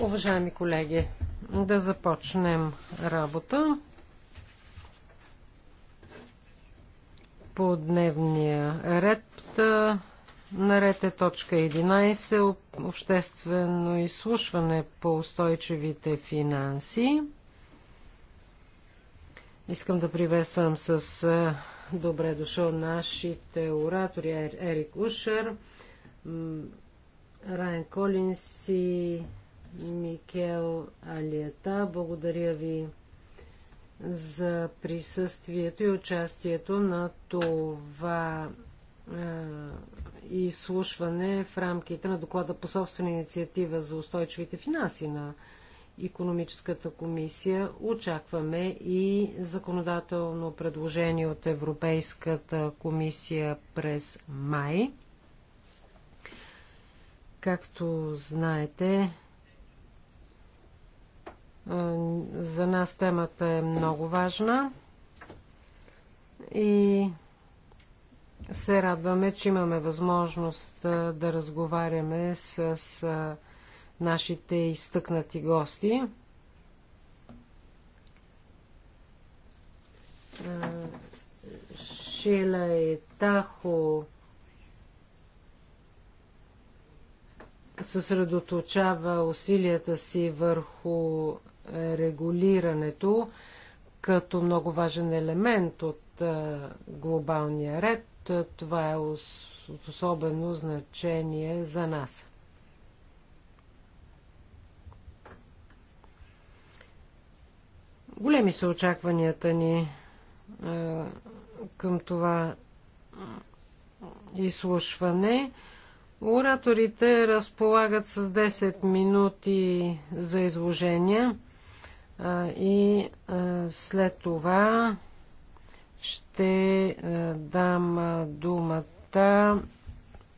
Уважаеми колеги, да започнем работа по дневния ред. Наред е точка 11 обществено изслушване по устойчивите финанси. Искам да приветствам с е, добре дошъл нашите оратори е-, Ерик Ушер, Райан Колинс и Микел Алиета. Благодаря ви за присъствието и участието на това е, изслушване в рамките на доклада по собствена инициатива за устойчивите финанси на економическата комисия. Очакваме и законодателно предложение от Европейската комисия през май. Както знаете, за нас темата е много важна и се радваме, че имаме възможност да разговаряме с нашите изтъкнати гости. Шила и Тахо съсредоточава усилията си върху регулирането като много важен елемент от глобалния ред. Това е от особено значение за нас. Големи са очакванията ни към това изслушване. Ораторите разполагат с 10 минути за изложения, и след това ще дам думата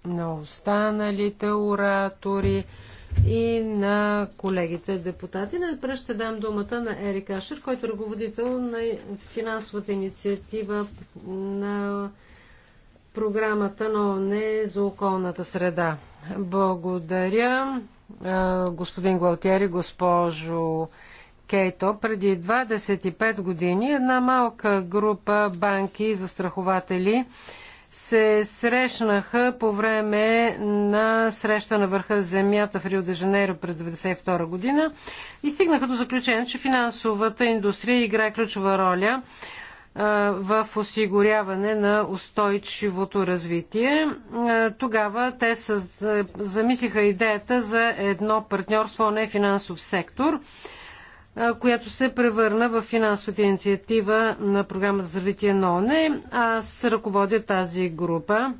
на останалите оратори и на колегите депутати. напред ще дам думата на Ерик Ашер, който е ръководител на финансовата инициатива на програмата на ОНЕ за околната среда. Благодаря, господин Гуалтери, госпожо Кейто. Преди 25 години една малка група банки и застрахователи се срещнаха по време на среща на върха земята в Рио де Жанейро през 1992 година и стигнаха до заключение, че финансовата индустрия играе ключова роля в осигуряване на устойчивото развитие. Тогава те е, замислиха идеята за едно партньорство, не финансов сектор, която се превърна в финансовата инициатива на програмата за развитие на ОНЕ. Аз ръководя тази група.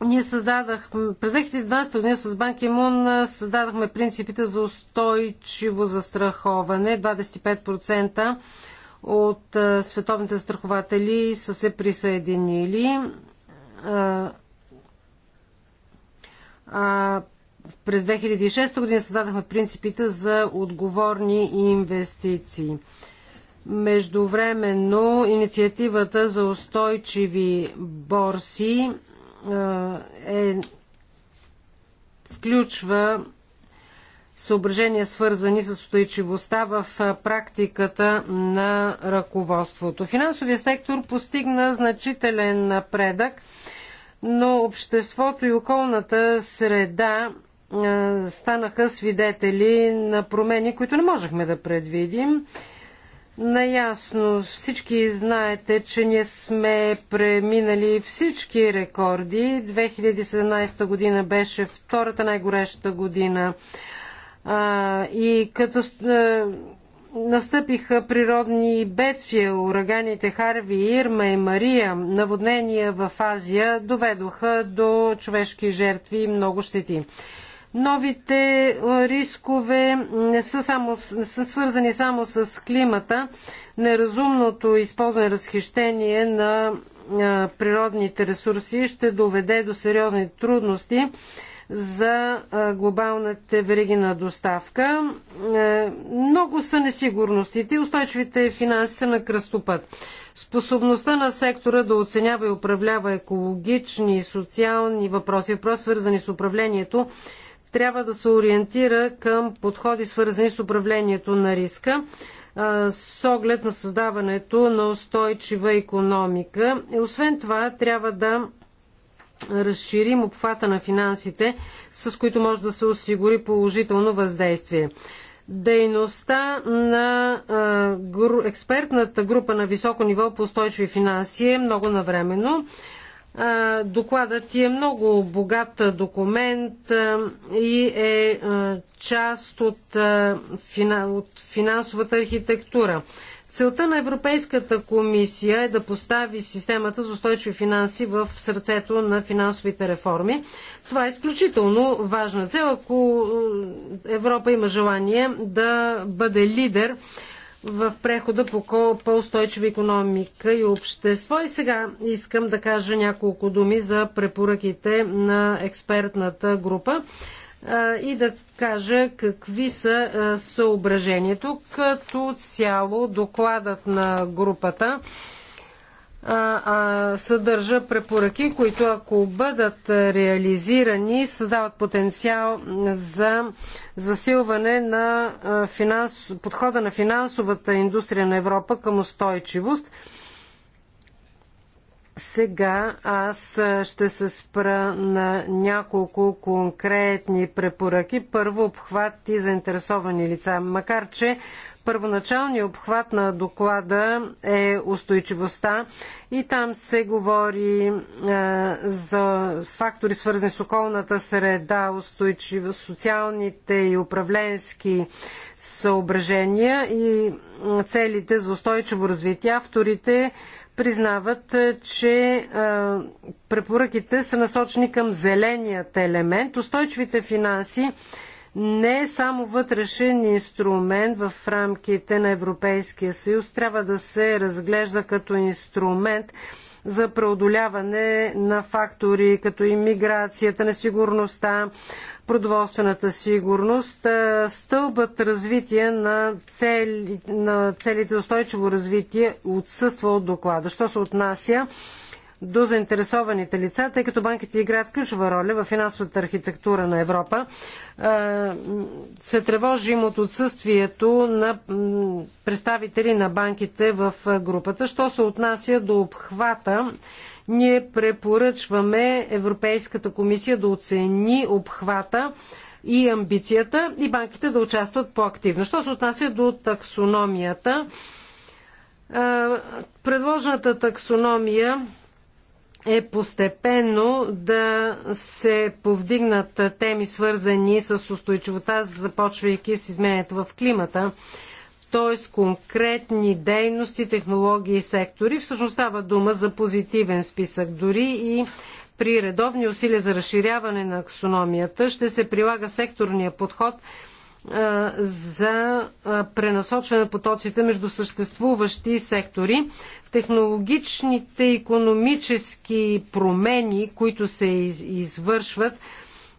Ние създадахме, през 2012 година с Банки Мун създадахме принципите за устойчиво застраховане. 25% от световните страхователи са се присъединили. през 2006 година създадахме принципите за отговорни инвестиции. Междувременно инициативата за устойчиви борси е, включва съображения, свързани с устойчивостта в практиката на ръководството. Финансовия сектор постигна значителен напредък, но обществото и околната среда станаха свидетели на промени, които не можехме да предвидим. Наясно всички знаете, че ние сме преминали всички рекорди. 2017 година беше втората най-гореща година а, и като а, настъпиха природни бедствия, ураганите Харви, Ирма и Мария, наводнения в Азия доведоха до човешки жертви и много щети. Новите рискове не са, само, не са свързани само с климата, неразумното използване разхищение на природните ресурси ще доведе до сериозни трудности за глобалната вериги на доставка. Е, много са несигурностите и устойчивите финанси са на кръстопът. Способността на сектора да оценява и управлява екологични и социални въпроси, въпроси свързани с управлението, трябва да се ориентира към подходи свързани с управлението на риска с оглед на създаването на устойчива економика. И освен това трябва да разширим обхвата на финансите, с които може да се осигури положително въздействие. Дейността на експертната група на високо ниво по устойчиви финанси е много навременно. Докладът ти е много богат документ и е част от финансовата архитектура. Целта на Европейската комисия е да постави системата за устойчиви финанси в сърцето на финансовите реформи. Това е изключително важна цел, ако е, Европа има желание да бъде лидер в прехода по по-устойчива економика и общество. И сега искам да кажа няколко думи за препоръките на експертната група и да кажа какви са съображението. Като цяло докладът на групата съдържа препоръки, които ако бъдат реализирани, създават потенциал за засилване на финанс... подхода на финансовата индустрия на Европа към устойчивост. Сега аз ще се спра на няколко конкретни препоръки. Първо обхват и заинтересовани лица. Макар, че първоначалният обхват на доклада е устойчивостта и там се говори е, за фактори свързани с околната среда, устойчива, социалните и управленски съображения и целите за устойчиво развитие. Авторите признават, е, че е, препоръките са насочени към зеленият елемент. Устойчивите финанси не е само вътрешен инструмент в рамките на Европейския съюз, трябва да се разглежда като инструмент за преодоляване на фактори като иммиграцията, несигурността, продоволствената сигурност. Стълбът развитие на, цели, на целите устойчиво развитие отсъства от доклада. Що се отнася до заинтересованите лица, тъй като банките играят ключова роля в финансовата архитектура на Европа, се тревожим от отсъствието на представители на банките в групата. Що се отнася до обхвата ние препоръчваме Европейската комисия да оцени обхвата и амбицията и банките да участват по-активно. Що се отнася до таксономията, предложената таксономия е постепенно да се повдигнат теми, свързани с устойчивостта, започвайки с изменението в климата т.е. конкретни дейности, технологии и сектори. Всъщност става дума за позитивен списък. Дори и при редовни усилия за разширяване на аксономията ще се прилага секторния подход за пренасочване на потоците между съществуващи сектори. Технологичните економически промени, които се извършват,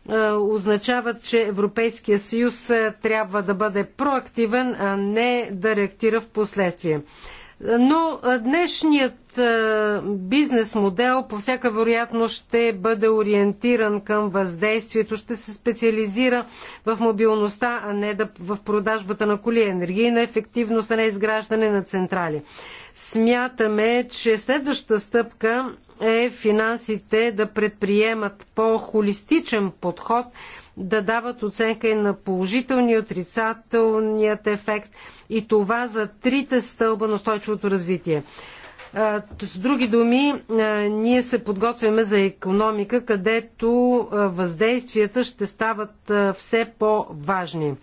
е, означават, че Европейския съюз е, трябва да бъде проактивен, а не да реактира в последствие. Но е, днешният бизнес модел по всяка вероятност ще бъде ориентиран към въздействието, ще се специализира в мобилността, а не да, в продажбата на коли, енергийна ефективност, а не изграждане на централи. Смятаме, че следващата стъпка е финансите да предприемат по-холистичен подход, да дават оценка и на положителния и отрицателният ефект и това за трите стълба на устойчивото развитие. С други думи, ние се подготвяме за економика, където въздействията ще стават все по-важни.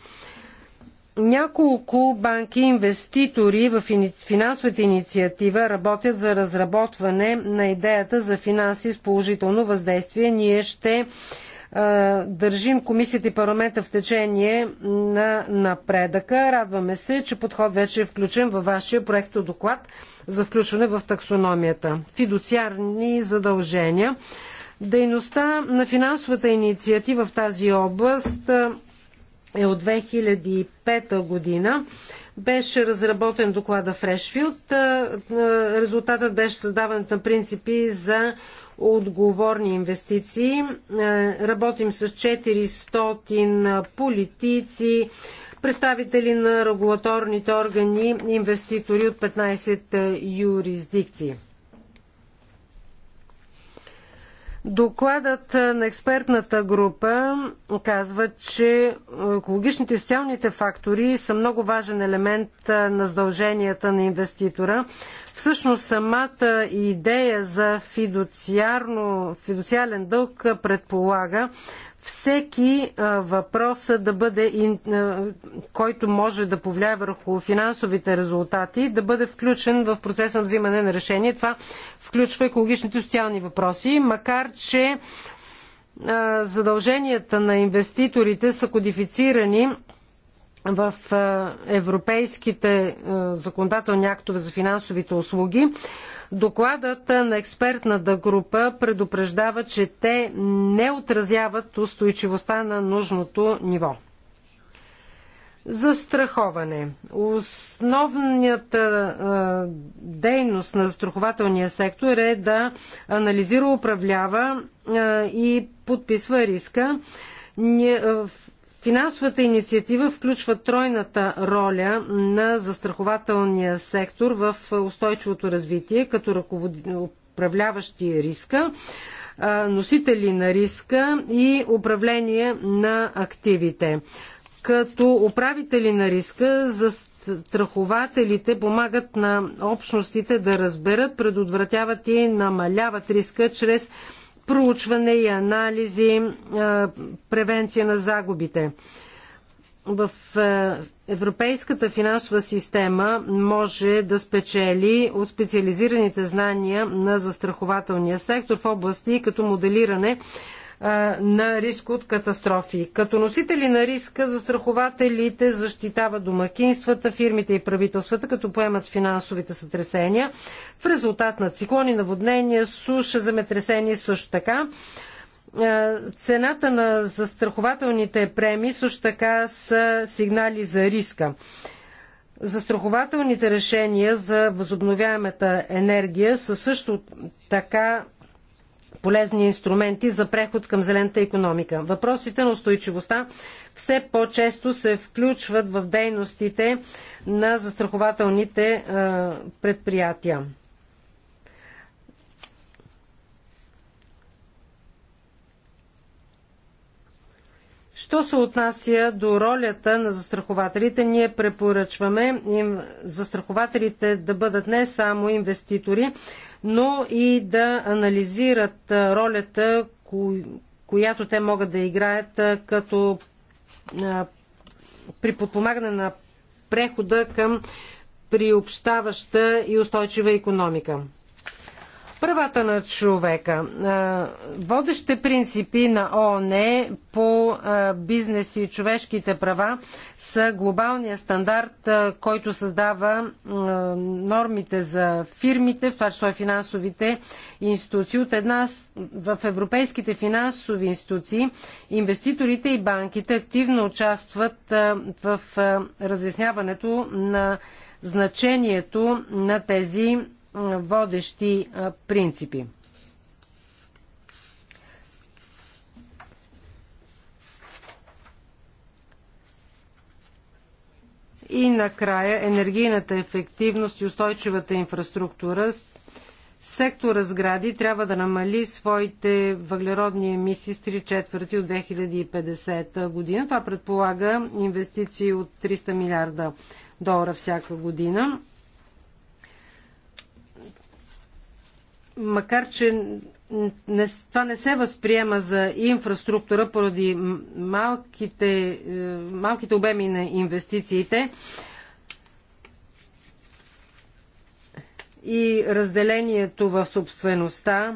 Няколко банки инвеститори в финансовата инициатива работят за разработване на идеята за финанси с положително въздействие. Ние ще държим комисията и парламента в течение на напредъка. Радваме се, че подход вече е включен във вашия проекто доклад за включване в таксономията. Фидуциарни задължения. Дейността на финансовата инициатива в тази област е от 2005 година. Беше разработен доклада Фрешфилд. Е, резултатът беше създаването на принципи за отговорни инвестиции. Е, работим с 400 политици, представители на регулаторните органи, инвеститори от 15 юрисдикции. Докладът на експертната група казва, че екологичните и социалните фактори са много важен елемент на задълженията на инвеститора. Всъщност самата идея за фидуциарно, фидуциален дълг предполага всеки въпрос да бъде, който може да повлияе върху финансовите резултати, да бъде включен в процеса на взимане на решение. Това включва екологичните и социални въпроси, макар че задълженията на инвеститорите са кодифицирани в европейските законодателни актове за финансовите услуги. Докладът на експертната група предупреждава, че те не отразяват устойчивостта на нужното ниво. Застраховане. Основната е, дейност на застрахователния сектор е да анализира, управлява е, и подписва риска. Ние, е, в Финансовата инициатива включва тройната роля на застрахователния сектор в устойчивото развитие, като ръковод... управляващи риска, носители на риска и управление на активите. Като управители на риска, застрахователите помагат на общностите да разберат, предотвратяват и намаляват риска чрез проучване и анализи, превенция на загубите. В европейската финансова система може да спечели от специализираните знания на застрахователния сектор в области като моделиране на риск от катастрофи. Като носители на риска, застрахователите защитават домакинствата, фирмите и правителствата, като поемат финансовите сътресения в резултат на циклони, наводнения, суша, земетресения също така цената на застрахователните премии също така са сигнали за риска. Застрахователните решения за възобновяемата енергия са също така полезни инструменти за преход към зелената економика. Въпросите на устойчивостта все по-често се включват в дейностите на застрахователните предприятия. Що се отнася до ролята на застрахователите, ние препоръчваме им застрахователите да бъдат не само инвеститори, но и да анализират ролята, която те могат да играят като при подпомагане на прехода към приобщаваща и устойчива економика правата на човека. Водещите принципи на ООН по бизнес и човешките права са глобалния стандарт, който създава нормите за фирмите, в това число финансовите институции. От една в европейските финансови институции инвеститорите и банките активно участват в разясняването на значението на тези водещи принципи. И накрая енергийната ефективност и устойчивата инфраструктура. Сектор сгради трябва да намали своите въглеродни емисии с 3 четвърти от 2050 година. Това предполага инвестиции от 300 милиарда долара всяка година. макар че не, това не се възприема за инфраструктура поради малките, е, малките обеми на инвестициите и разделението в собствеността,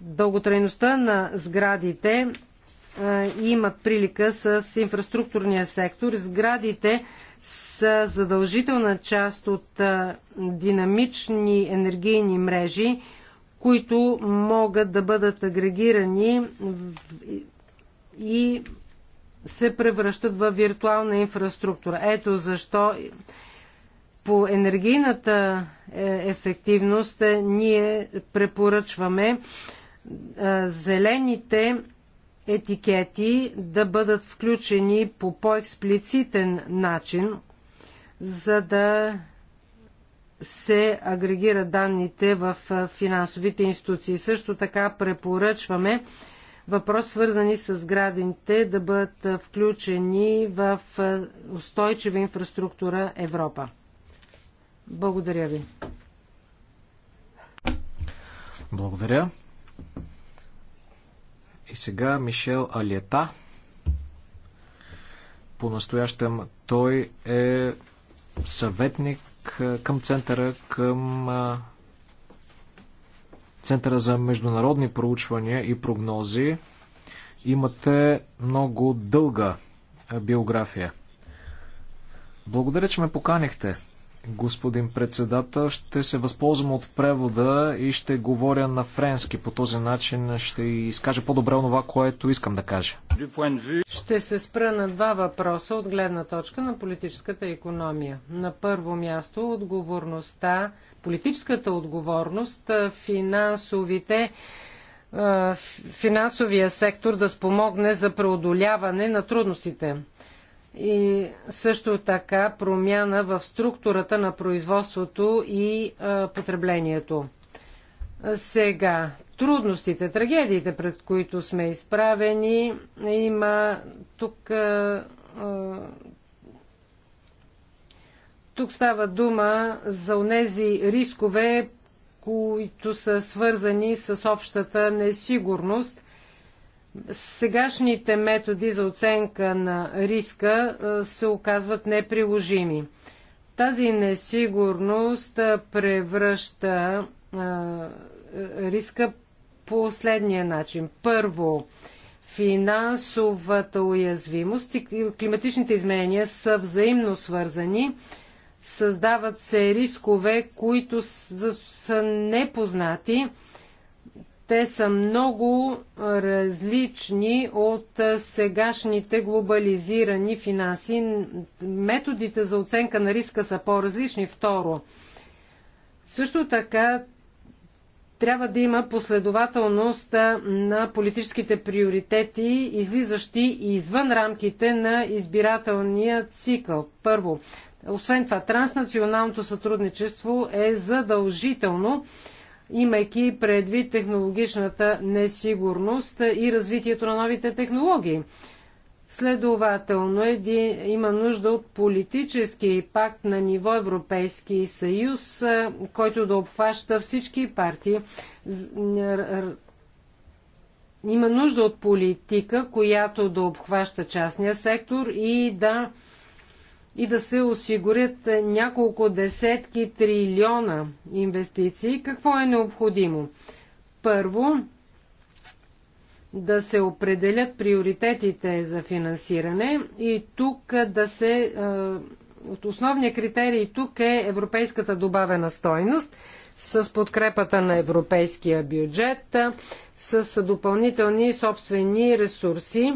дълготрайността на сградите е, имат прилика с инфраструктурния сектор. Сградите са задължителна част от динамични енергийни мрежи, които могат да бъдат агрегирани и се превръщат в виртуална инфраструктура. Ето защо по енергийната е, ефективност е, ние препоръчваме зелените етикети да бъдат включени по по-експлицитен начин, за да се агрегират данните в финансовите институции. Също така препоръчваме въпрос, свързани с градините да бъдат включени в устойчива инфраструктура Европа. Благодаря ви. Благодаря. И сега Мишел Алиета. По-настоящем той е съветник към центъра, към Центъра за международни проучвания и прогнози. Имате много дълга биография. Благодаря, че ме поканихте господин председател. Ще се възползвам от превода и ще говоря на френски. По този начин ще изкажа по-добре това, което искам да кажа. Ще се спра на два въпроса от гледна точка на политическата економия. На първо място отговорността, политическата отговорност, финансовите финансовия сектор да спомогне за преодоляване на трудностите и също така промяна в структурата на производството и а, потреблението. Сега, трудностите, трагедиите, пред които сме изправени, има тук. А, а, тук става дума за онези рискове, които са свързани с общата несигурност сегашните методи за оценка на риска се оказват неприложими. Тази несигурност превръща риска по следния начин. Първо, финансовата уязвимост и климатичните изменения са взаимно свързани. Създават се рискове, които са непознати те са много различни от сегашните глобализирани финанси. Методите за оценка на риска са по-различни. Второ, също така трябва да има последователност на политическите приоритети, излизащи извън рамките на избирателния цикъл. Първо, освен това, транснационалното сътрудничество е задължително имайки предвид технологичната несигурност и развитието на новите технологии. Следователно един, има нужда от политически пакт на ниво Европейски съюз, който да обхваща всички партии. Има нужда от политика, която да обхваща частния сектор и да и да се осигурят няколко десетки трилиона инвестиции, какво е необходимо? Първо, да се определят приоритетите за финансиране и тук да се. От основния критерий тук е европейската добавена стойност с подкрепата на европейския бюджет, с допълнителни собствени ресурси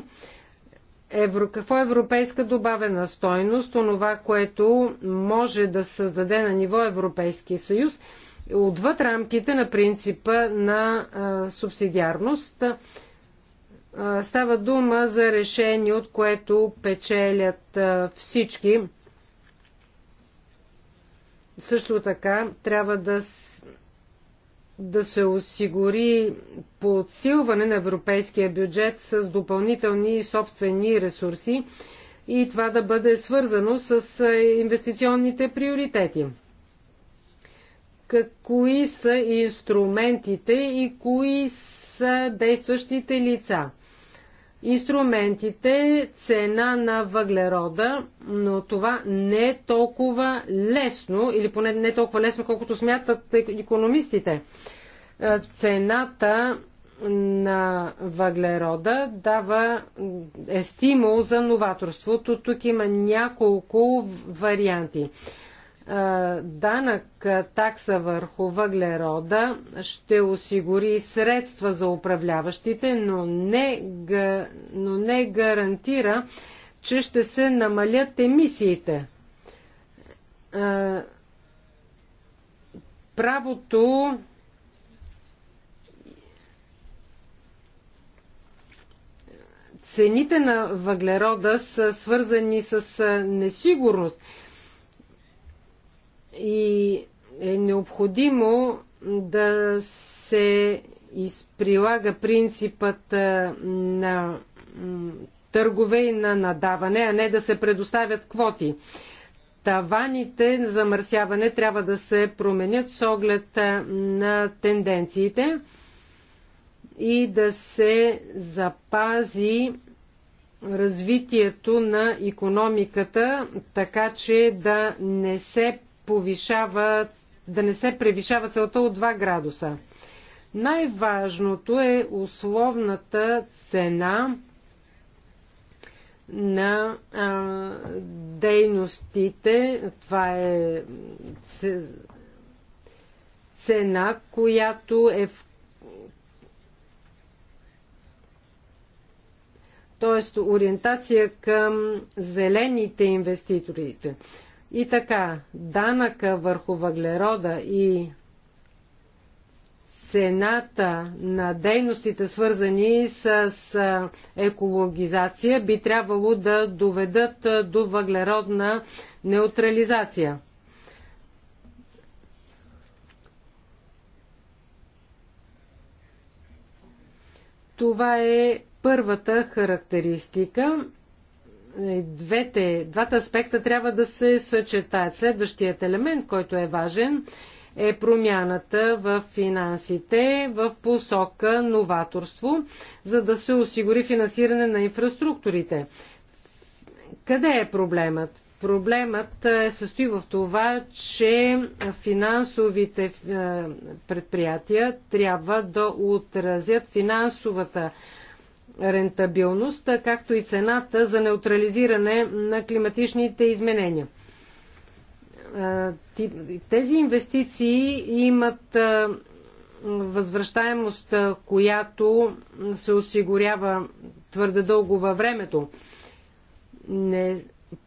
Евро, какво е европейска добавена стойност, онова, което може да създаде на ниво Европейски съюз, отвъд рамките на принципа на а, субсидиарност. А, става дума за решение, от което печелят а, всички. Също така трябва да се да се осигури подсилване на европейския бюджет с допълнителни собствени ресурси и това да бъде свързано с е, инвестиционните приоритети. кои са инструментите и кои са действащите лица? инструментите, цена на въглерода, но това не е толкова лесно, или поне не е толкова лесно, колкото смятат економистите. Е, цената на въглерода дава е стимул за новаторството. Тук има няколко варианти данък такса върху въглерода ще осигури средства за управляващите, но не, но не гарантира, че ще се намалят емисиите. Правото цените на въглерода са свързани с несигурност и е необходимо да се изприлага принципът на търгове и на надаване, а не да се предоставят квоти. Таваните на замърсяване трябва да се променят с оглед на тенденциите и да се запази развитието на економиката, така че да не се повишава, да не се превишава целта от 2 градуса. Най-важното е условната цена на а, дейностите. Това е цена, която е в т.е. ориентация към зелените инвеститорите. И така, данъка върху въглерода и цената на дейностите, свързани с екологизация, би трябвало да доведат до въглеродна неутрализация. Това е първата характеристика. Е, двете, двата аспекта трябва да се съчетаят. Следващият елемент, който е важен, е промяната в финансите в посока новаторство, за да се осигури финансиране на инфраструктурите. Къде е проблемът? Проблемът е, състои в това, че финансовите е, предприятия трябва да отразят финансовата рентабилност, както и цената за неутрализиране на климатичните изменения. Тези инвестиции имат възвръщаемост, която се осигурява твърде дълго във времето. Не,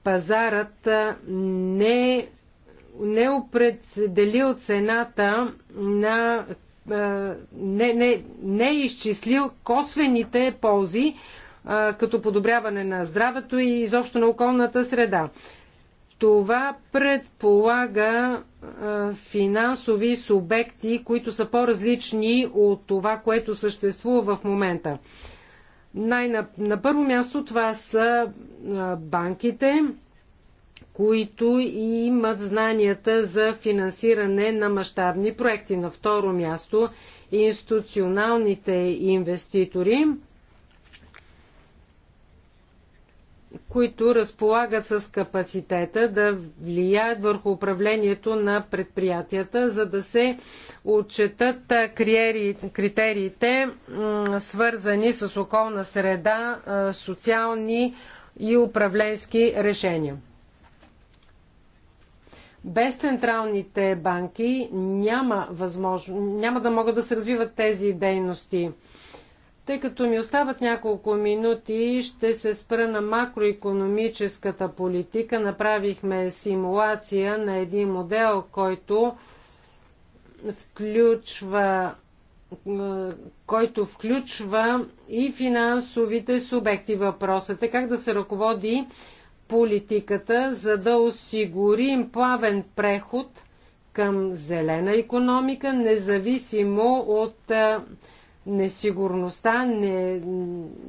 пазарът не не определил цената на е, не, не, не е изчислил косвените ползи, е, като подобряване на здравето и изобщо на околната среда. Това предполага е, финансови субекти, които са по-различни от това, което съществува в момента. Най- на, на първо място това са банките, които имат знанията за финансиране на мащабни проекти. На второ място институционалните инвеститори, които разполагат с капацитета да влияят върху управлението на предприятията, за да се отчетат критериите, свързани с околна среда, социални и управленски решения. Без централните банки няма, възможно, няма да могат да се развиват тези дейности. Тъй като ми остават няколко минути, ще се спра на макроекономическата политика. Направихме симулация на един модел, който включва който включва и финансовите субекти. Въпросът е как да се ръководи политиката, за да осигурим плавен преход към зелена економика, независимо от несигурността, не,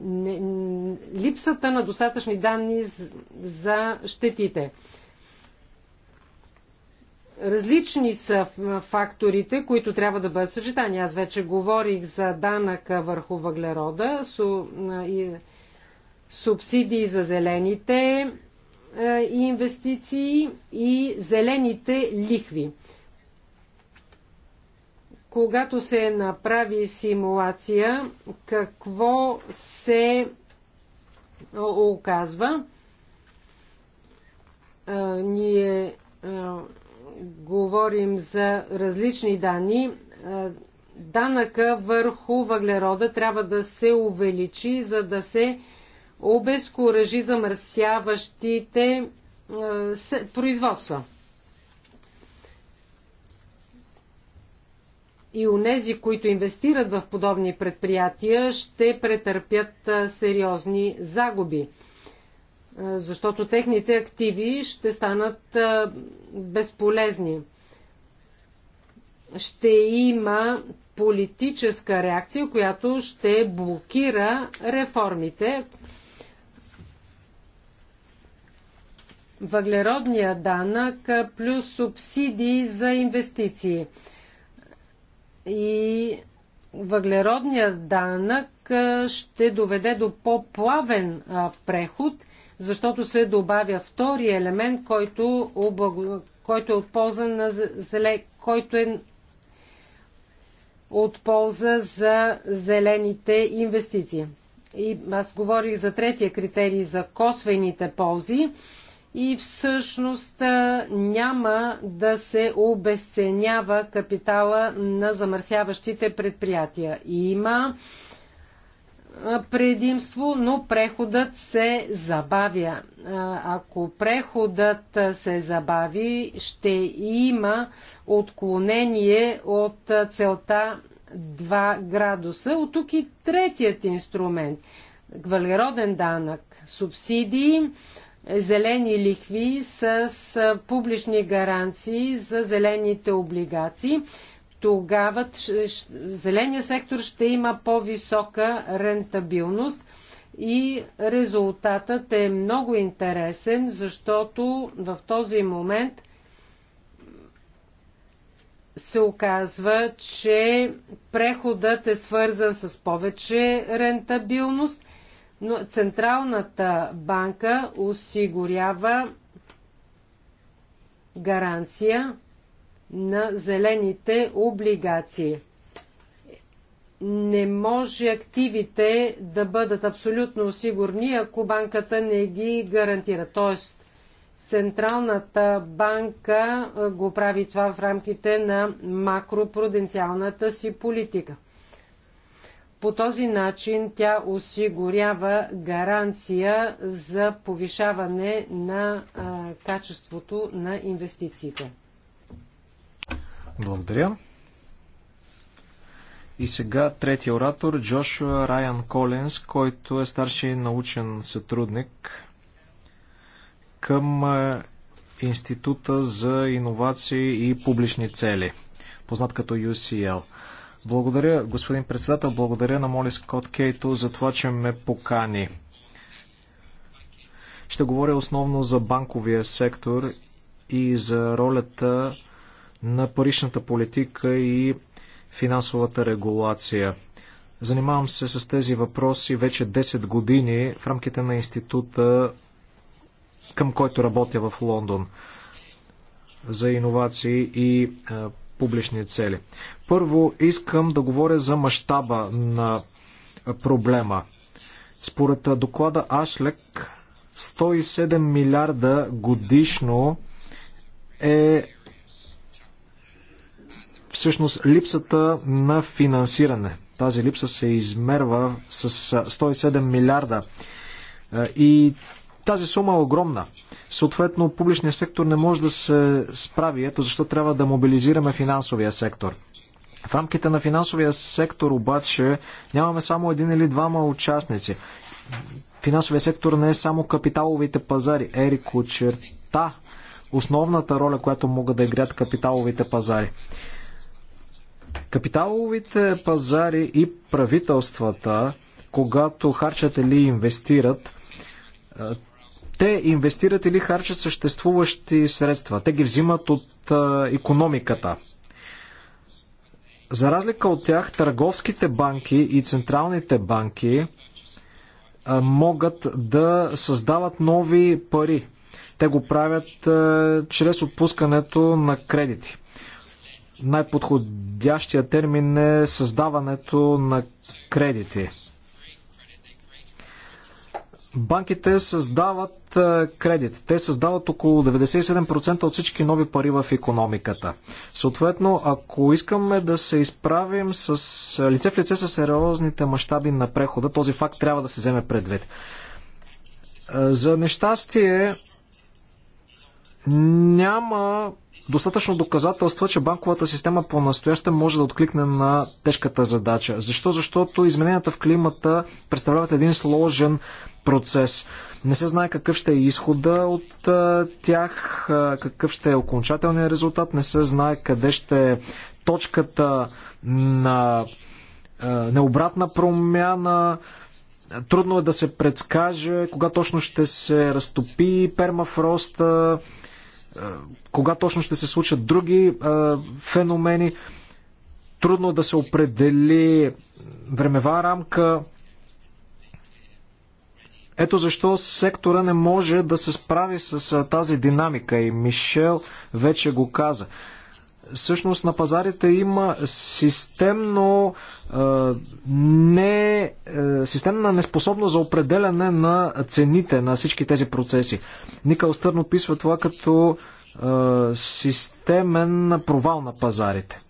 не, липсата на достатъчни данни за щетите. Различни са факторите, които трябва да бъдат съжитани. Аз вече говорих за данъка върху въглерода, субсидии за зелените е, и инвестиции и зелените лихви. Когато се направи симулация, какво се е, оказва? Е, ние говорим за различни данни. Данъка върху въглерода трябва да се увеличи, за да се обезкуражи замърсяващите е, производства. И унези, които инвестират в подобни предприятия, ще претърпят е, сериозни загуби, е, защото техните активи ще станат безполезни. Ще има политическа реакция, която ще блокира реформите. въглеродния данък плюс субсидии за инвестиции. И въглеродният данък ще доведе до по-плавен преход, защото се добавя втори елемент, който, облаг... който е от полза на зеле... който е от полза за зелените инвестиции. И аз говорих за третия критерий за косвените ползи и всъщност няма да се обесценява капитала на замърсяващите предприятия. Има предимство, но преходът се забавя. Ако преходът се забави, ще има отклонение от целта 2 градуса. От тук и третият инструмент – въглероден данък, субсидии, зелени лихви с публични гаранции за зелените облигации. Тогава зеления сектор ще има по-висока рентабилност и резултатът е много интересен, защото в този момент се оказва, че преходът е свързан с повече рентабилност – но Централната банка осигурява гаранция на зелените облигации. Не може активите да бъдат абсолютно сигурни, ако банката не ги гарантира. Тоест, Централната банка го прави това в рамките на макропруденциалната си политика. По този начин тя осигурява гаранция за повишаване на а, качеството на инвестициите. Благодаря. И сега третия оратор, Джошуа Райан Колинс, който е старши научен сътрудник към Института за иновации и публични цели, познат като UCL. Благодаря, господин председател, благодаря на Моли Скот Кейто за това, че ме покани. Ще говоря основно за банковия сектор и за ролята на паричната политика и финансовата регулация. Занимавам се с тези въпроси вече 10 години в рамките на института, към който работя в Лондон за иновации и публични цели. Първо искам да говоря за мащаба на проблема. Според доклада Ашлек, 107 милиарда годишно е всъщност липсата на финансиране. Тази липса се измерва с 107 милиарда. Е, и тази сума е огромна. Съответно, публичният сектор не може да се справи, ето защо трябва да мобилизираме финансовия сектор. В рамките на финансовия сектор обаче нямаме само един или двама участници. Финансовия сектор не е само капиталовите пазари. Ерик очерта основната роля, която могат да играят капиталовите пазари. Капиталовите пазари и правителствата, когато харчат или инвестират, те инвестират или харчат съществуващи средства. Те ги взимат от а, економиката. За разлика от тях, търговските банки и централните банки а, могат да създават нови пари. Те го правят а, чрез отпускането на кредити. Най-подходящия термин е създаването на кредити Банките създават е, кредит. Те създават около 97% от всички нови пари в економиката. Съответно, ако искаме да се изправим с е, лице в лице с сериозните мащаби на прехода, този факт трябва да се вземе предвид. Е, за нещастие, няма достатъчно доказателства, че банковата система по-настояще може да откликне на тежката задача. Защо? Защото измененията в климата представляват един сложен процес. Не се знае какъв ще е изхода от тях, какъв ще е окончателният резултат, не се знае къде ще е точката на необратна промяна, трудно е да се предскаже кога точно ще се разтопи пермафроста, кога точно ще се случат други феномени. Трудно е да се определи времева рамка. Ето защо сектора не може да се справи с тази динамика и Мишел вече го каза всъщност на пазарите има системно не, системна неспособност за определяне на цените на всички тези процеси. Никъл Стърн описва това като системен провал на пазарите.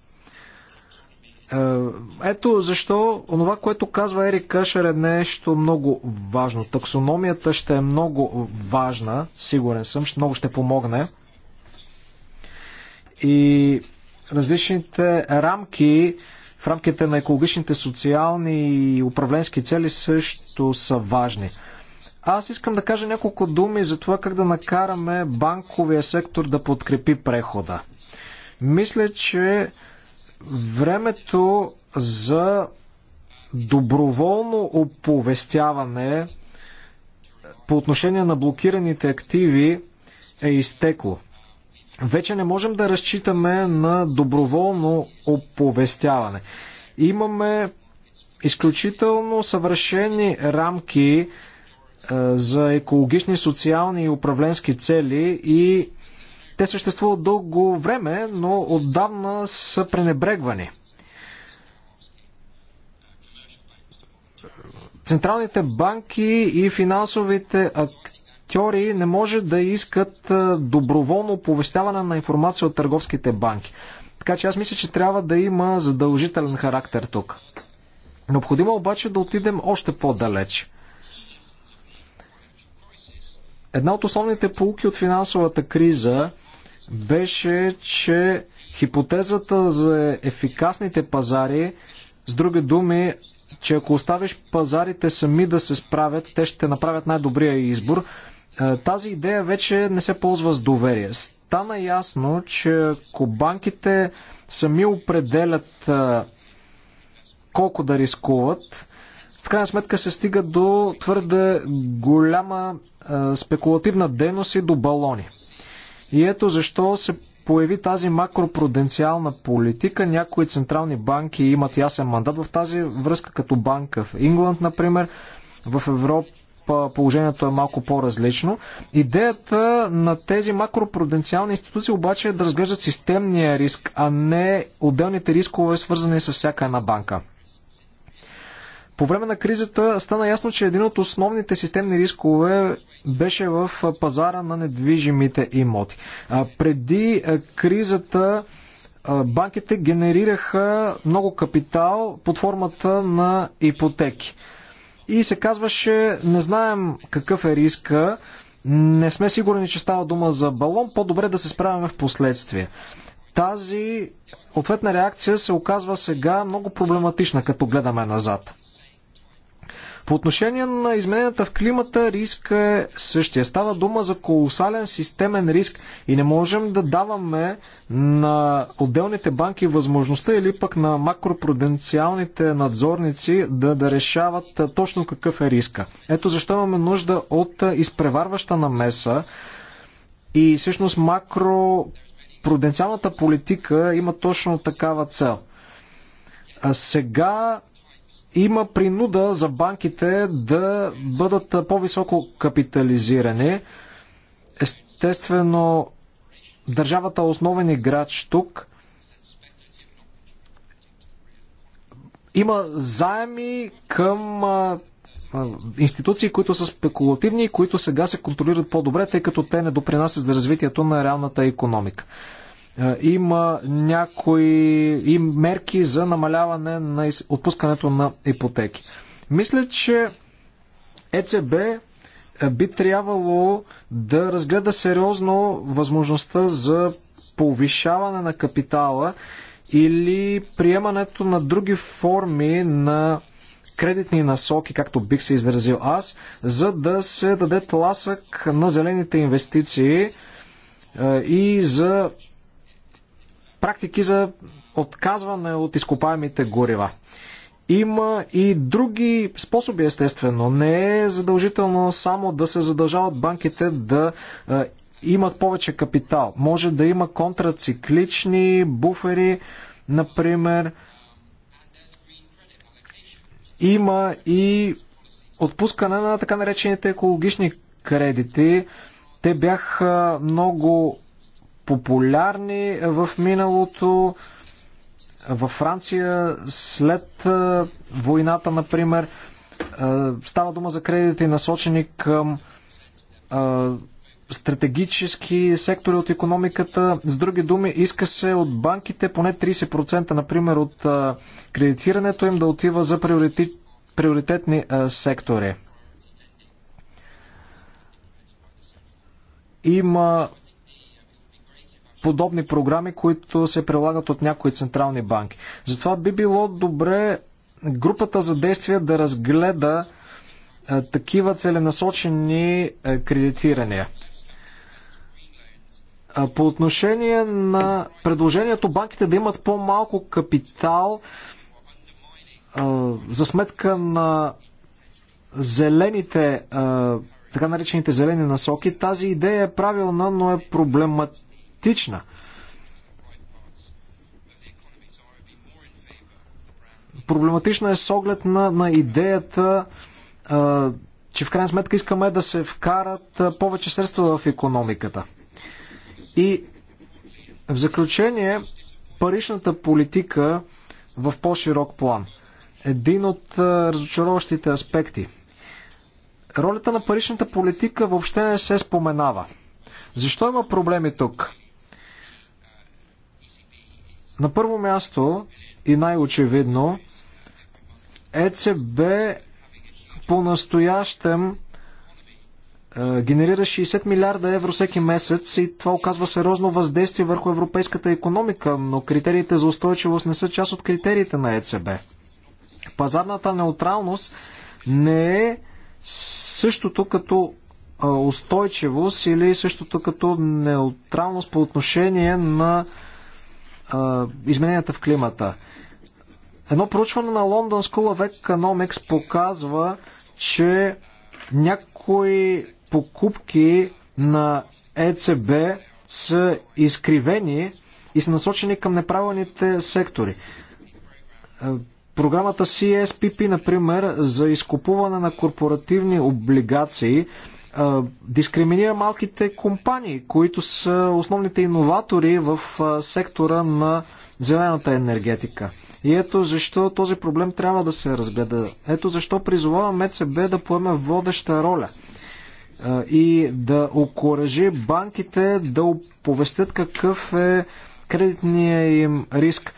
Ето защо онова, което казва Ерик Кашер е нещо много важно. Таксономията ще е много важна, сигурен съм, много ще помогне. И различните рамки в рамките на екологичните, социални и управленски цели също са важни. Аз искам да кажа няколко думи за това как да накараме банковия сектор да подкрепи прехода. Мисля, че времето за доброволно оповестяване по отношение на блокираните активи е изтекло вече не можем да разчитаме на доброволно оповестяване. Имаме изключително съвършени рамки е, за екологични, социални и управленски цели и те съществуват дълго време, но отдавна са пренебрегвани. Централните банки и финансовите активи кредитори не може да искат доброволно оповестяване на информация от търговските банки. Така че аз мисля, че трябва да има задължителен характер тук. Необходимо е обаче да отидем още по-далеч. Една от основните полуки от финансовата криза беше, че хипотезата за ефикасните пазари, с други думи, че ако оставиш пазарите сами да се справят, те ще направят най-добрия избор, е, тази идея вече не се ползва с доверие. Стана ясно, че ако банките сами определят е, колко да рискуват, в крайна сметка се стига до твърде голяма е, спекулативна дейност и до балони. И ето защо се появи тази макропруденциална политика. Някои централни банки имат ясен мандат в тази връзка, като банка в Ингланд, например. В Европа положението е малко по-различно. Идеята на тези макропруденциални институции обаче е да разглеждат системния риск, а не отделните рискове, свързани с всяка една банка. По време на кризата стана ясно, че един от основните системни рискове беше в пазара на недвижимите имоти. Преди кризата банките генерираха много капитал под формата на ипотеки и се казваше, не знаем какъв е риска, не сме сигурни, че става дума за балон, по-добре да се справяме в последствие. Тази ответна реакция се оказва сега много проблематична, като гледаме назад. По отношение на измененията в климата, риск е същия. Става дума за колосален системен риск и не можем да даваме на отделните банки възможността или пък на макропруденциалните надзорници да, да решават точно какъв е риска. Ето защо имаме нужда от изпреварваща намеса и всъщност макро политика има точно такава цел. А сега има принуда за банките да бъдат по-високо капитализирани. Естествено, държавата е основен играч тук. Има заеми към институции, които са спекулативни и които сега се контролират по-добре, тъй като те не допринасят за развитието на реалната економика има някои и мерки за намаляване на отпускането на ипотеки. Мисля, че ЕЦБ би трябвало да разгледа сериозно възможността за повишаване на капитала или приемането на други форми на кредитни насоки, както бих се изразил аз, за да се даде тласък на зелените инвестиции и за практики за отказване от изкопаемите горива. Има и други способи, естествено. Не е задължително само да се задължават банките да е, имат повече капитал. Може да има контрациклични буфери, например. Има и отпускане на така наречените екологични кредити. Те бяха много популярни в миналото. Във Франция след войната, например, става дума за кредити насочени към стратегически сектори от економиката. С други думи, иска се от банките поне 30%, например, от кредитирането им да отива за приоритетни сектори. Има подобни програми, които се прилагат от някои централни банки. Затова би било добре групата за действие да разгледа е, такива целенасочени е, кредитирания. По отношение на предложението банките да имат по-малко капитал е, за сметка на зелените, така наречените зелени насоки, тази идея е правилна, но е проблематична критична. Проблематична е с оглед на, на идеята, а, че в крайна сметка искаме да се вкарат повече средства в економиката. И в заключение, паричната политика в по-широк план. Един от разочароващите аспекти. Ролята на паричната политика въобще не се споменава. Защо има проблеми тук? На първо място и най-очевидно, ЕЦБ по-настоящем е, генерира 60 милиарда евро всеки месец и това оказва сериозно въздействие върху европейската економика, но критериите за устойчивост не са част от критериите на ЕЦБ. Пазарната неутралност не е същото като е, устойчивост или същото като неутралност по отношение на измененията в климата. Едно проучване на London School of Economics показва, че някои покупки на ЕЦБ са изкривени и са насочени към неправилните сектори. Програмата CSPP, е например, за изкупуване на корпоративни облигации дискриминира малките компании, които са основните иноватори в сектора на зелената енергетика. И ето защо този проблем трябва да се разгледа. Ето защо призовавам ЕЦБ да поеме водеща роля и да окоръжи банките да оповестят какъв е кредитния им риск.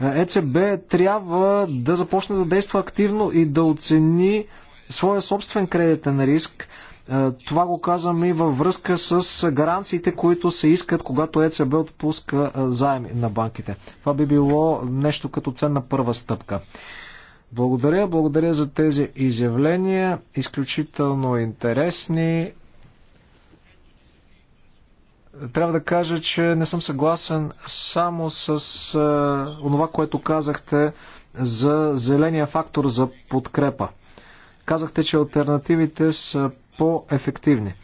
ЕЦБ трябва да започне да действа активно и да оцени своя собствен кредитен риск, е, това го казвам и във връзка с гаранциите, които се искат, когато ЕЦБ отпуска е, заеми на банките. Това би било нещо като ценна първа стъпка. Благодаря, благодаря за тези изявления, изключително интересни. Трябва да кажа, че не съм съгласен само с а, е, това, което казахте за зеления фактор за подкрепа. Казахте, че альтернативите са по-ефективни.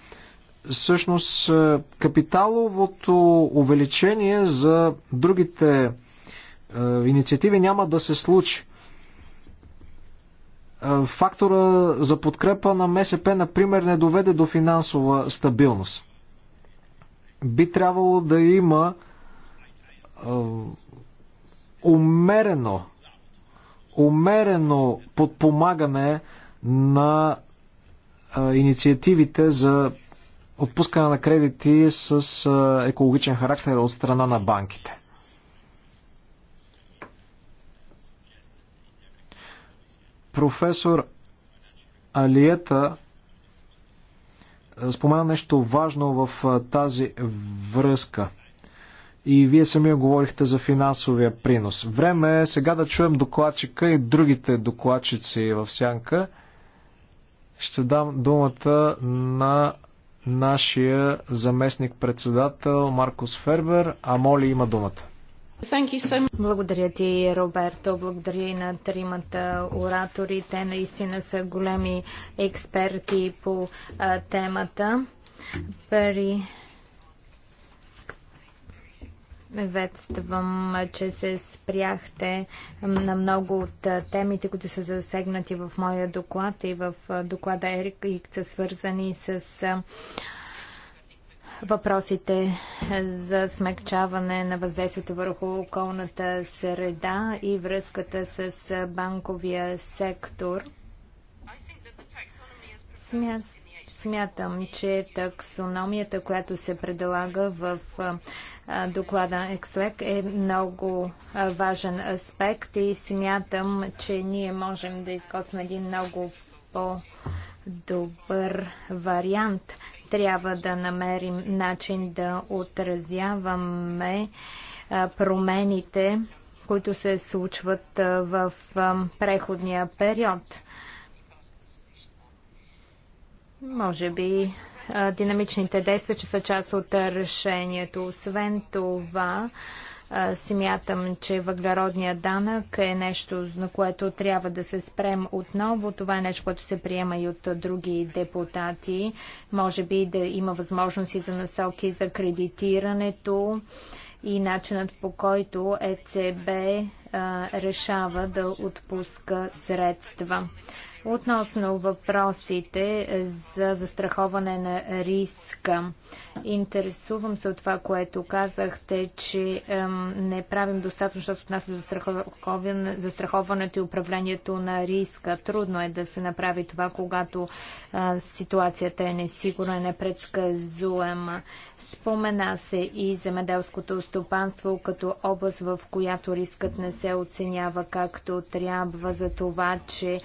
Същност, е, капиталовото увеличение за другите е, инициативи няма да се случи. Е, фактора за подкрепа на МСП, например, не доведе до финансова стабилност. Би трябвало да има умерено, умерено подпомагане на инициативите за отпускане на кредити с екологичен характер от страна на банките. Професор Алиета спомена нещо важно в тази връзка. И вие самия говорихте за финансовия принос. Време е сега да чуем докладчика и другите докладчици в сянка – ще дам думата на нашия заместник-председател Маркус Фербер. А моли има думата. Благодаря ти, Роберто. Благодаря и на тримата оратори. Те наистина са големи експерти по а, темата. Пари Приветствам, че се спряхте на много от темите, които са засегнати в моя доклад и в доклада Ерик и са свързани с въпросите за смягчаване на въздействието върху околната среда и връзката с банковия сектор. Смятам, че таксономията, която се предлага в доклада ЕКСЛЕК е много важен аспект и смятам, че ние можем да изготвим един много по-добър вариант. Трябва да намерим начин да отразяваме промените, които се случват в преходния период. Може би динамичните действия, че са част от решението. Освен това, смятам, че въглеродния данък е нещо, на което трябва да се спрем отново. Това е нещо, което се приема и от други депутати. Може би да има възможности за насоки за кредитирането и начинът по който ЕЦБ решава да отпуска средства. Относно въпросите за застраховане на риска, интересувам се от това, което казахте, че ем, не правим достатъчно, защото от нас е застраховането и управлението на риска. Трудно е да се направи това, когато е, ситуацията е несигурна, непредсказуема. Спомена се и земеделското стопанство като област, в която рискът не се оценява както трябва за това, че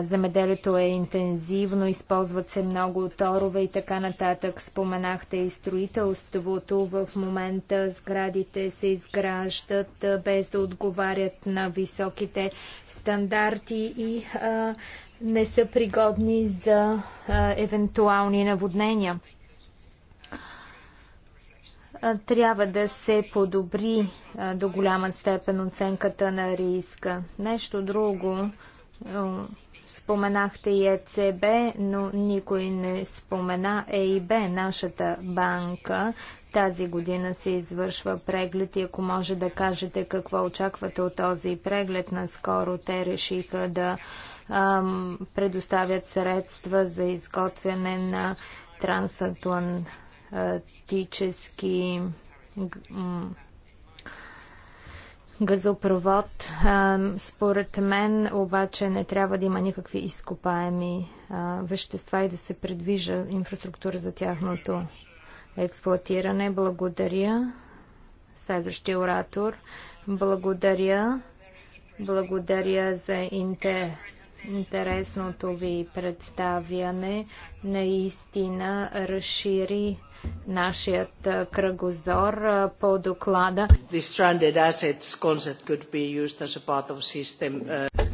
Земеделието е интензивно, използват се много торове и така нататък. Споменахте и строителството. В момента сградите се изграждат без да отговарят на високите стандарти и а, не са пригодни за а, евентуални наводнения. трябва да се подобри а, до голяма степен оценката на риска. Нещо друго, Споменахте и ЕЦБ, но никой не спомена ЕИБ, нашата банка. Тази година се извършва преглед и ако може да кажете какво очаквате от този преглед, наскоро те решиха да ам, предоставят средства за изготвяне на трансатлантически газопровод. Според мен обаче не трябва да има никакви изкопаеми вещества и да се предвижа инфраструктура за тяхното експлуатиране. Благодаря. Следващия оратор. Благодаря. Благодаря за интер... интересното ви представяне. Наистина разшири нашият кръгозор по доклада. Uh,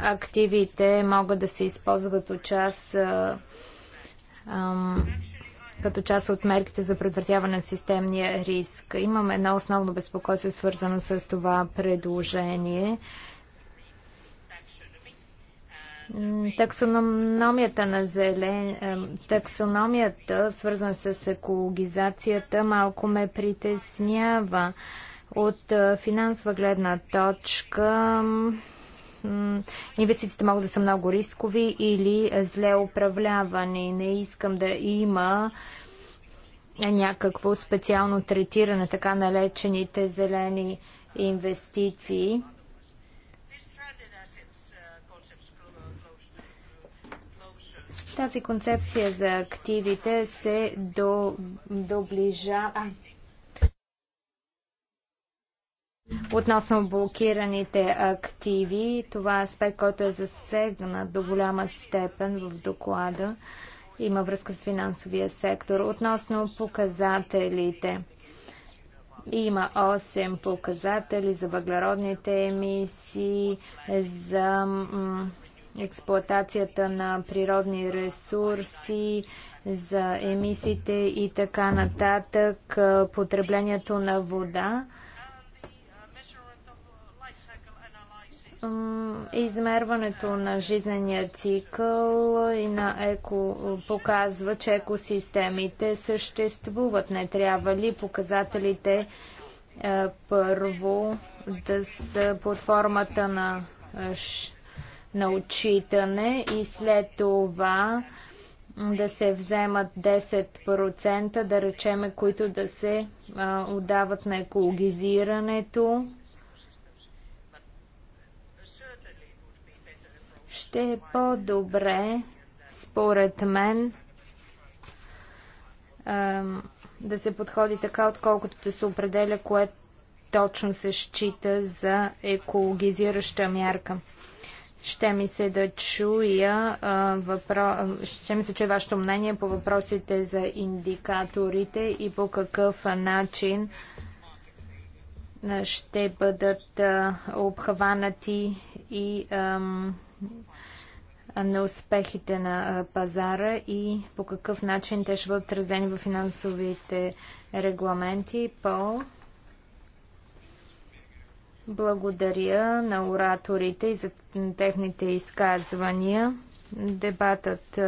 Активите могат да се използват от част като част от мерките за предотвратяване на системния риск. Имаме едно основно безпокойство, свързано с това предложение. Таксономията на зелен... Е, таксономията, свързана с екологизацията, малко ме притеснява. От е, финансова гледна точка инвестициите могат да са много рискови или е, зле управлявани. Не искам да има някакво специално третиране, така налечените зелени инвестиции. Тази концепция за активите се до, доближа... А. Относно блокираните активи, това е аспект, който е засегнат до голяма степен в доклада. Има връзка с финансовия сектор. Относно показателите. Има 8 показатели за въглеродните емисии, за експлоатацията на природни ресурси, за емисиите и така нататък, потреблението на вода. Измерването на жизнения цикъл и на еко показва, че екосистемите съществуват. Не трябва ли показателите първо да са под формата на на отчитане и след това да се вземат 10%, да речеме, които да се а, отдават на екологизирането. Ще е по-добре, според мен, а, да се подходи така, отколкото да се определя кое точно се счита за екологизираща мярка. Ще ми се да чуя въпрос въпро... ще ми се чуя вашето мнение по въпросите за индикаторите и по какъв начин ще бъдат обхванати и ам, успехите на пазара и по какъв начин те ще бъдат отразени в финансовите регламенти. Пол. По... Благодаря на ораторите и за техните изказвания. Дебатът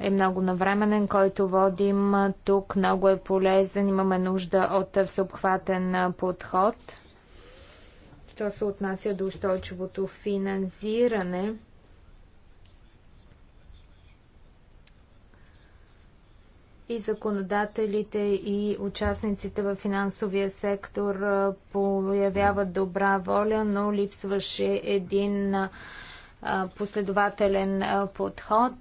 е много навременен, който водим тук. Много е полезен. Имаме нужда от всеобхватен подход. Що се отнася до устойчивото финансиране, и законодателите и участниците в финансовия сектор появяват добра воля, но липсваше един последователен подход.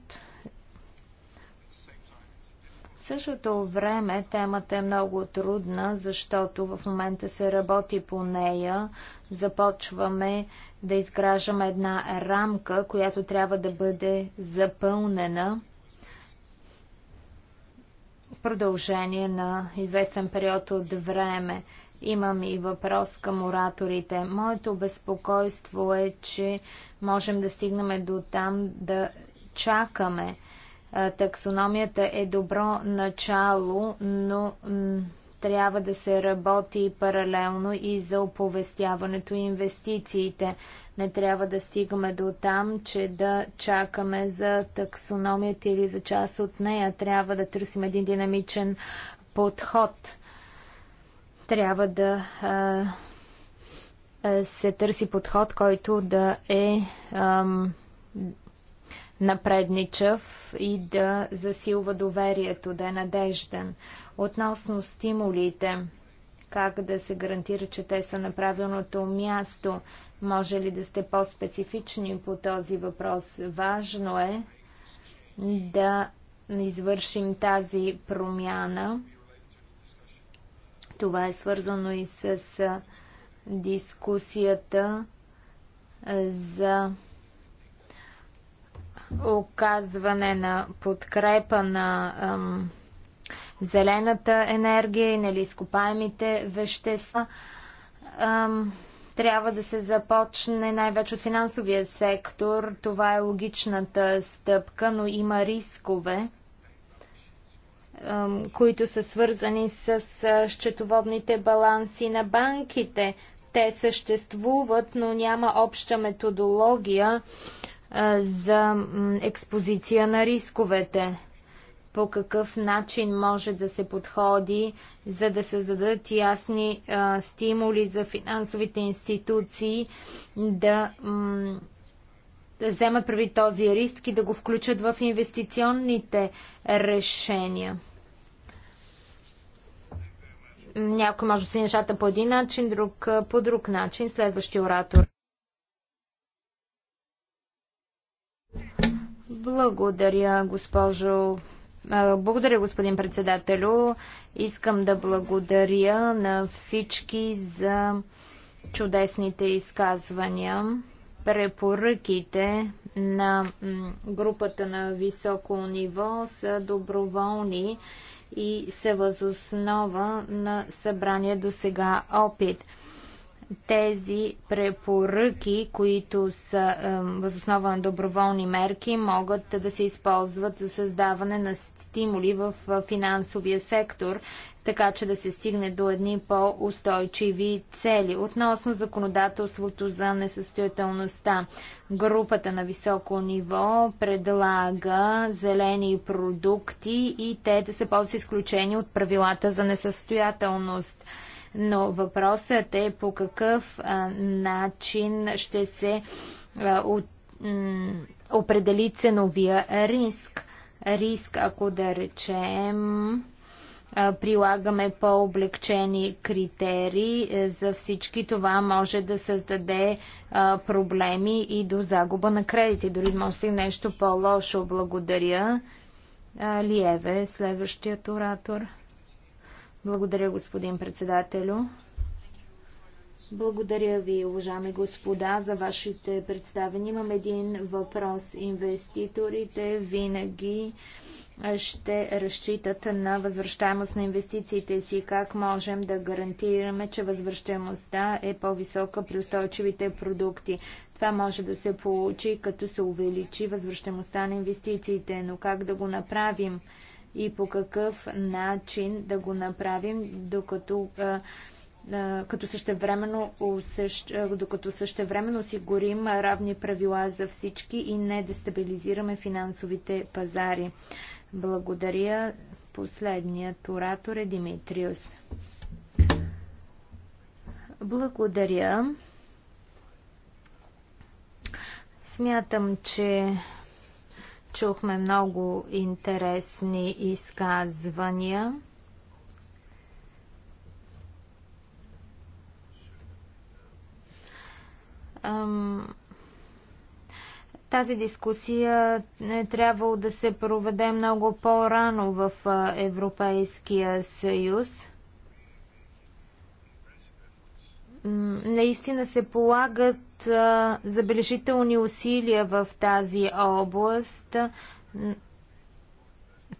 В същото време темата е много трудна, защото в момента се работи по нея. Започваме да изграждаме една рамка, която трябва да бъде запълнена – продължение на известен период от време. Имам и въпрос към ораторите. Моето безпокойство е, че можем да стигнем до там да чакаме. Таксономията е добро начало, но трябва да се работи паралелно и за оповестяването и инвестициите. Не трябва да стигаме до там, че да чакаме за таксономията или за част от нея. Трябва да търсим един динамичен подход. Трябва да а, се търси подход, който да е ам, напредничав и да засилва доверието, да е надежден. Относно стимулите, как да се гарантира, че те са на правилното място. Може ли да сте по-специфични по този въпрос? Важно е да извършим тази промяна. Това е свързано и с дискусията за оказване на подкрепа на ам, зелената енергия и на лископаемите вещества. Ам, трябва да се започне най-вече от финансовия сектор. Това е логичната стъпка, но има рискове, които са свързани с счетоводните баланси на банките. Те съществуват, но няма обща методология за експозиция на рисковете по какъв начин може да се подходи, за да се зададат ясни а, стимули за финансовите институции да, да вземат прави този риск и да го включат в инвестиционните решения. Някой може да си нещата по един начин, друг по друг начин. Следващия оратор. Благодаря, госпожо благодаря, господин председателю. Искам да благодаря на всички за чудесните изказвания. Препоръките на групата на високо ниво са доброволни и се възоснова на събрание до сега опит – тези препоръки, които са е, възоснова на доброволни мерки, могат да се използват за създаване на стимули в финансовия сектор, така че да се стигне до едни по-устойчиви цели. Относно законодателството за несъстоятелността, групата на високо ниво предлага зелени продукти и те да се ползват изключени от правилата за несъстоятелност но въпросът е по какъв а, начин ще се а, определи ценовия риск. Риск, ако да речем, а, прилагаме по-облегчени критерии е, за всички, това може да създаде а, проблеми и до загуба на кредити. Дори може да нещо по-лошо. Благодаря. Лиеве, следващият оратор. Благодаря, господин председателю. Благодаря ви, уважаеми господа, за вашите представени. Имам един въпрос. Инвеститорите винаги ще разчитат на възвръщаемост на инвестициите си. Как можем да гарантираме, че възвръщаемостта е по-висока при устойчивите продукти? Това може да се получи, като се увеличи възвръщаемостта на инвестициите, но как да го направим? и по какъв начин да го направим, докато а, като същевременно, докато същевременно осигурим равни правила за всички и не дестабилизираме финансовите пазари. Благодаря. Последният оратор е Димитриус. Благодаря. Смятам, че Чухме много интересни изказвания. Тази дискусия е трябвало да се проведе много по-рано в Европейския съюз. Наистина се полагат забележителни усилия в тази област.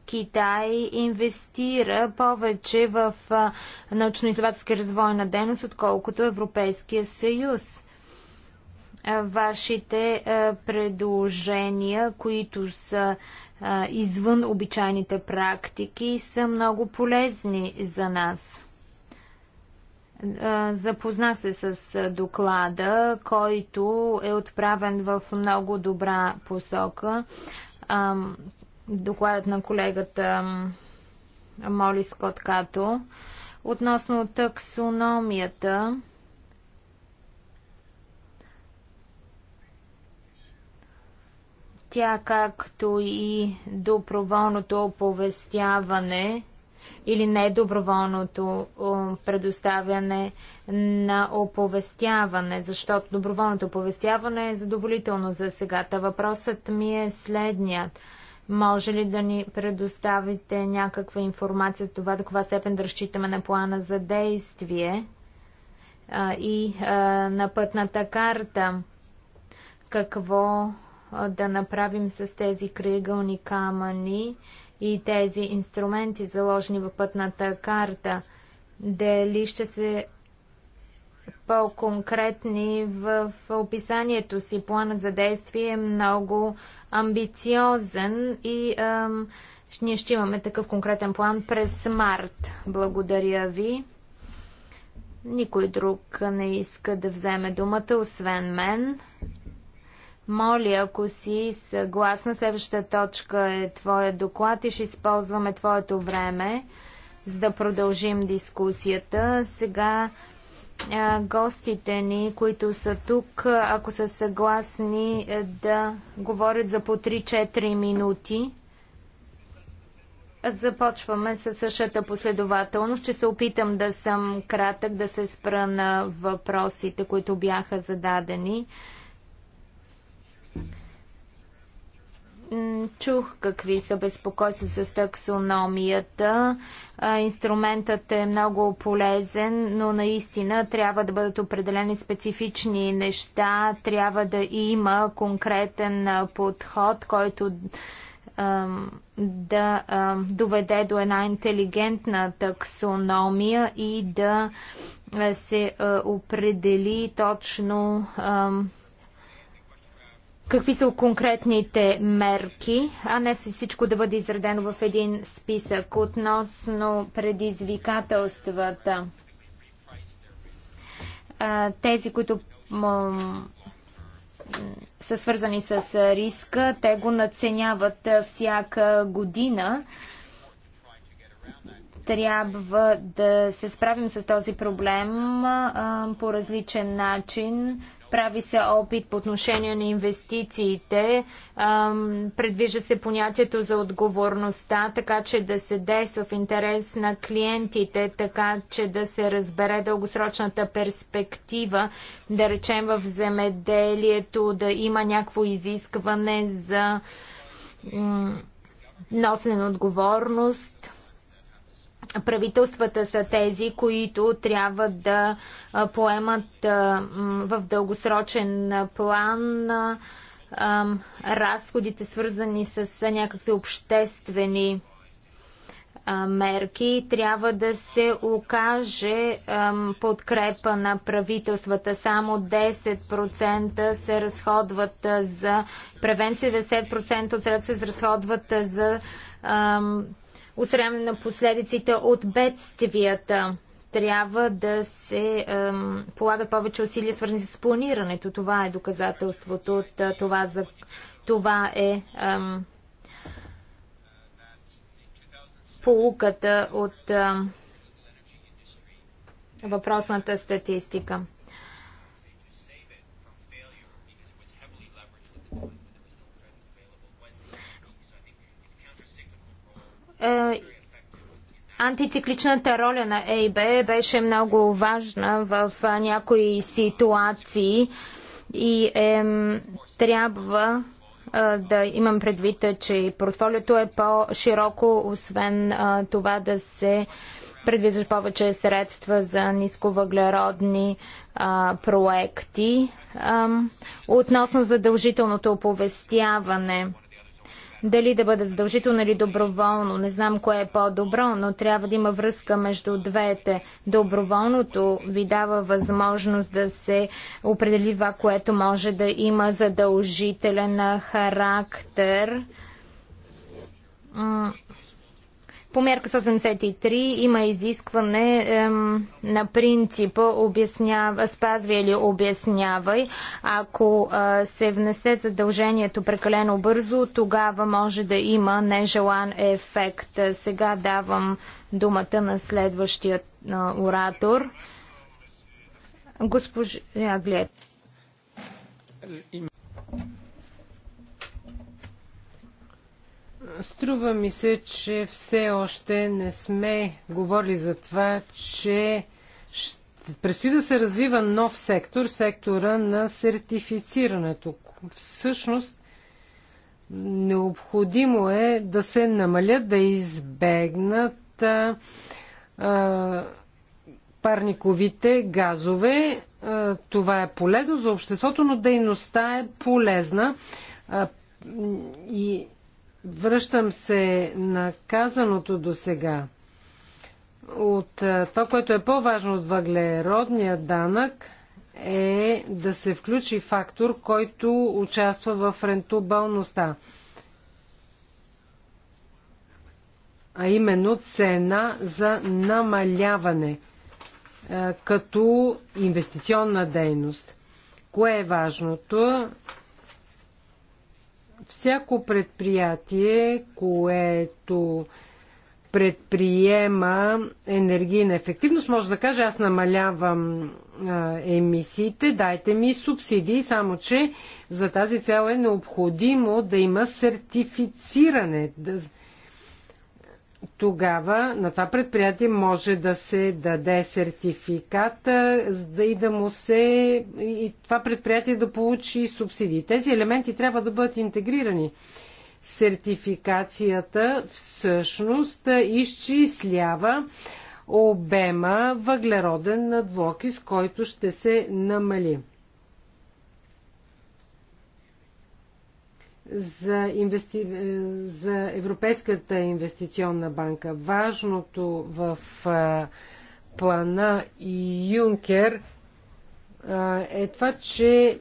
Китай инвестира повече в научно-изследователски развой на дейност, отколкото Европейския съюз. Вашите предложения, които са извън обичайните практики, са много полезни за нас. Запозна се с доклада, който е отправен в много добра посока. Докладът на колегата Моли Скот Като относно таксономията. Тя, както и доброволното оповестяване, или недоброволното предоставяне на оповестяване, защото доброволното оповестяване е задоволително за Та Въпросът ми е следният. Може ли да ни предоставите някаква информация за това, до каква степен да разчитаме на плана за действие а, и а, на пътната карта? Какво да направим с тези кръгълни камъни? и тези инструменти, заложени в пътната карта, дали ще се по-конкретни в описанието си. Планът за действие е много амбициозен и ам, ние ще имаме такъв конкретен план през март. Благодаря ви. Никой друг не иска да вземе думата, освен мен. Моля, ако си съгласна, следващата точка е твоя доклад и ще използваме твоето време, за да продължим дискусията. Сега гостите ни, които са тук, ако са съгласни е, да говорят за по 3-4 минути. Започваме със същата последователност. Ще се опитам да съм кратък, да се спра на въпросите, които бяха зададени. Чух какви са безпокойства с таксономията. Инструментът е много полезен, но наистина трябва да бъдат определени специфични неща, трябва да има конкретен подход, който да доведе до една интелигентна таксономия и да се определи точно какви са конкретните мерки, а не всичко да бъде изредено в един списък относно предизвикателствата. Тези, които са свързани с риска, те го наценяват всяка година. Трябва да се справим с този проблем по различен начин прави се опит по отношение на инвестициите. Предвижда се понятието за отговорността, така че да се действа в интерес на клиентите, така че да се разбере дългосрочната перспектива, да речем в земеделието, да има някакво изискване за носене на отговорност правителствата са тези, които трябва да поемат в дългосрочен план разходите, свързани с някакви обществени мерки. Трябва да се окаже подкрепа на правителствата. Само 10% се разходват за превенция, 10% от средства се разходват за отстраняване на последиците от бедствията. Трябва да се ем, полагат повече усилия, свързани с планирането. Това е доказателството от е, това. За, това е ем, полуката от ем, въпросната статистика. Е, антицикличната роля на ЕИБ беше много важна в е, някои ситуации и е, трябва да имам предвид, че портфолиото е по-широко, освен е, това да се предвиждаш повече средства за нисковъглеродни а, проекти. А, относно задължителното оповестяване дали да бъде задължително или доброволно, не знам кое е по-добро, но трябва да има връзка между двете. Доброволното ви дава възможност да се определи това, което може да има задължителен характер по мерка 173 има изискване ем, на принципа обяснява, спазвай или обяснявай. Ако е, се внесе задължението прекалено бързо, тогава може да има нежелан ефект. Сега давам думата на следващия е, оратор. Госпожа Глед. Струва ми се, че все още не сме говорили за това, че предстои да се развива нов сектор, сектора на сертифицирането. Всъщност, необходимо е да се намалят, да избегнат а, а, парниковите газове. А, това е полезно за обществото, но дейността е полезна. А, и Връщам се на казаното до сега. От това, което е по-важно от въглеродния данък, е да се включи фактор, който участва в рентобалността. А именно цена за намаляване като инвестиционна дейност. Кое е важното? всяко предприятие, което предприема енергийна ефективност, може да каже аз намалявам а, емисиите, дайте ми субсидии, само че за тази цел е необходимо да има сертифициране, да, тогава на това предприятие може да се даде сертификат и да му се и това предприятие да получи субсидии. Тези елементи трябва да бъдат интегрирани. Сертификацията всъщност изчислява обема въглероден двокис, който ще се намали. за, инвести... за Европейската инвестиционна банка. Важното в плана и Юнкер е това, че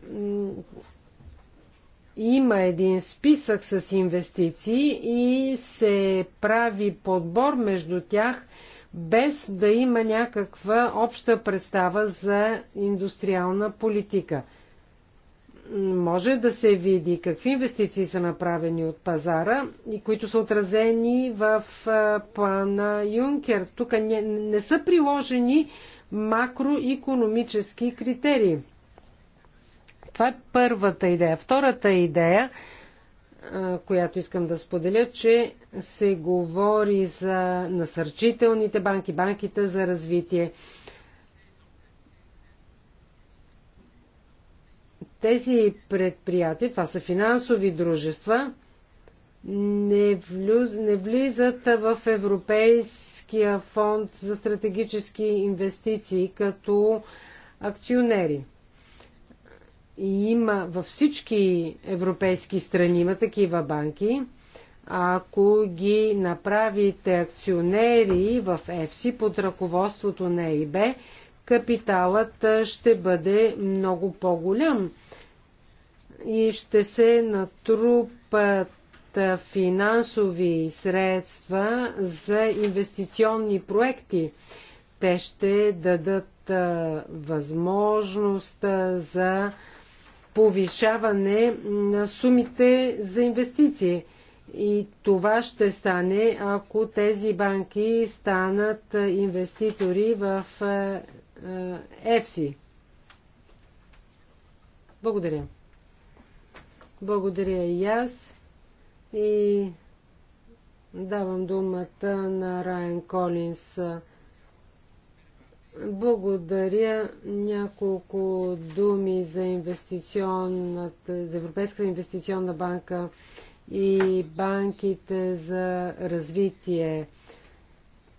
има един списък с инвестиции и се прави подбор между тях, без да има някаква обща представа за индустриална политика може да се види какви инвестиции са направени от пазара и които са отразени в плана Юнкер. Тук не, не са приложени макроекономически критерии. Това е първата идея. Втората идея, която искам да споделя, че се говори за насърчителните банки, банките за развитие. тези предприятия, това са финансови дружества, не, влюз, не влизат в Европейския фонд за стратегически инвестиции като акционери. И има във всички европейски страни има такива банки. Ако ги направите акционери в ЕФСИ под ръководството на ЕИБ, капиталът ще бъде много по-голям и ще се натрупат финансови средства за инвестиционни проекти. Те ще дадат възможност за повишаване на сумите за инвестиции. И това ще стане, ако тези банки станат инвеститори в Евси. Благодаря. Благодаря и аз. И давам думата на Райан Колинс. Благодаря няколко думи за, инвестиционната, за Европейската инвестиционна банка и банките за развитие.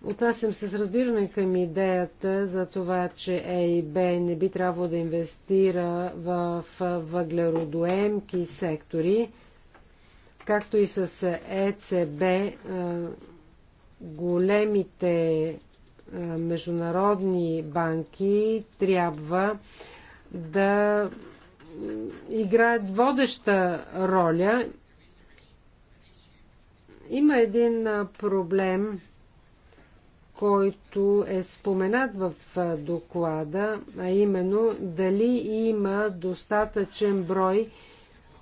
Отнасям се с разбиране към идеята за това, че ЕИБ не би трябвало да инвестира в въглеродоемки сектори, както и с ЕЦБ. Големите международни банки трябва да играят водеща роля. Има един проблем – който е споменат в доклада, а именно дали има достатъчен брой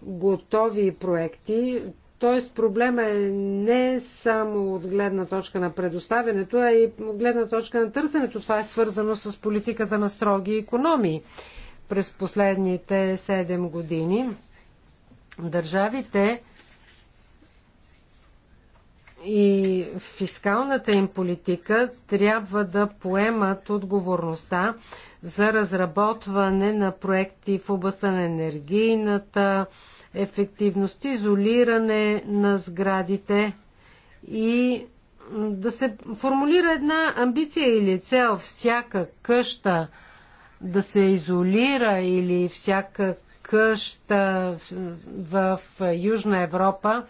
готови проекти. Т.е. проблема е не само от гледна точка на предоставянето, а и от гледна точка на търсенето. Това е свързано с политиката на строги економии през последните 7 години. Държавите и фискалната им политика трябва да поемат отговорността за разработване на проекти в областта на енергийната ефективност, изолиране на сградите и да се формулира една амбиция или цел всяка къща да се изолира или всяка къща в Южна Европа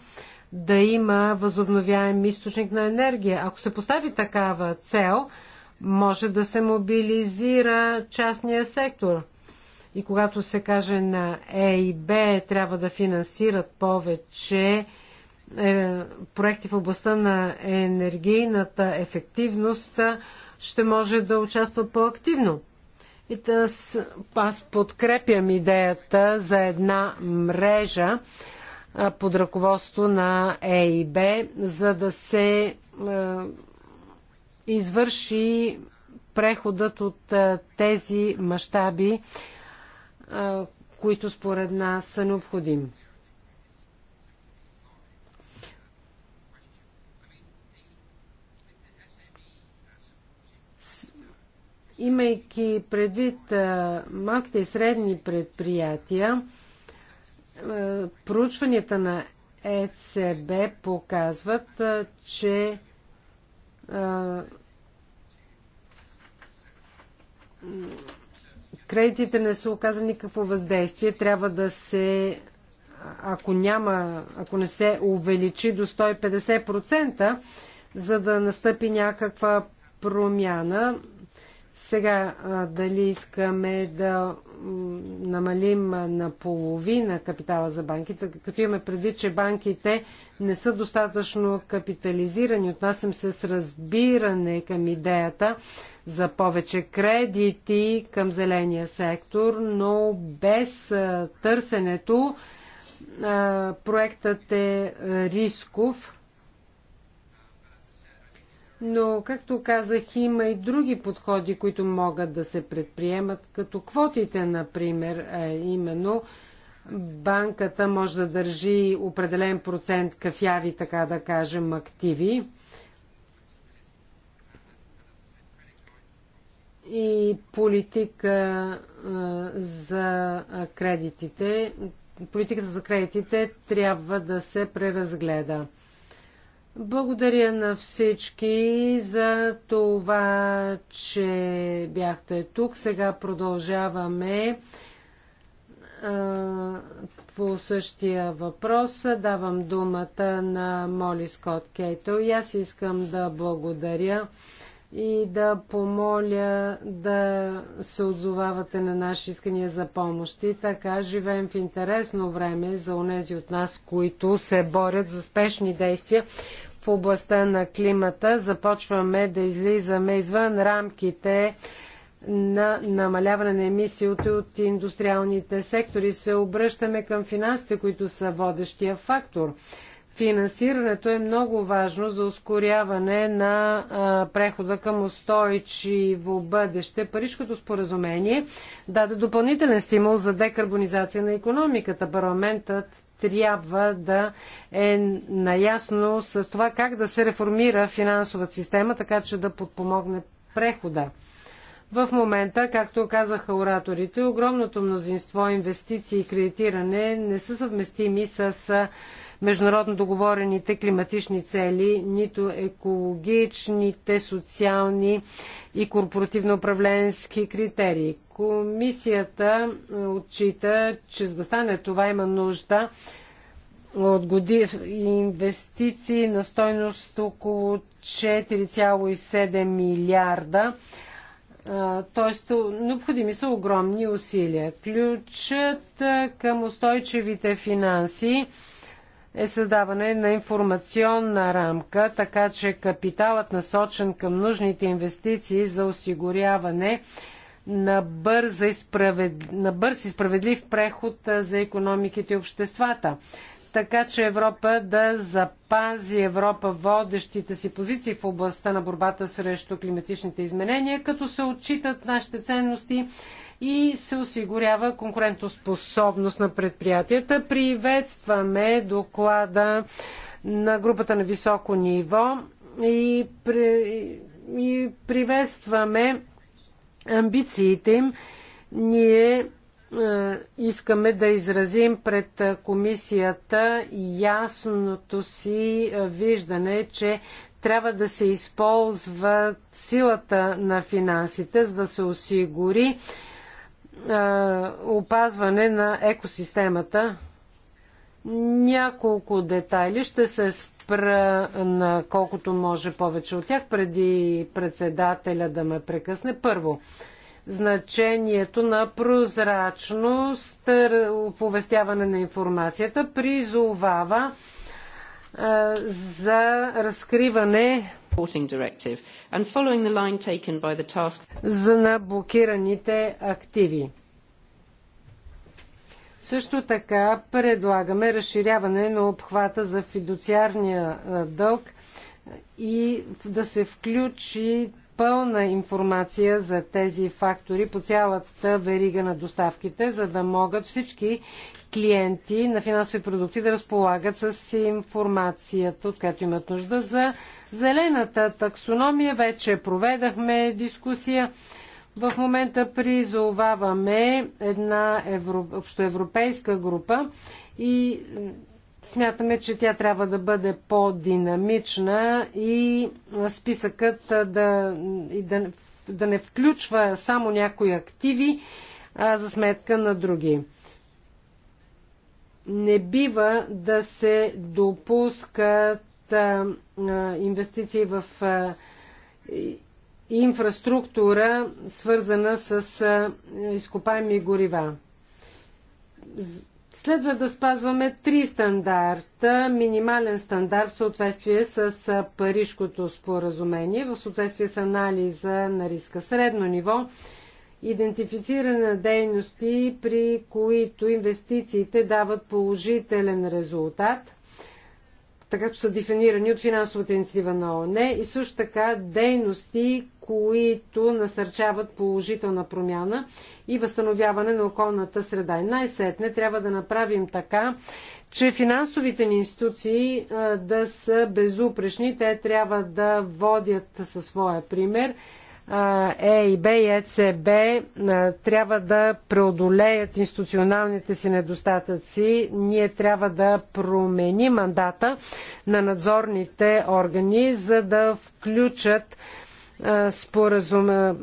да има възобновяем източник на енергия. Ако се постави такава цел, може да се мобилизира частния сектор. И когато се каже на Е и Б, трябва да финансират повече е, проекти в областта на енергийната ефективност, ще може да участва по-активно. И тъс, аз подкрепям идеята за една мрежа под ръководство на ЕИБ, за да се извърши преходът от тези мащаби, които според нас са необходими. Имайки предвид малките и средни предприятия, проучванията на ЕЦБ показват, че кредитите не са оказали никакво въздействие. Трябва да се, ако няма, ако не се увеличи до 150%, за да настъпи някаква промяна, сега, дали искаме да намалим наполовина капитала за банките, като имаме преди, че банките не са достатъчно капитализирани. Отнасям се с разбиране към идеята за повече кредити към зеления сектор, но без търсенето проектът е рисков но, както казах, има и други подходи, които могат да се предприемат, като квотите, например, а е, именно банката може да държи определен процент кафяви, така да кажем, активи. И политика е, за кредитите. Политиката за кредитите трябва да се преразгледа. Благодаря на всички за това, че бяхте тук. Сега продължаваме по същия въпрос. Давам думата на Моли Скот Кейто и аз искам да благодаря и да помоля да се отзовавате на наши искания за помощ. И така живеем в интересно време за онези от нас, които се борят за спешни действия в областта на климата. Започваме да излизаме извън рамките на намаляване на емисиите от индустриалните сектори. Се обръщаме към финансите, които са водещия фактор. Финансирането е много важно за ускоряване на а, прехода към устойчиво бъдеще. Парижкото споразумение даде допълнителен стимул за декарбонизация на економиката. Парламентът трябва да е наясно с това как да се реформира финансовата система, така че да подпомогне прехода. В момента, както казаха ораторите, огромното мнозинство инвестиции и кредитиране не са съвместими с международно договорените климатични цели, нито екологичните, социални и корпоративно-управленски критерии. Комисията е, отчита, че за да стане това има нужда от годи... инвестиции на стойност около 4,7 милиарда. Т.е. необходими са огромни усилия. Ключът е, към устойчивите финанси е създаване на информационна рамка, така че капиталът насочен към нужните инвестиции за осигуряване на, и на бърз и справедлив преход за економиките и обществата. Така че Европа да запази Европа водещите си позиции в областта на борбата срещу климатичните изменения, като се отчитат нашите ценности и се осигурява конкурентоспособност на предприятията. Приветстваме доклада на групата на високо ниво и, при, и приветстваме амбициите им. Ние е, искаме да изразим пред комисията ясното си е, виждане, че трябва да се използва силата на финансите, за да се осигури опазване на екосистемата. Няколко детайли ще се спра на колкото може повече от тях, преди председателя да ме прекъсне. Първо, значението на прозрачност, оповестяване на информацията, призовава за разкриване за блокираните активи. Също така предлагаме разширяване на обхвата за фидуциарния дълг и да се включи пълна информация за тези фактори по цялата верига на доставките, за да могат всички клиенти на финансови продукти да разполагат с информацията, от която имат нужда. За зелената таксономия вече проведахме дискусия. В момента призоваваме една общоевропейска група и Смятаме, че тя трябва да бъде по-динамична и списъкът да, и да, да не включва само някои активи а, за сметка на други. Не бива да се допускат а, а, инвестиции в а, инфраструктура, свързана с а, изкопаеми горива Следва да спазваме три стандарта. Минимален стандарт в съответствие с Парижкото споразумение, в съответствие с анализа на риска. Средно ниво идентифициране на дейности, при които инвестициите дават положителен резултат така че са дефинирани от финансовата инициатива на ОНЕ и също така дейности, които насърчават положителна промяна и възстановяване на околната среда. И най-сетне трябва да направим така, че финансовите ни институции да са безупречни, те трябва да водят със своя пример – ЕИБ и ЕЦБ е, трябва да преодолеят институционалните си недостатъци. Ние трябва да променим мандата на надзорните органи, за да включат споразум...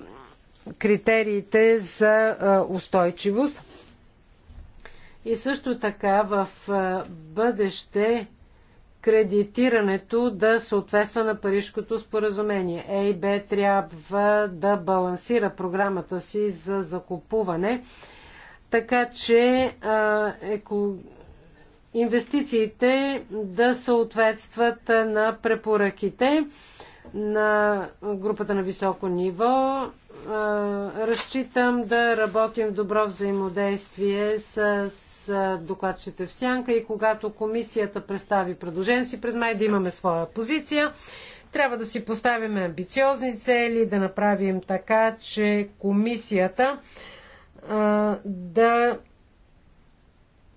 критериите за устойчивост. И също така в бъдеще кредитирането да съответства на Парижкото споразумение. ЕИБ трябва да балансира програмата си за закупуване, така че а, еко... инвестициите да съответстват на препоръките на групата на високо ниво. Разчитам да работим в добро взаимодействие с докладчите в сянка и когато комисията представи предложението си през май да имаме своя позиция. Трябва да си поставим амбициозни цели, да направим така, че комисията а, да,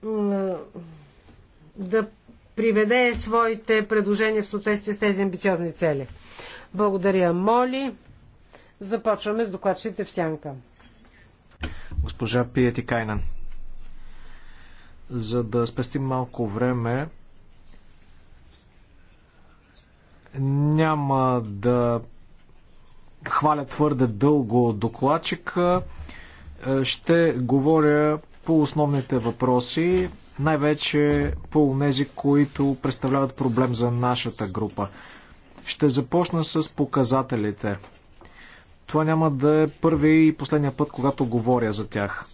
а, да приведе своите предложения в съответствие с тези амбициозни цели. Благодаря, Моли. Започваме с докладчите в сянка. Госпожа Пиети Кайнан за да спестим малко време, няма да хваля твърде дълго докладчика. Е, ще говоря по основните въпроси, най-вече по тези, които представляват проблем за нашата група. Ще започна с показателите. Това няма да е първи и последния път, когато говоря за тях.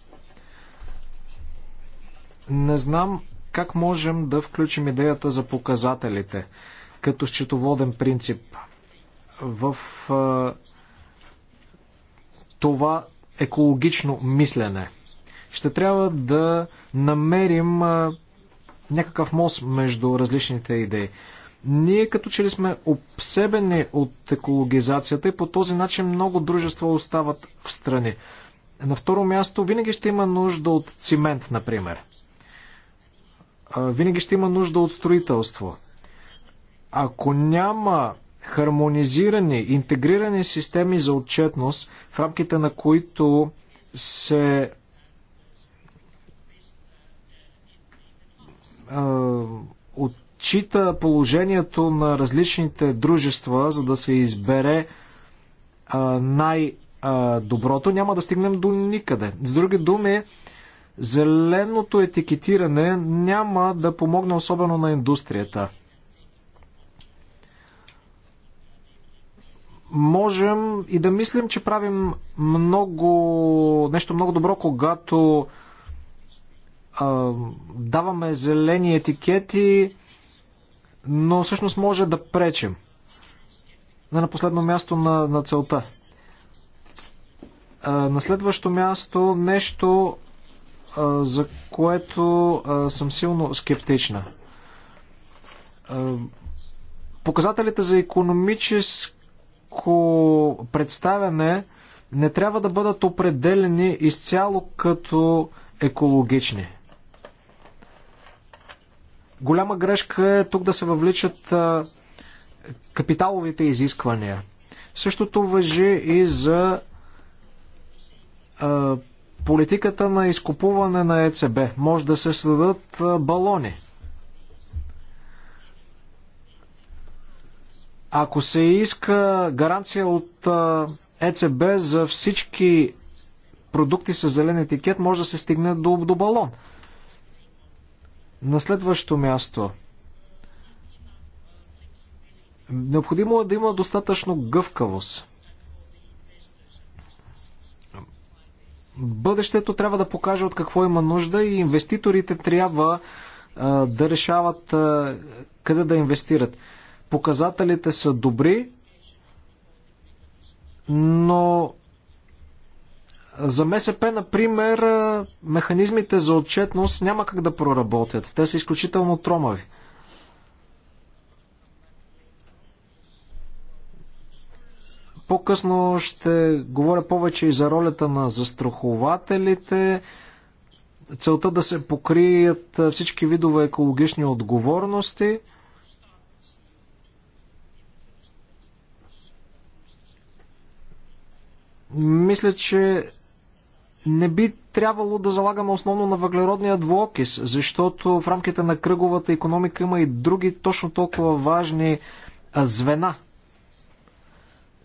Не знам как можем да включим идеята за показателите като счетоводен принцип в а, това екологично мислене. Ще трябва да намерим а, някакъв мост между различните идеи. Ние като че ли сме обсебени от екологизацията и по този начин много дружества остават в страни. На второ място винаги ще има нужда от цимент, например винаги ще има нужда от строителство. Ако няма хармонизирани, интегрирани системи за отчетност, в рамките на които се отчита положението на различните дружества, за да се избере най-доброто, няма да стигнем до никъде. С други думи, Зеленото етикетиране няма да помогне особено на индустрията. Можем и да мислим, че правим много, нещо много добро, когато а, даваме зелени етикети, но всъщност може да пречим. Не на последно място на, на целта. А, на следващо място нещо, за което съм силно скептична. Показателите за економическо представяне не трябва да бъдат определени изцяло като екологични. Голяма грешка е тук да се въвличат капиталовите изисквания. Същото въжи и за политиката на изкупуване на ЕЦБ. Може да се създадат балони. Ако се иска гаранция от ЕЦБ за всички продукти с зелен етикет, може да се стигне до, до балон. На следващо място. Необходимо е да има достатъчно гъвкавост. бъдещето трябва да покаже от какво има нужда и инвеститорите трябва а, да решават а, къде да инвестират. Показателите са добри, но за МСП, например, механизмите за отчетност няма как да проработят. Те са изключително тромави. По-късно ще говоря повече и за ролята на застрахователите. Целта да се покрият всички видове екологични отговорности. Мисля, че не би трябвало да залагаме основно на въглеродния двуокис, защото в рамките на кръговата економика има и други точно толкова важни звена –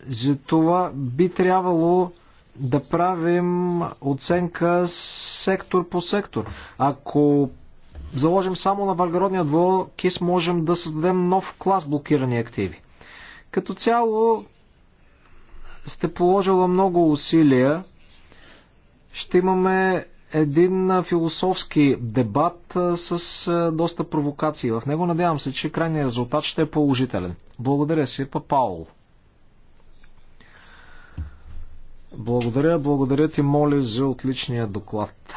за това би трябвало да правим оценка сектор по сектор. Ако заложим само на въглеродния двуокис, можем да създадем нов клас блокирани активи. Като цяло сте положила много усилия. Ще имаме един философски дебат с доста провокации в него. Надявам се, че крайният резултат ще е положителен. Благодаря си, Папаул. Благодаря, благодаря ти, моля, за отличния доклад.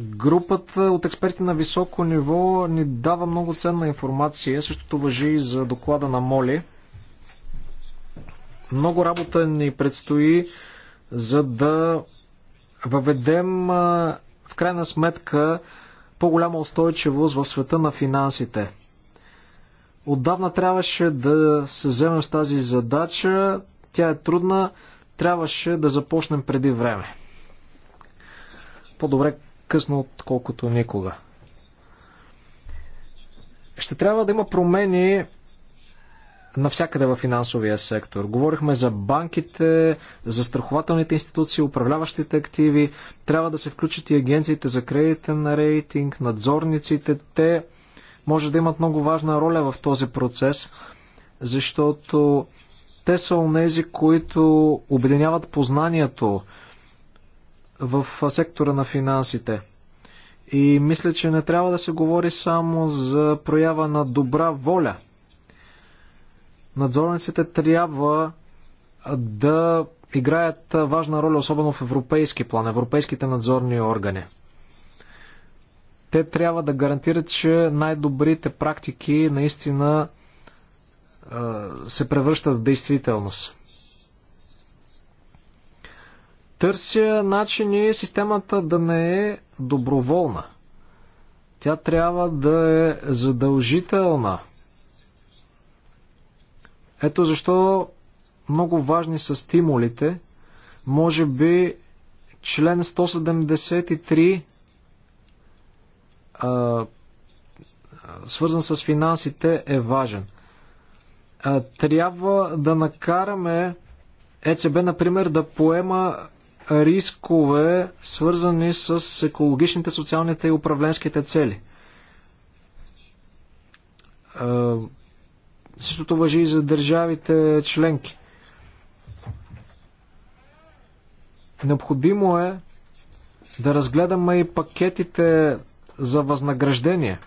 Групата от експерти на високо ниво ни дава много ценна информация. Същото въжи и за доклада на Моли. Много работа ни предстои, за да въведем в крайна сметка по-голяма устойчивост в света на финансите. Отдавна трябваше да се вземем с тази задача. Тя е трудна. Трябваше да започнем преди време. По-добре късно, отколкото никога. Ще трябва да има промени навсякъде във финансовия сектор. Говорихме за банките, за страхователните институции, управляващите активи. Трябва да се включат и агенциите за кредитен рейтинг, надзорниците. Те може да имат много важна роля в този процес, защото те са онези, които обединяват познанието в сектора на финансите. И мисля, че не трябва да се говори само за проява на добра воля. Надзорниците трябва да играят важна роля, особено в европейски план, европейските надзорни органи. Те трябва да гарантират, че най-добрите практики наистина се превръщат в действителност. Търся начини системата да не е доброволна. Тя трябва да е задължителна. Ето защо много важни са стимулите. Може би член 173 свързан с финансите, е важен. Трябва да накараме ЕЦБ, например, да поема рискове, свързани с екологичните, социалните и управленските цели. Същото въжи и за държавите членки. Необходимо е да разгледаме и пакетите за възнаграждение.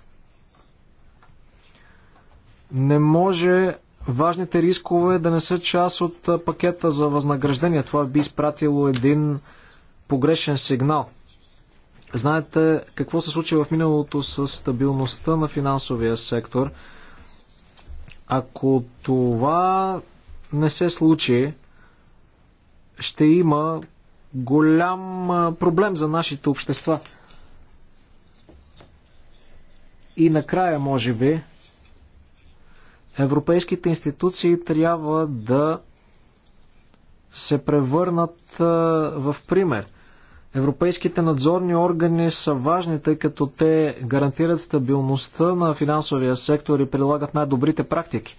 Не може важните рискове да не са част от пакета за възнаграждение. Това би изпратило един погрешен сигнал. Знаете какво се случи в миналото с стабилността на финансовия сектор. Ако това не се случи, ще има голям проблем за нашите общества. И накрая, може би, европейските институции трябва да се превърнат в пример. Европейските надзорни органи са важни, тъй като те гарантират стабилността на финансовия сектор и прилагат най-добрите практики.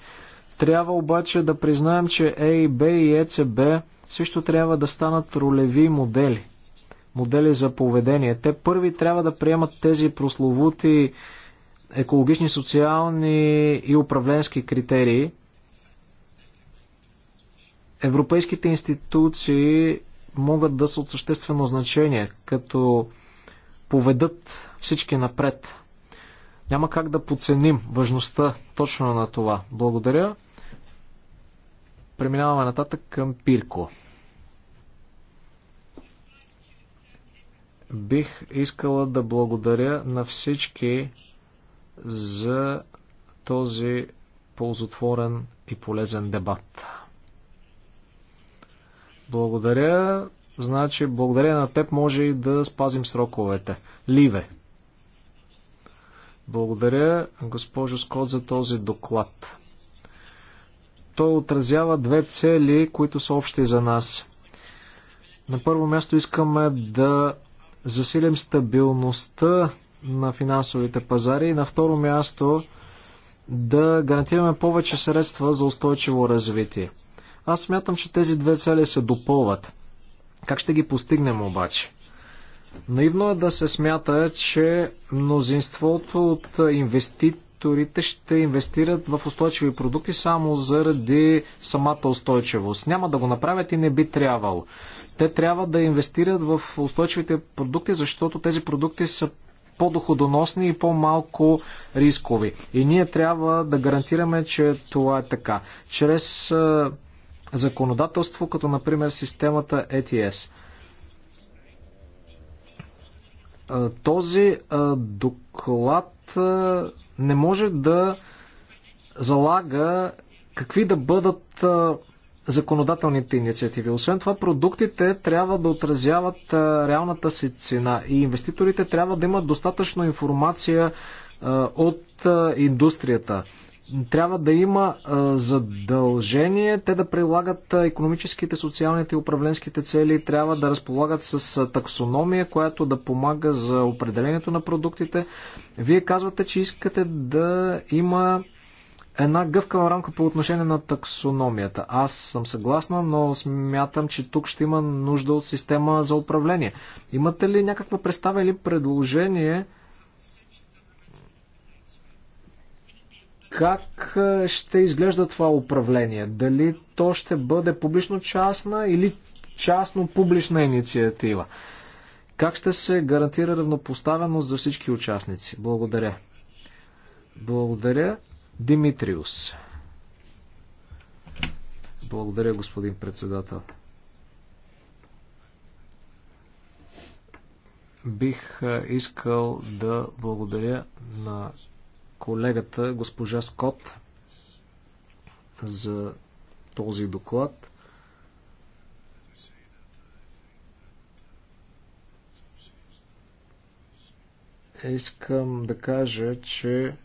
Трябва обаче да признаем, че ЕИБ и ЕЦБ е също трябва да станат ролеви модели. Модели за поведение. Те първи трябва да приемат тези прословути екологични, социални и управленски критерии, европейските институции могат да са от съществено значение, като поведат всички напред. Няма как да подценим важността точно на това. Благодаря. Преминаваме нататък към Пирко. Бих искала да благодаря на всички за този ползотворен и полезен дебат. Благодаря. Значи, благодаря на теб може и да спазим сроковете. Ливе. Благодаря, госпожо Скот, за този доклад. Той отразява две цели, които са общи за нас. На първо място искаме да засилим стабилността на финансовите пазари и на второ място да гарантираме повече средства за устойчиво развитие. Аз смятам, че тези две цели се допълват. Как ще ги постигнем обаче? Наивно е да се смята, че мнозинството от инвеститорите ще инвестират в устойчиви продукти само заради самата устойчивост. Няма да го направят и не би трябвало. Те трябва да инвестират в устойчивите продукти, защото тези продукти са по-доходоносни и по-малко рискови. И ние трябва да гарантираме, че това е така. Чрез законодателство, като например системата ETS. Е този доклад не може да залага какви да бъдат законодателните инициативи. Освен това, продуктите трябва да отразяват реалната си цена и инвеститорите трябва да имат достатъчно информация от индустрията. Трябва да има задължение те да прилагат економическите, социалните и управленските цели, трябва да разполагат с таксономия, която да помага за определението на продуктите. Вие казвате, че искате да има една гъвкава рамка по отношение на таксономията. Аз съм съгласна, но смятам, че тук ще има нужда от система за управление. Имате ли някаква представа или предложение как ще изглежда това управление? Дали то ще бъде публично-частна или частно-публична инициатива? Как ще се гарантира равнопоставеност за всички участници? Благодаря. Благодаря. Димитриус. Благодаря, господин председател. Бих искал да благодаря на колегата госпожа Скот за този доклад. Искам да кажа, че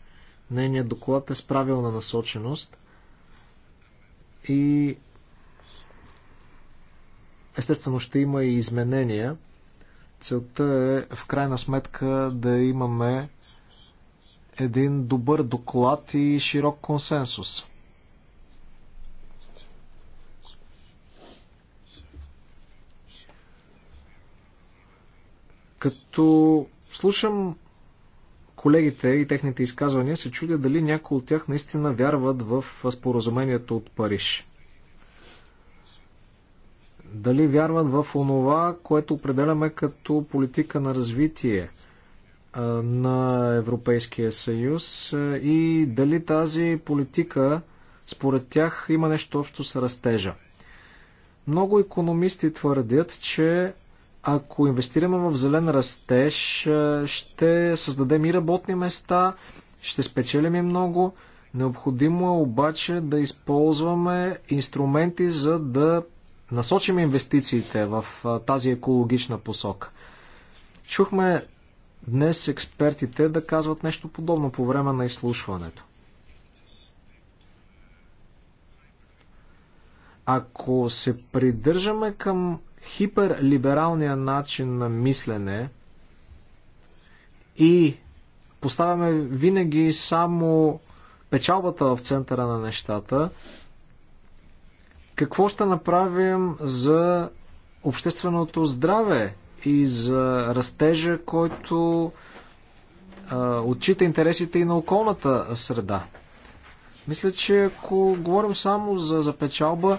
Нейният доклад е с правилна насоченост и естествено ще има и изменения. Целта е в крайна сметка да имаме един добър доклад и широк консенсус. Като слушам колегите и техните изказвания се чудя дали някои от тях наистина вярват в споразумението от Париж. Дали вярват в онова, което определяме като политика на развитие на Европейския съюз и дали тази политика според тях има нещо общо с растежа. Много економисти твърдят, че ако инвестираме в зелен растеж, е, ще създадем и работни места, ще спечелим и много. Необходимо е обаче да използваме инструменти, за да насочим инвестициите в е, тази екологична посока. Чухме днес експертите да казват нещо подобно по време на изслушването. Ако се придържаме към хиперлибералния начин на мислене и поставяме винаги само печалбата в центъра на нещата, какво ще направим за общественото здраве и за растежа, който а, отчита интересите и на околната среда. Мисля, че ако говорим само за, за печалба,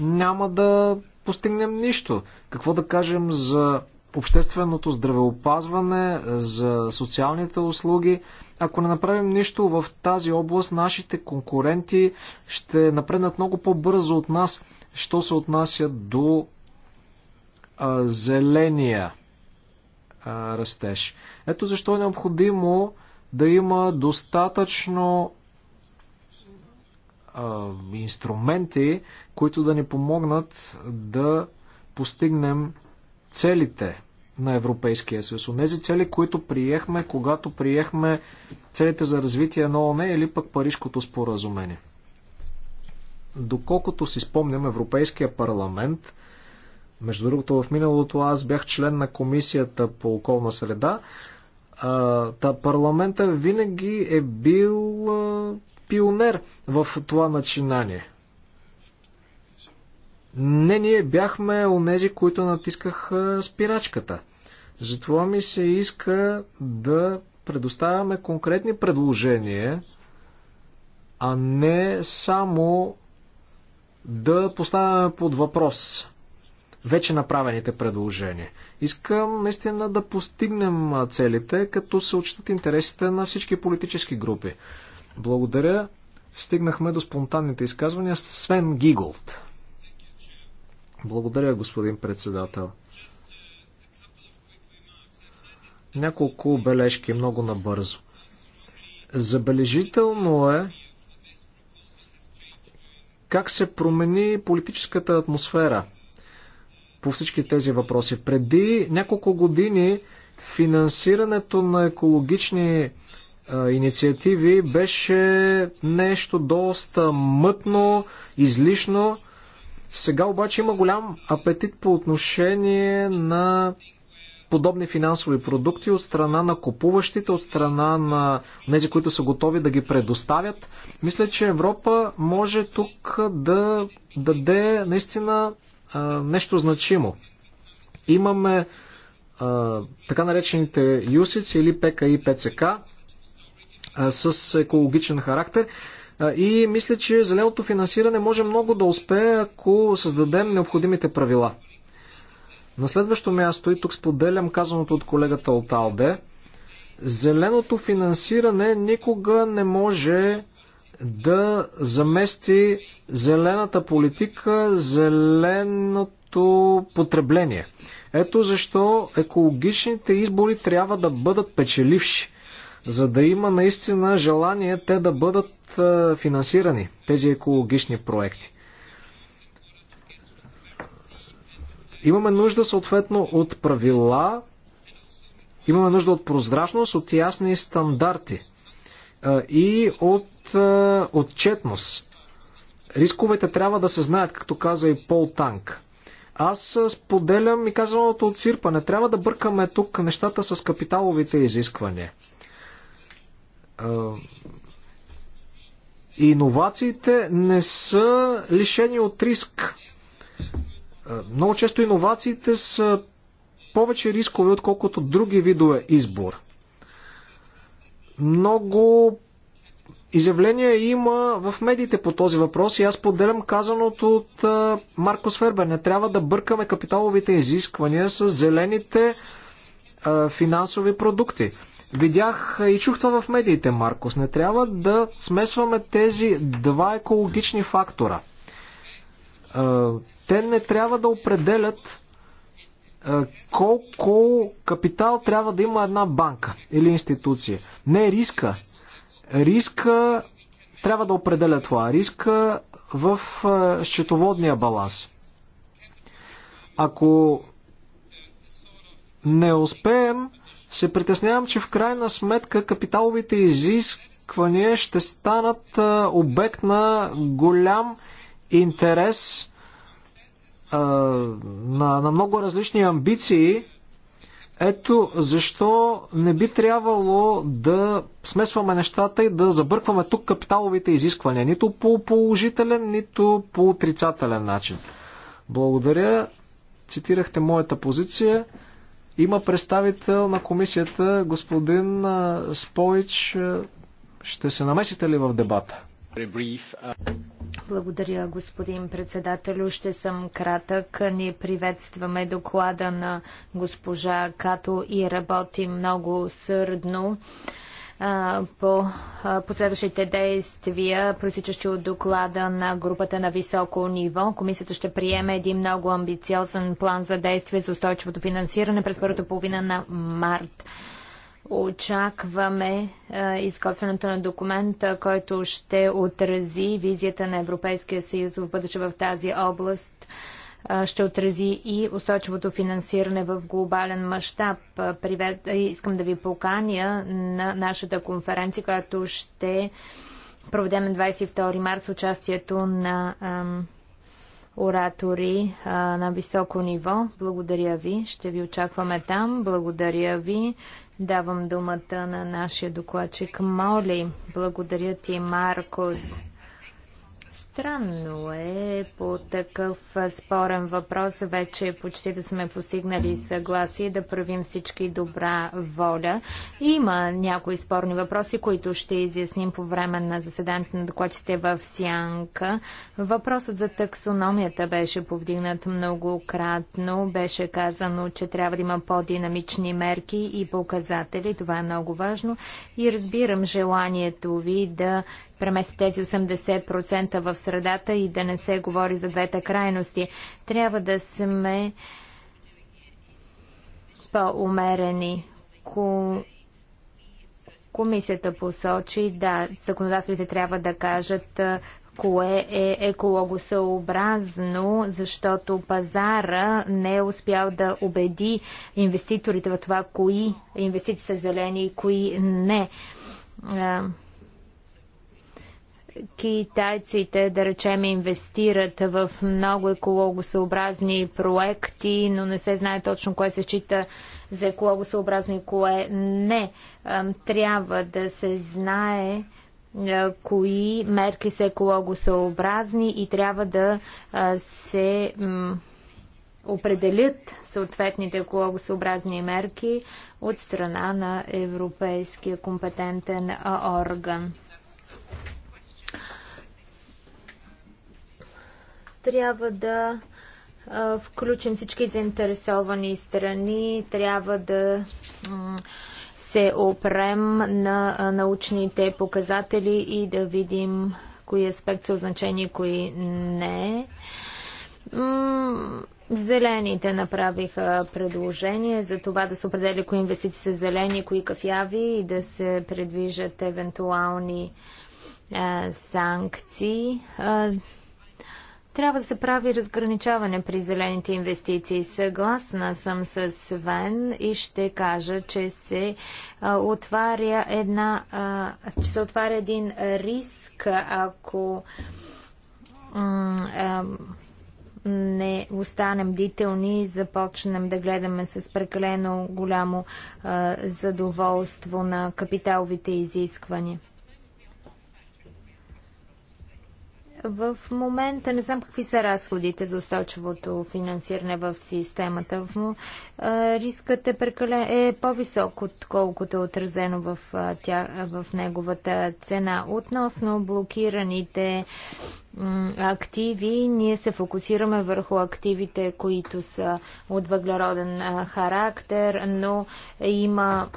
няма да постигнем нищо. Какво да кажем за общественото здравеопазване, за социалните услуги. Ако не направим нищо в тази област, нашите конкуренти ще напреднат много по-бързо от нас, що се отнася до а, зеления а, растеж. Ето защо е необходимо да има достатъчно инструменти, които да ни помогнат да постигнем целите на Европейския съюз. Онези цели, които приехме, когато приехме целите за развитие на ОНЕ или пък Парижкото споразумение. Доколкото си спомням, Европейския парламент, между другото в миналото аз бях член на Комисията по околна среда, та парламента винаги е бил пионер в това начинание. Не, ние бяхме онези, които натискаха спирачката. Затова ми се иска да предоставяме конкретни предложения, а не само да поставяме под въпрос вече направените предложения. Искам наистина да постигнем целите, като се отчитат интересите на всички политически групи. Благодаря. Стигнахме до спонтанните изказвания. Свен Гиголд. Благодаря, господин председател. Няколко бележки, много набързо. Забележително е как се промени политическата атмосфера по всички тези въпроси. Преди няколко години финансирането на екологични инициативи беше нещо доста мътно, излишно. Сега обаче има голям апетит по отношение на подобни финансови продукти от страна на купуващите, от страна на тези, които са готови да ги предоставят. Мисля, че Европа може тук да даде наистина нещо значимо. Имаме така наречените USIC или ПК и ПЦК с екологичен характер. И мисля, че зеленото финансиране може много да успее, ако създадем необходимите правила. На следващо място, и тук споделям казаното от колегата от Алде, зеленото финансиране никога не може да замести зелената политика, зеленото потребление. Ето защо екологичните избори трябва да бъдат печеливши за да има наистина желание те да бъдат финансирани, тези екологични проекти. Имаме нужда съответно от правила, имаме нужда от прозрачност, от ясни стандарти и от отчетност. Рисковете трябва да се знаят, както каза и Пол Танк. Аз споделям и казаното от Сирпа. Не трябва да бъркаме тук нещата с капиталовите изисквания иновациите не са лишени от риск. Много често иновациите са повече рискове, отколкото други видове избор. Много изявления има в медиите по този въпрос и аз поделям казаното от Маркос Фербер. Не трябва да бъркаме капиталовите изисквания с зелените финансови продукти. Видях и чух това в медиите, Маркос. Не трябва да смесваме тези два екологични фактора. Е, те не трябва да определят е, колко капитал трябва да има една банка или институция. Не е риска. Риска трябва да определя това. Риска в счетоводния баланс. Ако не успеем се притеснявам, че в крайна сметка капиталовите изисквания ще станат обект на голям интерес на, на много различни амбиции. Ето защо не би трябвало да смесваме нещата и да забъркваме тук капиталовите изисквания. Нито по положителен, нито по отрицателен начин. Благодаря. Цитирахте моята позиция. Има представител на комисията, господин Спойч. Ще се намесите ли в дебата? Благодаря, господин председател, Ще съм кратък. Ние приветстваме доклада на госпожа Като и работим много сърдно по последващите действия, просичащи от доклада на групата на високо ниво. Комисията ще приеме един много амбициозен план за действие за устойчивото финансиране през първата половина на март. Очакваме а, изготвянето на документа, който ще отрази визията на Европейския съюз в бъдеще в тази област ще отрази и устойчивото финансиране в глобален мащаб. Искам да ви поканя на нашата конференция, която ще проведем на 22 марта с участието на оратори на високо ниво. Благодаря ви. Ще ви очакваме там. Благодаря ви. Давам думата на нашия докладчик Моли. Благодаря ти, Маркос. Странно е по такъв спорен въпрос вече почти да сме постигнали съгласие да правим всички добра воля. Има някои спорни въпроси, които ще изясним по време на заседанието на докладчите в Сянка. Въпросът за таксономията беше повдигнат многократно. Беше казано, че трябва да има по-динамични мерки и показатели. Това е много важно. И разбирам желанието ви да премести тези 80% в средата и да не се говори за двете крайности. Трябва да сме по-умерени. Комисията посочи, да, законодателите трябва да кажат кое е екологосъобразно, защото пазара не е успял да убеди инвеститорите в това, кои инвестиции са зелени и кои не китайците, да речем, инвестират в много екологосъобразни проекти, но не се знае точно кое се счита за екологосъобразно и кое не. Трябва да се знае кои мерки са екологосъобразни и трябва да се определят съответните екологосъобразни мерки от страна на Европейския компетентен орган. трябва да включим всички заинтересовани страни, трябва да се опрем на научните показатели и да видим кои аспект са значени и кои не. Зелените направиха предложение за това да се определи кои инвестиции са зелени, кои кафяви и да се предвижат евентуални е, санкции. Е, трябва да се прави разграничаване при зелените инвестиции. Съгласна съм с Вен и ще кажа, че се а, отваря една, а, че се отваря един риск, ако а, не останем дителни и започнем да гледаме с прекалено голямо задоволство на капиталовите изисквания. В момента не знам какви са разходите за устойчивото финансиране в системата. Рискът е, прекален, е по-висок, отколкото е отразено в, тя, в неговата цена. Относно блокираните активи, ние се фокусираме върху активите, които са от въглероден характер, но има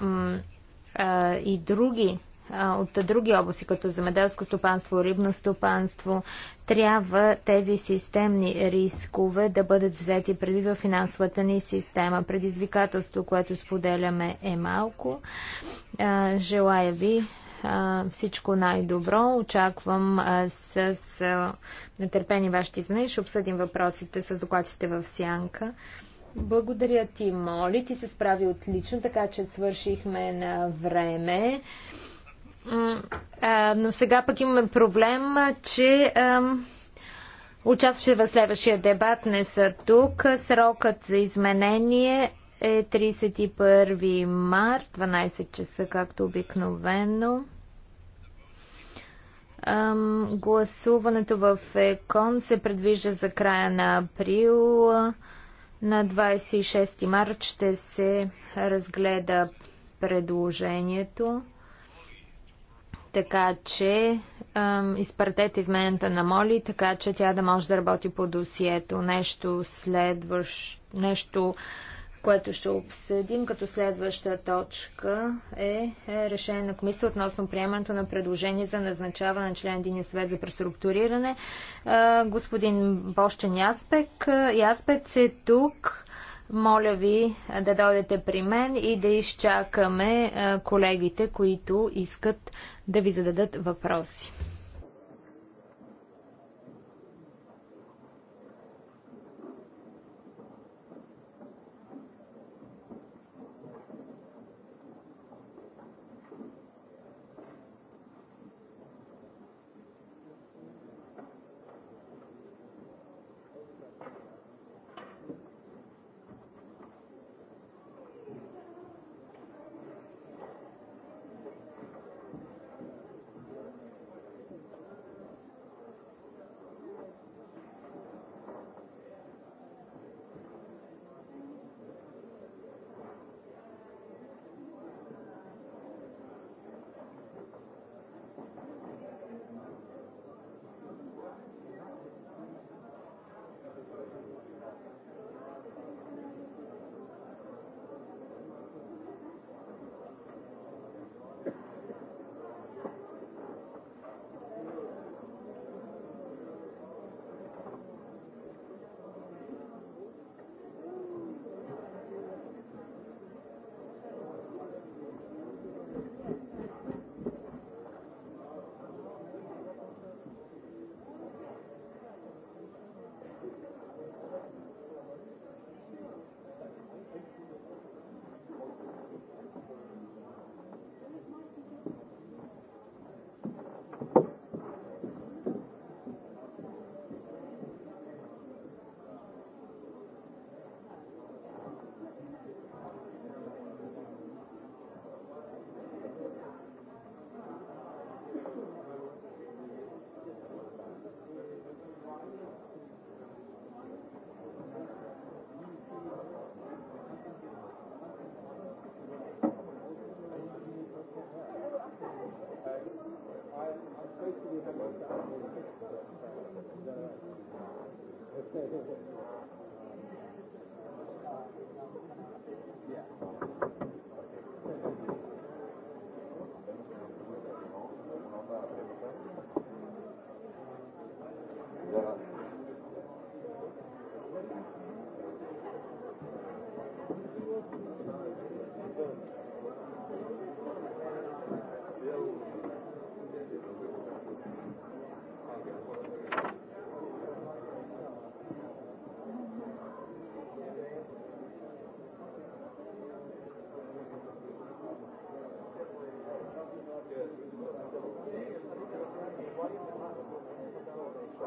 и други от други области, като земеделско стопанство, рибно стопанство, трябва тези системни рискове да бъдат взети преди в финансовата ни система. Предизвикателство, което споделяме е малко. желая ви всичко най-добро. Очаквам с, с нетърпени вашите изменения. Ще обсъдим въпросите с докладчите в Сянка. Благодаря ти, Моли. Ти се справи отлично, така че свършихме на време но сега пък имаме проблем, че участваше в следващия дебат не са тук. Срокът за изменение е 31 март, 12 часа, както обикновено. Гласуването в ЕКОН се предвижда за края на април. На 26 март ще се разгледа предложението. Така че ем, изпратете измената на Моли, така че тя да може да работи по досието. Нещо следващ, нещо, което ще обсъдим като следваща точка е, е решение на комисията относно приемането на предложение за назначаване на член Единия съвет за преструктуриране. господин Бощен Яспек, Яспек е тук. Моля ви да дойдете при мен и да изчакаме колегите, които искат да ви зададат въпроси.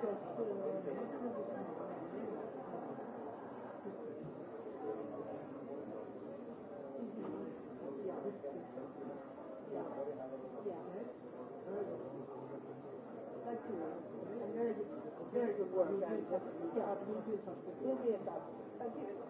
Thank you. Very good work. Yeah, you do you. Thank you.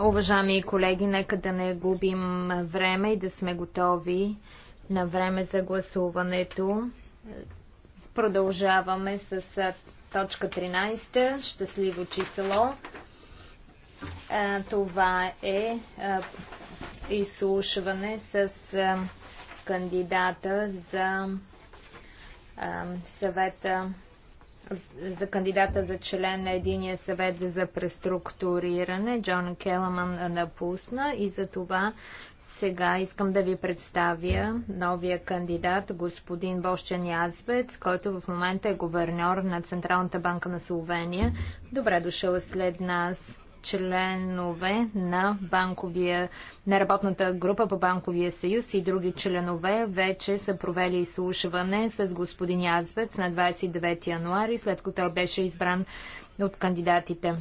Уважаеми колеги, нека да не губим време и да сме готови на време за гласуването. Продължаваме с Точка 13. Щастливо число. Това е изслушване с кандидата за съвета за кандидата за член на единия съвет за преструктуриране. Джон Келаман напусна и за това сега искам да ви представя новия кандидат, господин Бощен Язбец, който в момента е гуверньор на Централната банка на Словения. Добре дошъл след нас членове на, банковия, на работната група по Банковия съюз и други членове вече са провели изслушване с господин Язбец на 29 януари, след като той беше избран от кандидатите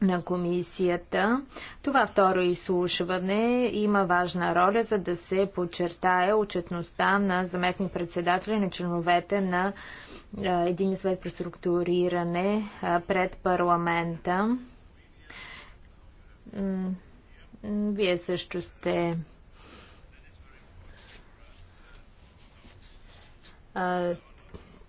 на комисията. Това второ изслушване има важна роля, за да се подчертае отчетността на заместник председатели на членовете на един съвет структуриране пред парламента. Вие също сте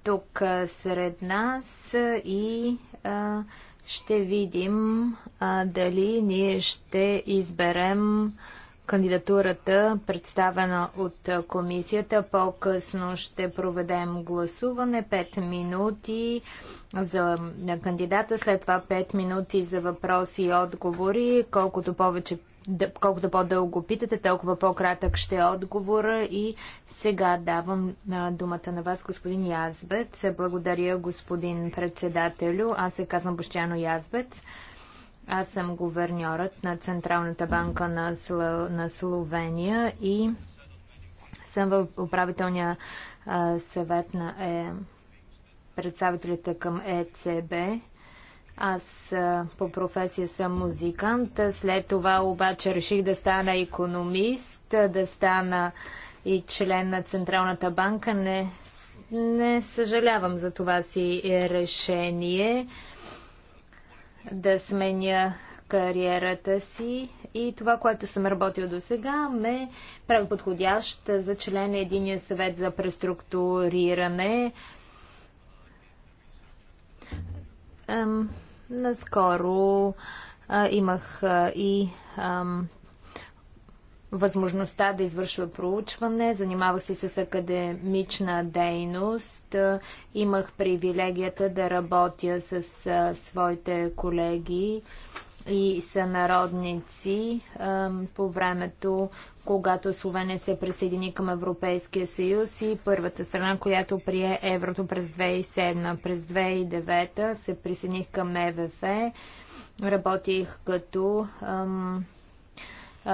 тук сред нас и а, ще видим а, дали ние ще изберем кандидатурата, представена от комисията. По-късно ще проведем гласуване. 5 минути за на кандидата, след това 5 минути за въпроси и отговори. Колкото повече колкото по-дълго питате, толкова по-кратък ще е отговора. И сега давам думата на вас, господин Язбет. Благодаря, господин председателю. Аз се казвам Бощяно Язбет. Аз съм гуверньорът на Централната банка на, Сло, на Словения и съм в управителния съвет на е, представителите към ЕЦБ. Аз по професия съм музикант, след това обаче реших да стана економист, да стана и член на Централната банка. Не, не съжалявам за това си решение да сменя кариерата си и това, което съм работил до сега, ме прави подходящ за член на Единия съвет за преструктуриране. Ам, Наскоро а, имах а, и а, възможността да извършва проучване, занимавах се с академична дейност, имах привилегията да работя с а, своите колеги и сънародници по времето, когато Словения се присъедини към Европейския съюз и първата страна, която прие еврото през 2007. През 2009 се присъединих към ЕВФ. Работих като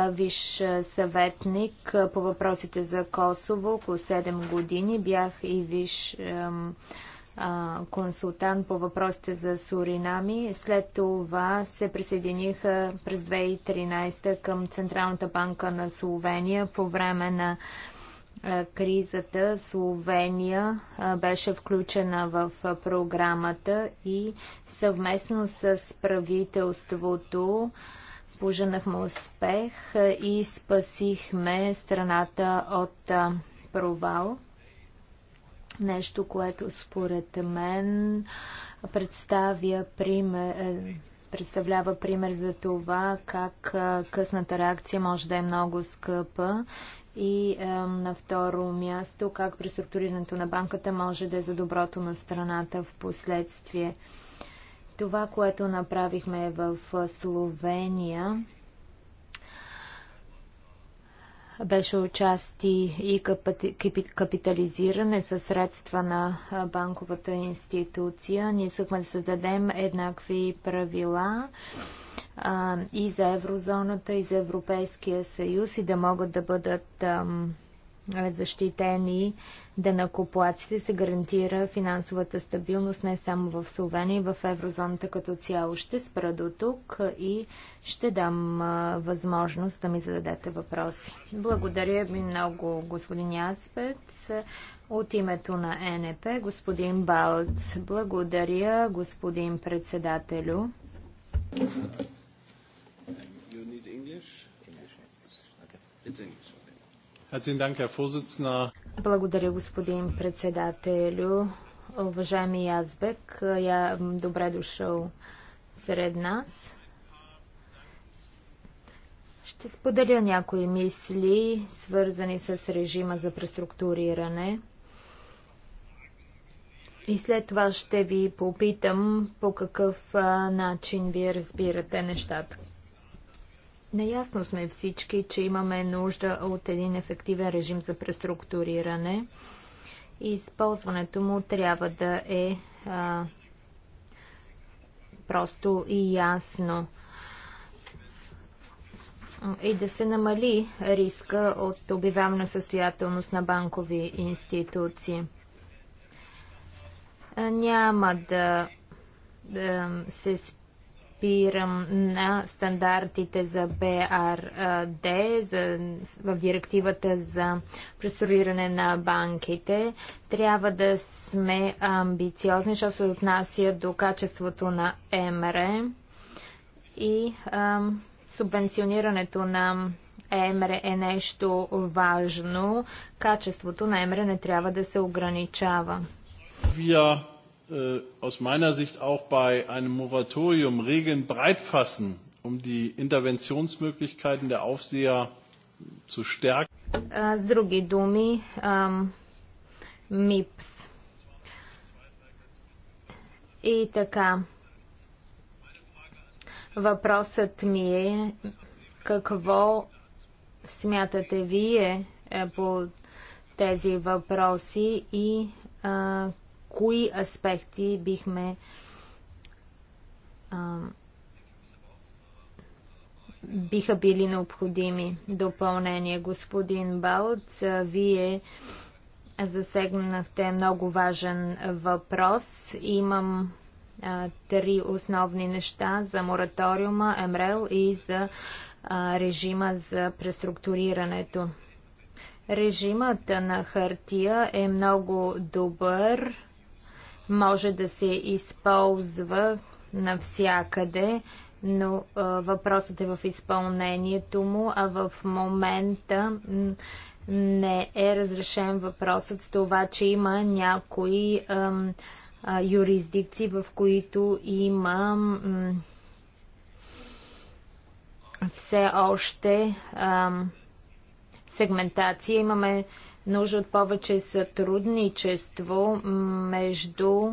виш съветник по въпросите за Косово около 7 години. Бях и виш ам, консултант по въпросите за Суринами. След това се присъединиха през 2013 към Централната банка на Словения по време на кризата. Словения беше включена в програмата и съвместно с правителството пожанахме успех и спасихме страната от провал. Нещо, което според мен представя пример, е, представлява пример за това как е, късната реакция може да е много скъпа и е, на второ място как преструктурирането на банката може да е за доброто на страната в последствие. Това, което направихме в Словения, беше отчасти и капитализиране със средства на банковата институция. Ние искахме да създадем еднакви правила а, и за еврозоната, и за Европейския съюз и да могат да бъдат е, защитени денакоплаците се гарантира финансовата стабилност не само в Словения, и в еврозоната като цяло. Ще спра до тук и ще дам възможност да ми зададете въпроси. Благодаря ви много, господин Яспец. От името на НП, господин Балц. Благодаря, господин председателю. Благодаря, господин председателю. Уважаеми Язбек, я добре дошъл сред нас. Ще споделя някои мисли, свързани с режима за преструктуриране. И след това ще ви попитам по какъв начин вие разбирате нещата. Наясно сме всички, че имаме нужда от един ефективен режим за преструктуриране и използването му трябва да е а, просто и ясно и да се намали риска от обявявана състоятелност на банкови институции. Няма да, да се спи опирам на стандартите за БРД за, в директивата за преструктуриране на банките. Трябва да сме амбициозни, защото се отнася до качеството на МРЕ и ам, субвенционирането на ЕМРЕ е нещо важно. Качеството на ЕМРЕ не трябва да се ограничава. Вие aus meiner Sicht auch bei einem Moratorium Regeln breit fassen, um die Interventionsmöglichkeiten der Aufseher zu stärken. С други думи, МИПС. И така, въпросът ми е какво смятате вие по тези въпроси и кои аспекти бихме а, биха били необходими допълнение. Господин Балц, вие засегнахте много важен въпрос. Имам а, три основни неща за мораториума, МРЛ и за а, режима за преструктурирането. Режимът на хартия е много добър може да се използва навсякъде, но въпросът е в изпълнението му, а в момента не е разрешен въпросът с това, че има някои ам, а, юрисдикции, в които има ам, все още ам, сегментация. Имаме нужда от повече сътрудничество между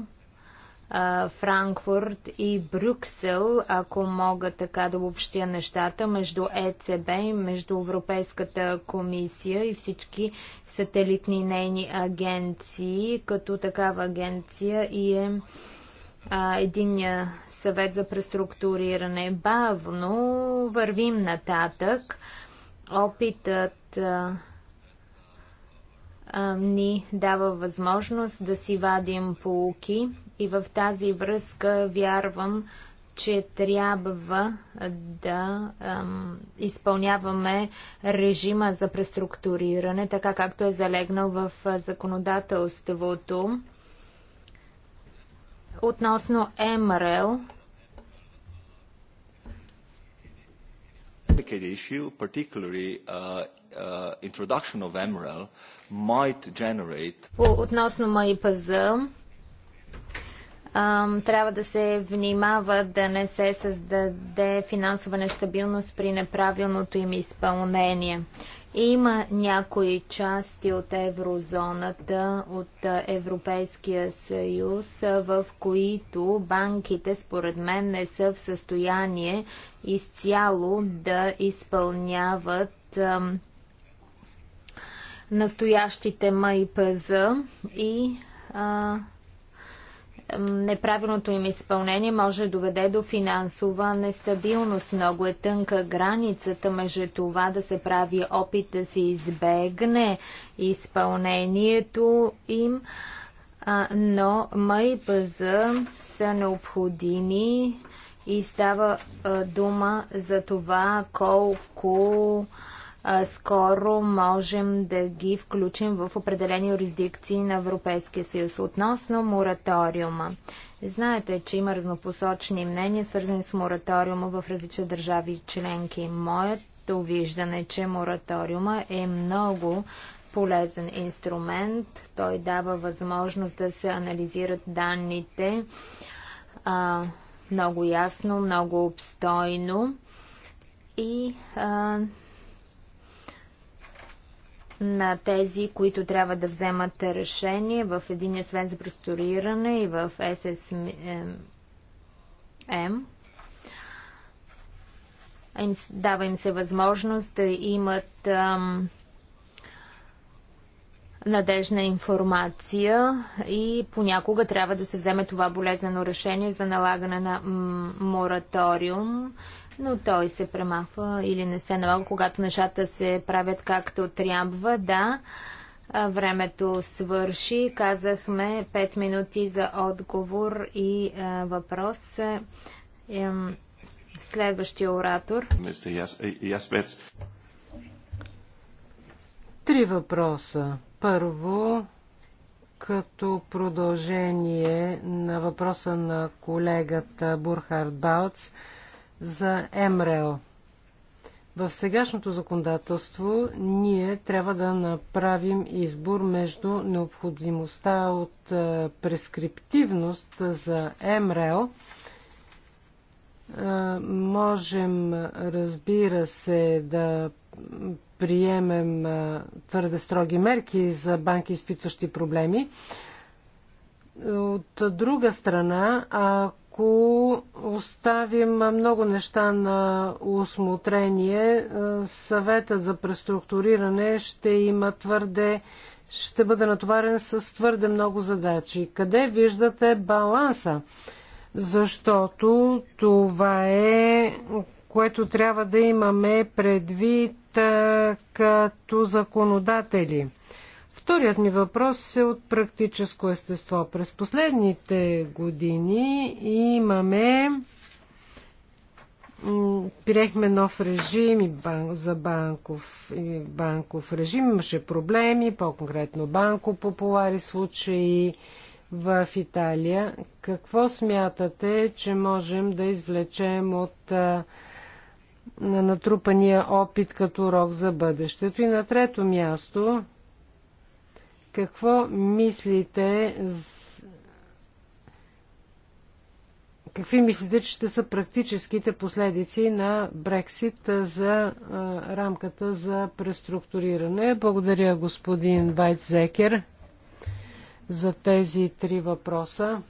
Франкфурт и Брюксел, ако мога така да общия нещата, между ЕЦБ и между Европейската комисия и всички сателитни нейни агенции, като такава агенция и е единния съвет за преструктуриране. Бавно вървим нататък. Опитът а, ни дава възможност да си вадим полуки и в тази връзка вярвам, че трябва да ам, изпълняваме режима за преструктуриране, така както е залегнал в законодателството. Относно МРЛ, issue, particularly uh, Uh, introduction of MREL might generate... Относно МАИПЗ, трябва да се внимава да не се създаде финансова нестабилност при неправилното им изпълнение. Има някои части от еврозоната, от Европейския съюз, в които банките, според мен, не са в състояние изцяло да изпълняват настоящите МАИПЗ и а, неправилното им изпълнение може да доведе до финансова нестабилност. Много е тънка границата между това да се прави опит да се избегне изпълнението им, а, но МАИПЗ са необходими и става а, дума за това колко а, скоро можем да ги включим в определени юрисдикции на Европейския съюз. Относно мораториума. Знаете, че има разнопосочни мнения, свързани с мораториума в различни държави и членки. Моето виждане е, че мораториума е много полезен инструмент. Той дава възможност да се анализират данните а, много ясно, много обстойно и а, на тези, които трябва да вземат решение в единия свет за преструктуриране и в ССМ. Дава им се възможност да имат ам, надежна информация и понякога трябва да се вземе това болезнено решение за налагане на мораториум но той се премахва или не се налага, когато нещата се правят както трябва. Да, времето свърши. Казахме 5 минути за отговор и а, въпрос. следващия оратор. Е, Три въпроса. Първо, като продължение на въпроса на колегата Бурхард Бауц – за МРЕО. В сегашното законодателство ние трябва да направим избор между необходимостта от е, прескриптивност за МРЕО. Е, можем, разбира се, да приемем е, твърде строги мерки за банки, изпитващи проблеми. От друга страна, ако ако оставим много неща на усмотрение, е, съветът за преструктуриране ще има твърде, ще бъде натоварен с твърде много задачи. Къде виждате баланса? Защото това е, което трябва да имаме предвид е, като законодатели – Вторият ми въпрос е от практическо естество. През последните години имаме приехме нов режим и бан, за банков, и банков режим. Имаше проблеми, по-конкретно банко популари случаи в Италия. Какво смятате, че можем да извлечем от а, на натрупания опит като урок за бъдещето? И на трето място, какво мислите Какви мислите, че ще са практическите последици на Брексит за рамката за преструктуриране? Благодаря господин Вайтзекер за тези три въпроса.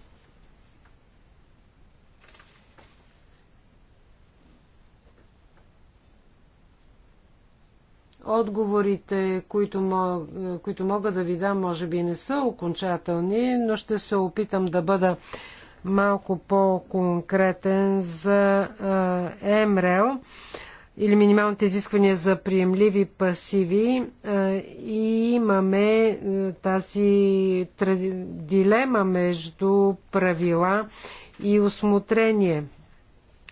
Отговорите, които, мог, които мога да ви дам, може би не са окончателни, но ще се опитам да бъда малко по-конкретен за МРЕЛ или минималните изисквания за приемливи пасиви и имаме тази дилема между правила и осмотрение –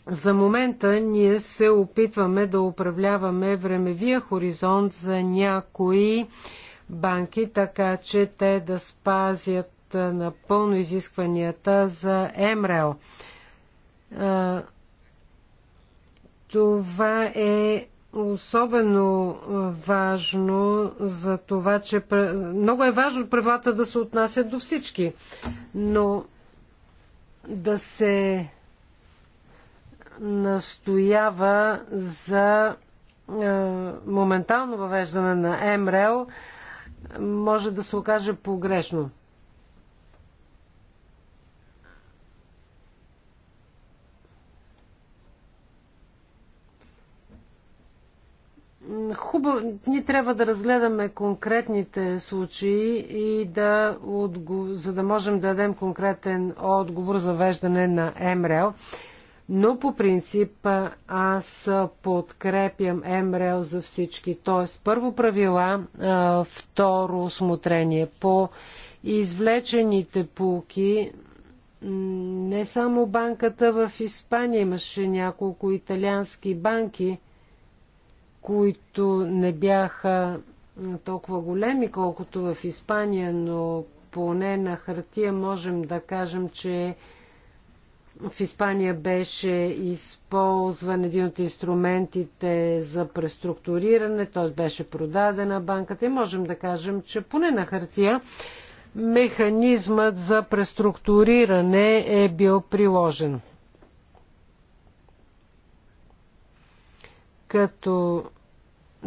за момента ние се опитваме да управляваме времевия хоризонт за някои банки, така че те да спазят напълно изискванията за МРЕЛ. Това е особено важно за това, че много е важно правилата да се отнасят до всички, но да се настоява за е, моментално въвеждане на МРЛ може да се окаже погрешно. Хубаво, ние трябва да разгледаме конкретните случаи и да отго... за да можем да дадем конкретен отговор за веждане на МРЛ. Но по принцип аз подкрепям МРЛ за всички. Т.е. първо правила, второ осмотрение. По извлечените полки не само банката в Испания, имаше няколко италиански банки, които не бяха толкова големи, колкото в Испания, но поне на хартия можем да кажем, че в Испания беше използван един от инструментите за преструктуриране, т.е. беше продадена банката и можем да кажем, че поне на хартия механизмът за преструктуриране е бил приложен. Като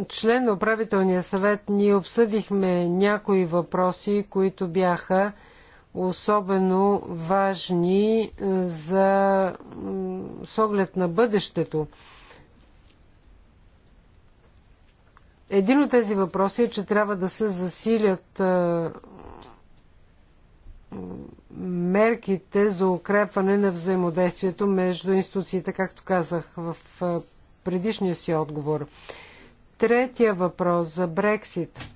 член на управителния съвет ние обсъдихме някои въпроси, които бяха особено важни е, за, с оглед на бъдещето. Един от тези въпроси е, че трябва да се засилят е, мерките за укрепване на взаимодействието между институциите, както казах в е, предишния си отговор. Третия въпрос за Брексит.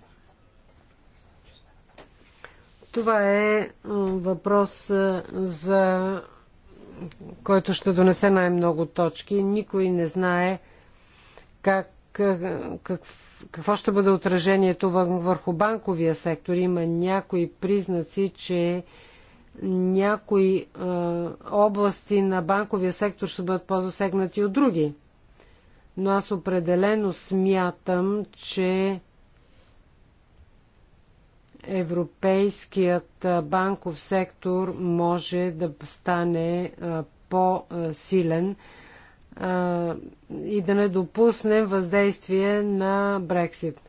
Това е въпрос за който ще донесе най-много точки. Никой не знае как, как, какво ще бъде отражението върху банковия сектор. Има някои признаци, че някои е, области на банковия сектор ще бъдат по-засегнати от други. Но аз определено смятам, че европейският банков сектор може да стане по-силен и да не допусне въздействие на Брексит.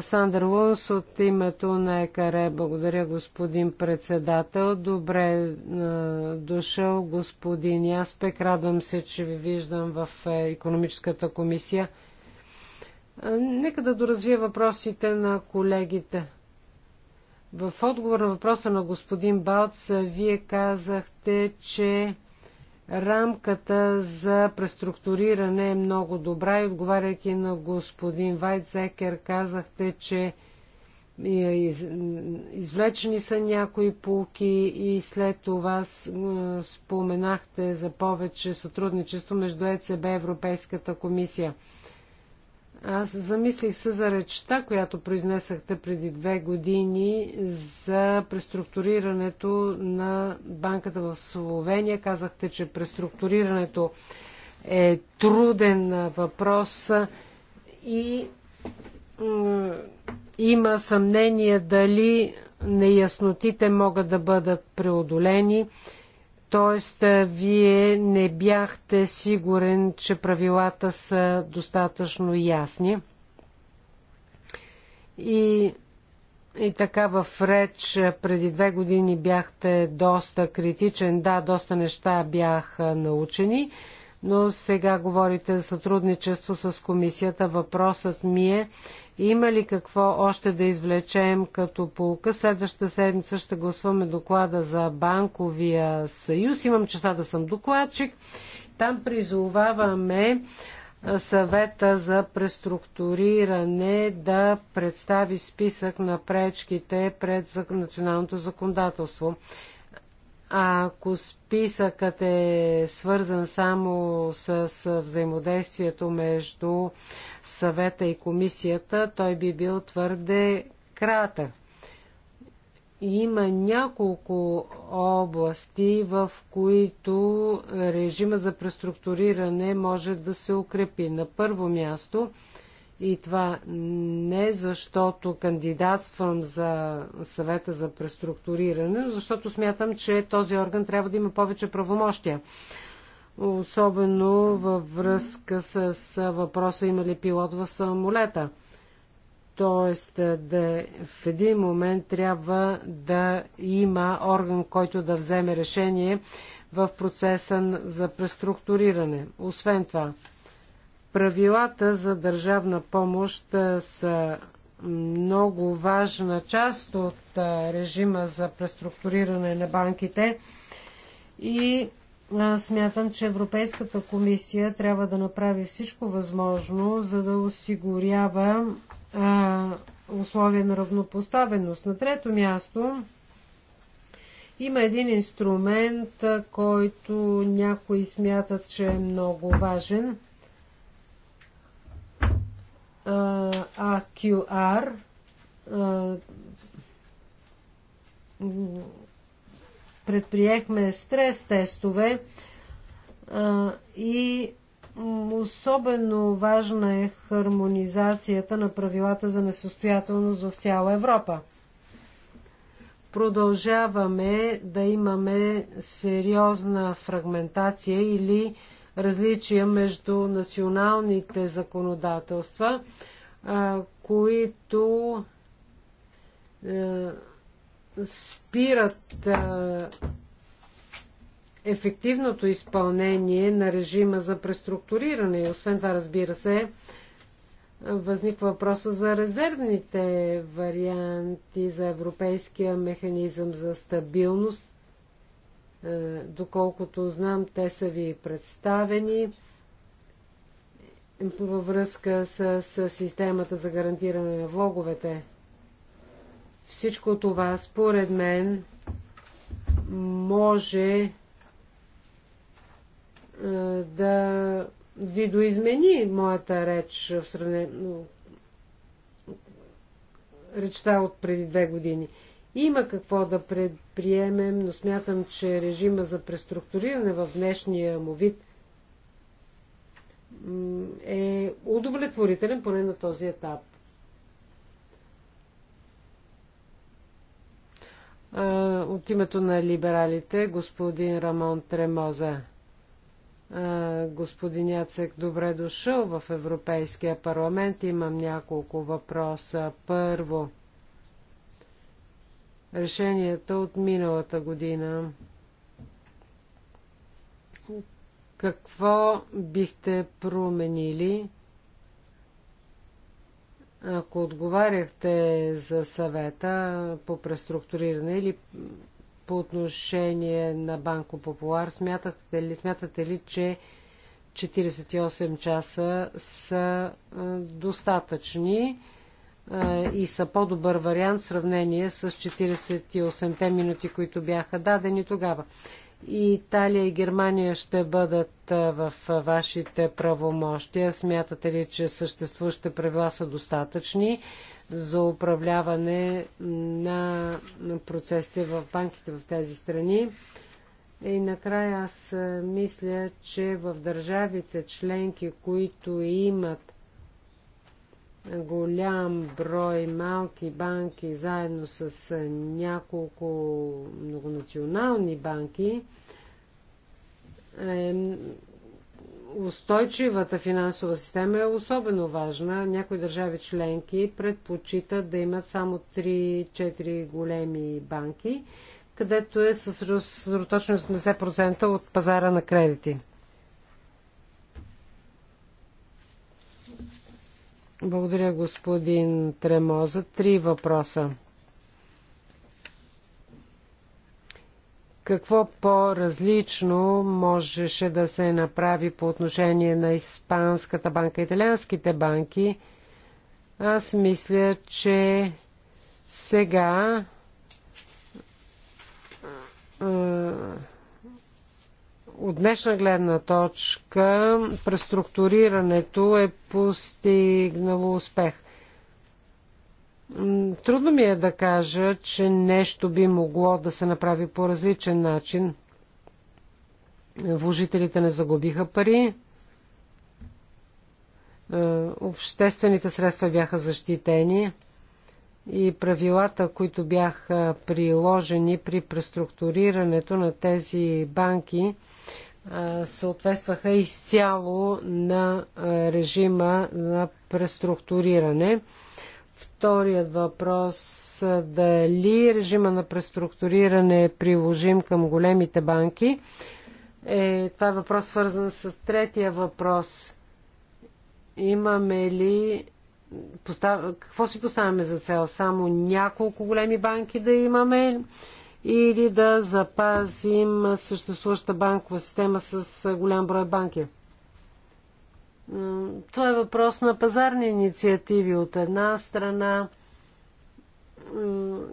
Сандър Лунс от името на ЕКАРЕ. Благодаря, господин председател. Добре дошъл, господин Яспек. Радвам се, че ви виждам в економическата комисия. Нека да доразвия въпросите на колегите. В отговор на въпроса на господин Балц, вие казахте, че рамката за преструктуриране е много добра и отговаряйки на господин Вайтзекер, казахте, че извлечени са някои полки и след това споменахте за повече сътрудничество между ЕЦБ и Европейската комисия. Аз замислих се за речта, която произнесахте преди две години за преструктурирането на банката в Словения. Казахте, че преструктурирането е труден въпрос и има съмнение дали неяснотите могат да бъдат преодолени. Тоест, вие не бяхте сигурен, че правилата са достатъчно ясни. И, и така в реч преди две години бяхте доста критичен. Да, доста неща бяха научени, но сега говорите за сътрудничество с комисията. Въпросът ми е има ли какво още да извлечем като полка? Следващата седмица ще гласуваме доклада за Банковия съюз. Имам часа да съм докладчик. Там призоваваме съвета за преструктуриране да представи списък на пречките пред националното законодателство. Ако списъкът е свързан само с взаимодействието между съвета и комисията, той би бил твърде кратък. Има няколко области, в които режима за преструктуриране може да се укрепи. На първо място, и това не защото кандидатствам за съвета за преструктуриране, защото смятам, че този орган трябва да има повече правомощия особено във връзка с въпроса има ли пилот в самолета. Тоест, е, да в един момент трябва да има орган, който да вземе решение в процеса за преструктуриране. Освен това, правилата за държавна помощ е, са много важна част от е, режима за преструктуриране на банките и смятам, че Европейската комисия трябва да направи всичко възможно, за да осигурява а, условия на равнопоставеност. На трето място има един инструмент, който някои смятат, че е много важен. А, AQR. А, предприехме стрес тестове а, и особено важна е хармонизацията на правилата за несъстоятелност в цяла Европа. Продължаваме да имаме сериозна фрагментация или различия между националните законодателства, а, които спират ефективното изпълнение на режима за преструктуриране. И освен това, разбира се, възниква въпроса за резервните варианти за европейския механизъм за стабилност. Доколкото знам, те са ви представени във връзка с, с системата за гарантиране на влоговете. Всичко това, според мен, може е, да видоизмени моята реч в сравнение речта от преди две години. Има какво да предприемем, но смятам, че режима за преструктуриране в днешния му вид е удовлетворителен поне на този етап. От името на либералите, господин Рамон Тремоза. Господин Яцек, добре дошъл в Европейския парламент. Имам няколко въпроса. Първо, решенията от миналата година. Какво бихте променили? Ако отговаряхте за съвета по преструктуриране или по отношение на Банко Популар, смятате ли, смятате ли, че 48 часа са достатъчни и са по-добър вариант в сравнение с 48-те минути, които бяха дадени тогава и Италия и Германия ще бъдат в вашите правомощия? Смятате ли, че съществуващите правила са достатъчни за управляване на процесите в банките в тези страни? И накрая аз мисля, че в държавите членки, които имат голям брой малки банки, заедно с няколко многонационални банки, е, устойчивата финансова система е особено важна. Някои държави членки предпочитат да имат само 3-4 големи банки, където е съсредоточено 80% от пазара на кредити. Благодаря, господин Тремоза. Три въпроса. Какво по-различно можеше да се направи по отношение на Испанската банка и италианските банки? Аз мисля, че сега от днешна гледна точка преструктурирането е постигнало успех. Трудно ми е да кажа, че нещо би могло да се направи по различен начин. Вложителите не загубиха пари, е, обществените средства бяха защитени и правилата, които бяха приложени при преструктурирането на тези банки, съответстваха изцяло на режима на преструктуриране. Вторият въпрос дали режима на преструктуриране е приложим към големите банки. Е, това е въпрос свързан с третия въпрос. Имаме ли постав... какво си поставяме за цел? Само няколко големи банки да имаме или да запазим съществуваща банкова система с голям брой банки? Това е въпрос на пазарни инициативи. От една страна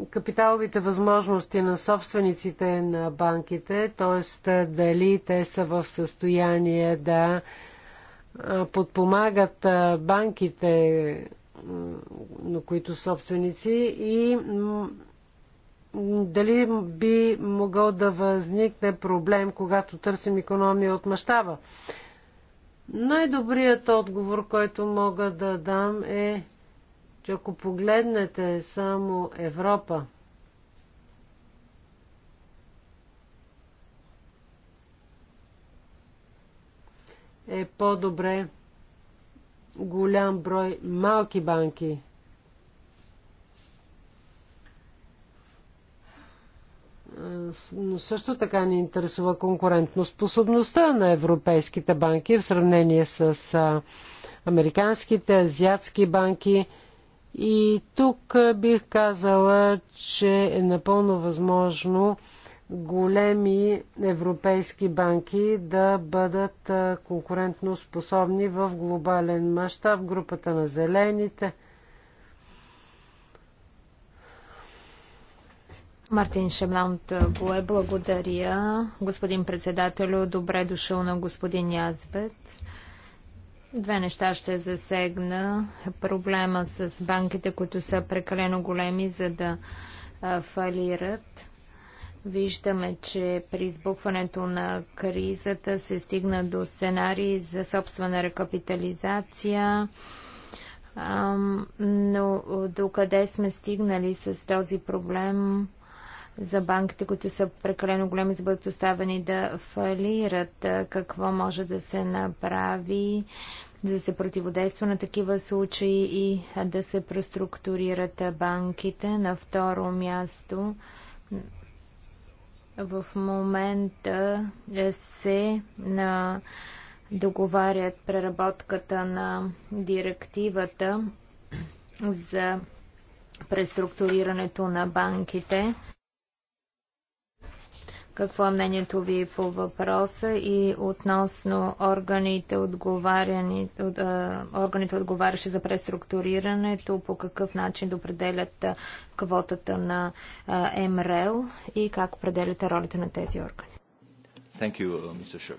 капиталовите възможности на собствениците на банките, т.е. дали те са в състояние да подпомагат банките, на които собственици и дали би могъл да възникне проблем, когато търсим економия от мащаба. Най-добрият отговор, който мога да дам е, че ако погледнете само Европа, е по-добре голям брой малки банки. Но също така ни интересува конкурентно способността на европейските банки в сравнение с американските, азиатски банки. И тук бих казала, че е напълно възможно големи европейски банки да бъдат конкурентно способни в глобален мащаб, групата на зелените. Мартин Шемлант го е благодаря. Господин председателю, добре дошъл на господин Язбет. Две неща ще засегна. Проблема с банките, които са прекалено големи, за да фалират Виждаме, че при избухването на кризата се стигна до сценарии за собствена рекапитализация. Но докъде сме стигнали с този проблем за банките, които са прекалено големи, за да бъдат оставени да фалират? Какво може да се направи? за да се противодейства на такива случаи и да се преструктурират банките. На второ място в момента е, се на договарят преработката на директивата за преструктурирането на банките. Какво е мнението ви по въпроса и относно органите, органите отговарящи за преструктурирането, по какъв начин да определят квотата на МРЛ и как определяте ролите на тези органи? You, uh,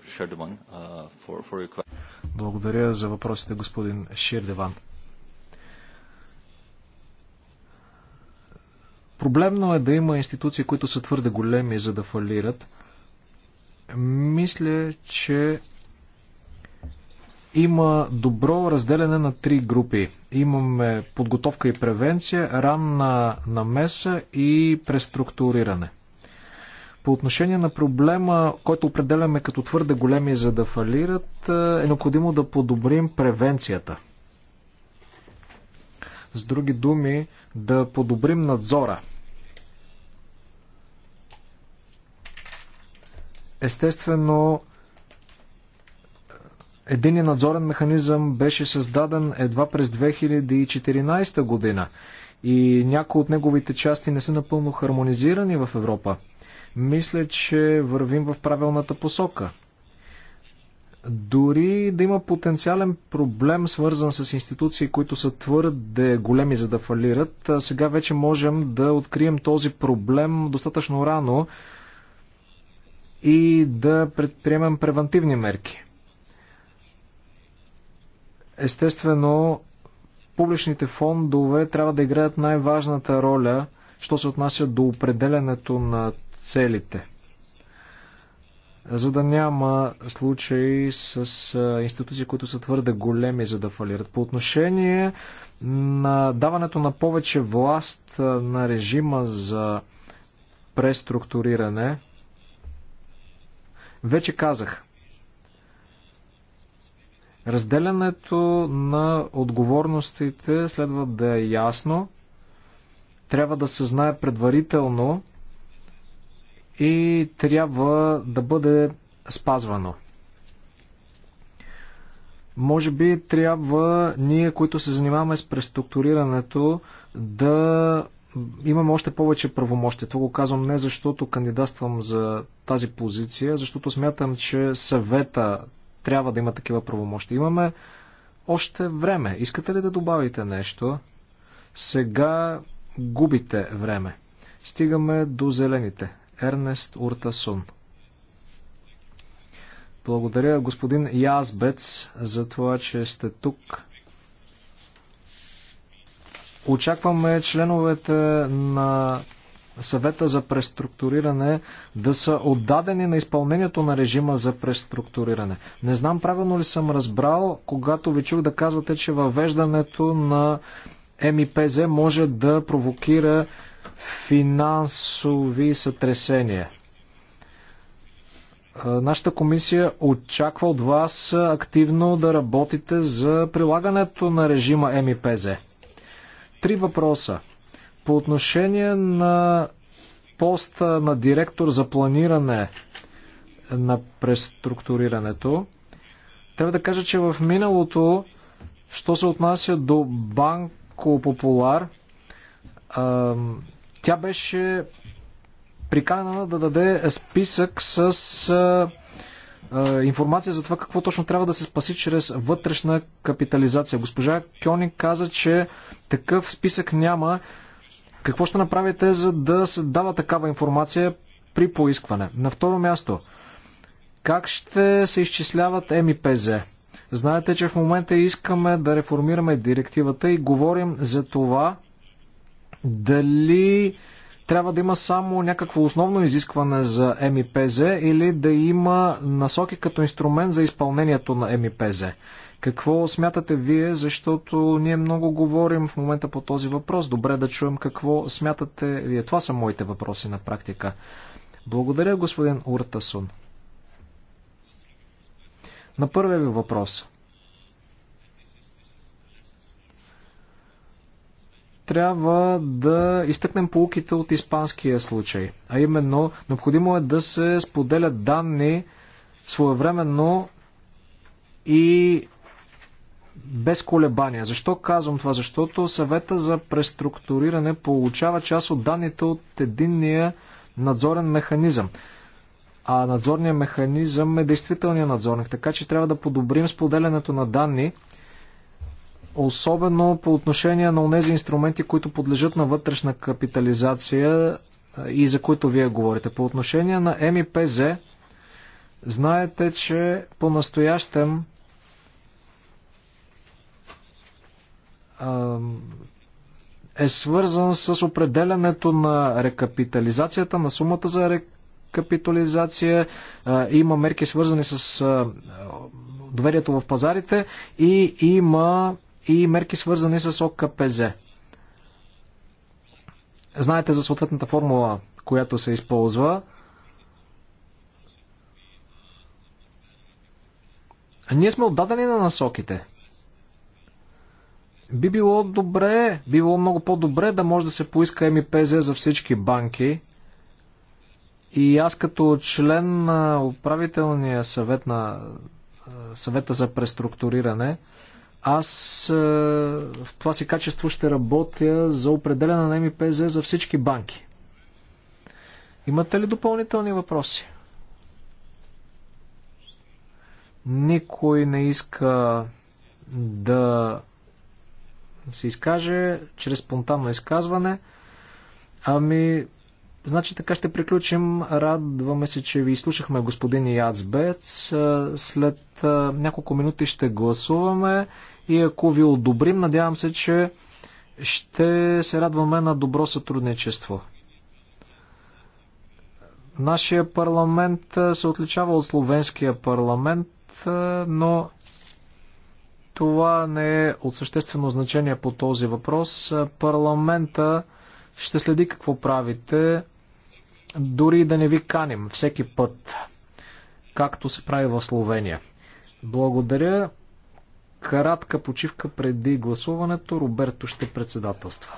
uh, Благодаря за въпросите, господин Ширдеван. Проблемно е да има институции, които са твърде големи, за да фалират. Мисля, че има добро разделяне на три групи. Имаме подготовка и превенция, ранна намеса и преструктуриране. По отношение на проблема, който определяме като твърде големи за да фалират, е необходимо да подобрим превенцията. С други думи, да подобрим надзора. Естествено, един надзорен механизъм беше създаден едва през 2014 година и някои от неговите части не са напълно хармонизирани в Европа. Мисля, че вървим в правилната посока. Дори да има потенциален проблем, свързан с институции, които са твърде големи за да фалират, сега вече можем да открием този проблем достатъчно рано и да предприемем превентивни мерки. Естествено, публичните фондове трябва да играят най-важната роля, що се отнася до определенето на целите – за да няма случаи с институции, които са твърде големи, за да фалират. По отношение на даването на повече власт на режима за преструктуриране, вече казах, разделянето на отговорностите следва да е ясно, трябва да се знае предварително и трябва да бъде спазвано. Може би трябва ние, които се занимаваме с преструктурирането, да имаме още повече правомощи. Това го казвам не защото кандидатствам за тази позиция, защото смятам, че съвета трябва да има такива правомощи. Имаме още време. Искате ли да добавите нещо? Сега губите време. Стигаме до зелените. Ернест Уртасун. Благодаря господин Язбец за това, че сте тук. Очакваме членовете на съвета за преструктуриране да са отдадени на изпълнението на режима за преструктуриране. Не знам правилно ли съм разбрал, когато ви чух да казвате, че въвеждането на МИПЗ може да провокира финансови сътресения. Нашата комисия очаква от вас активно да работите за прилагането на режима МИПЗ. Три въпроса. По отношение на поста на директор за планиране на преструктурирането, трябва да кажа, че в миналото, що се отнася до Банко Популар, тя беше приканена да даде списък с информация за това какво точно трябва да се спаси чрез вътрешна капитализация. Госпожа Кьони каза, че такъв списък няма. Какво ще направите, за да се дава такава информация при поискване? На второ място, как ще се изчисляват МИПЗ? Знаете, че в момента искаме да реформираме директивата и говорим за това дали трябва да има само някакво основно изискване за МИПЗ или да има насоки като инструмент за изпълнението на МИПЗ? Какво смятате вие, защото ние много говорим в момента по този въпрос. Добре да чуем какво смятате вие. Това са моите въпроси на практика. Благодаря, господин Уртасун. На първия ви въпрос – трябва да изтъкнем полуките от испанския случай. А именно, необходимо е да се споделят данни своевременно и без колебания. Защо казвам това? Защото съвета за преструктуриране получава част от данните от единния надзорен механизъм. А надзорният механизъм е действителният надзорник, така че трябва да подобрим споделянето на данни особено по отношение на тези инструменти, които подлежат на вътрешна капитализация и за които вие говорите. По отношение на МИПЗ, знаете, че по-настоящем е свързан с определенето на рекапитализацията, на сумата за рекапитализация. Има мерки свързани с доверието в пазарите и има и мерки свързани с ОКПЗ. Знаете за съответната формула, която се използва. Ние сме отдадени на насоките. Би било добре, би било много по-добре да може да се поиска МИПЗ за всички банки. И аз като член на управителния съвет на съвета за преструктуриране, аз е, в това си качество ще работя за определена на МИПЗ за всички банки. Имате ли допълнителни въпроси? Никой не иска да се изкаже чрез спонтанно изказване. Ами, Значи така ще приключим. Радваме се, че ви изслушахме господин Яцбец. Е, след е, няколко минути ще гласуваме и ако ви одобрим, надявам се, че ще се радваме на добро сътрудничество. Нашия парламент е, се отличава от словенския парламент, но това не е от съществено значение по този въпрос. Парламента ще следи какво правите, дори да не ви каним всеки път, както се прави в Словения. Благодаря. Кратка почивка преди гласуването. Роберто ще председателства.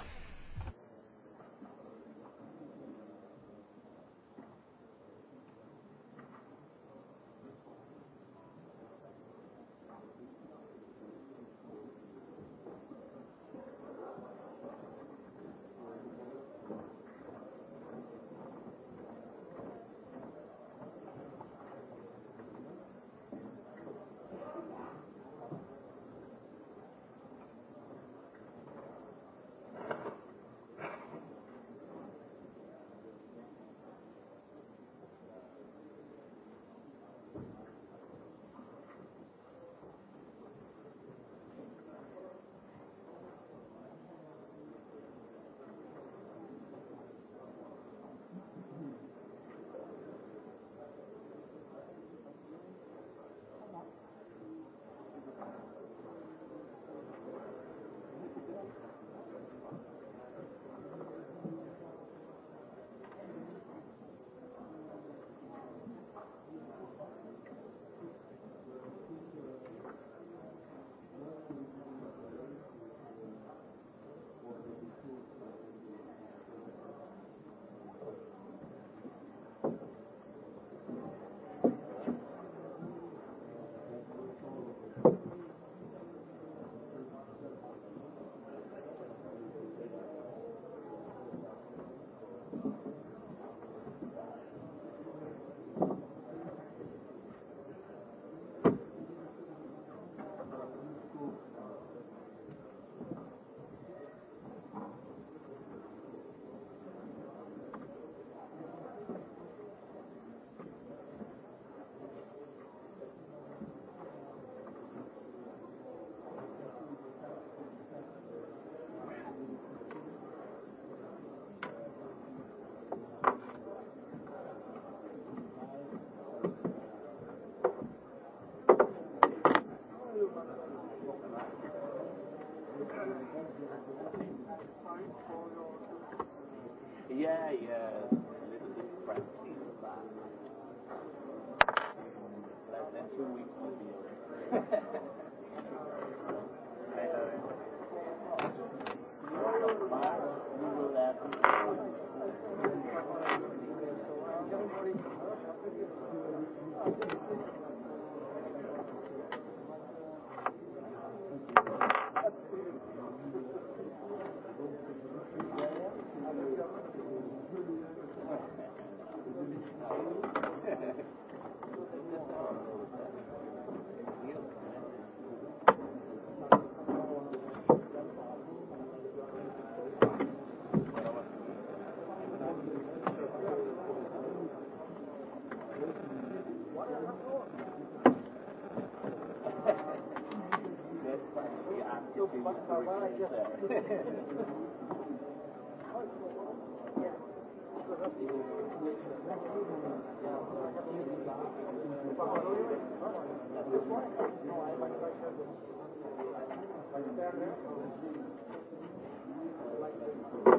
Thank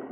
you.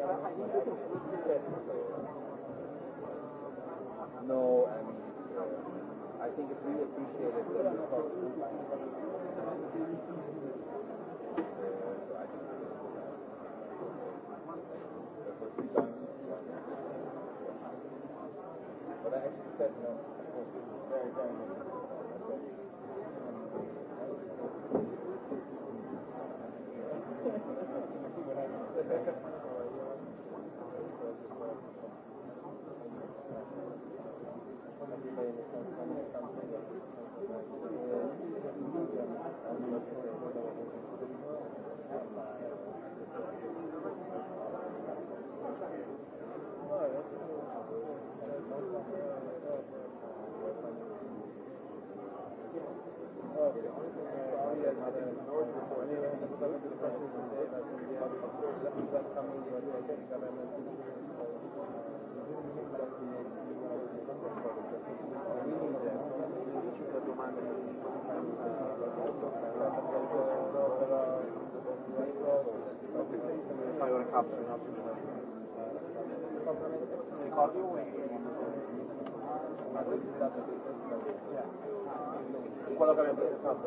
No, I mean, uh, I think it's really appreciated that you talk to uh, I think But I actually said no. Very, very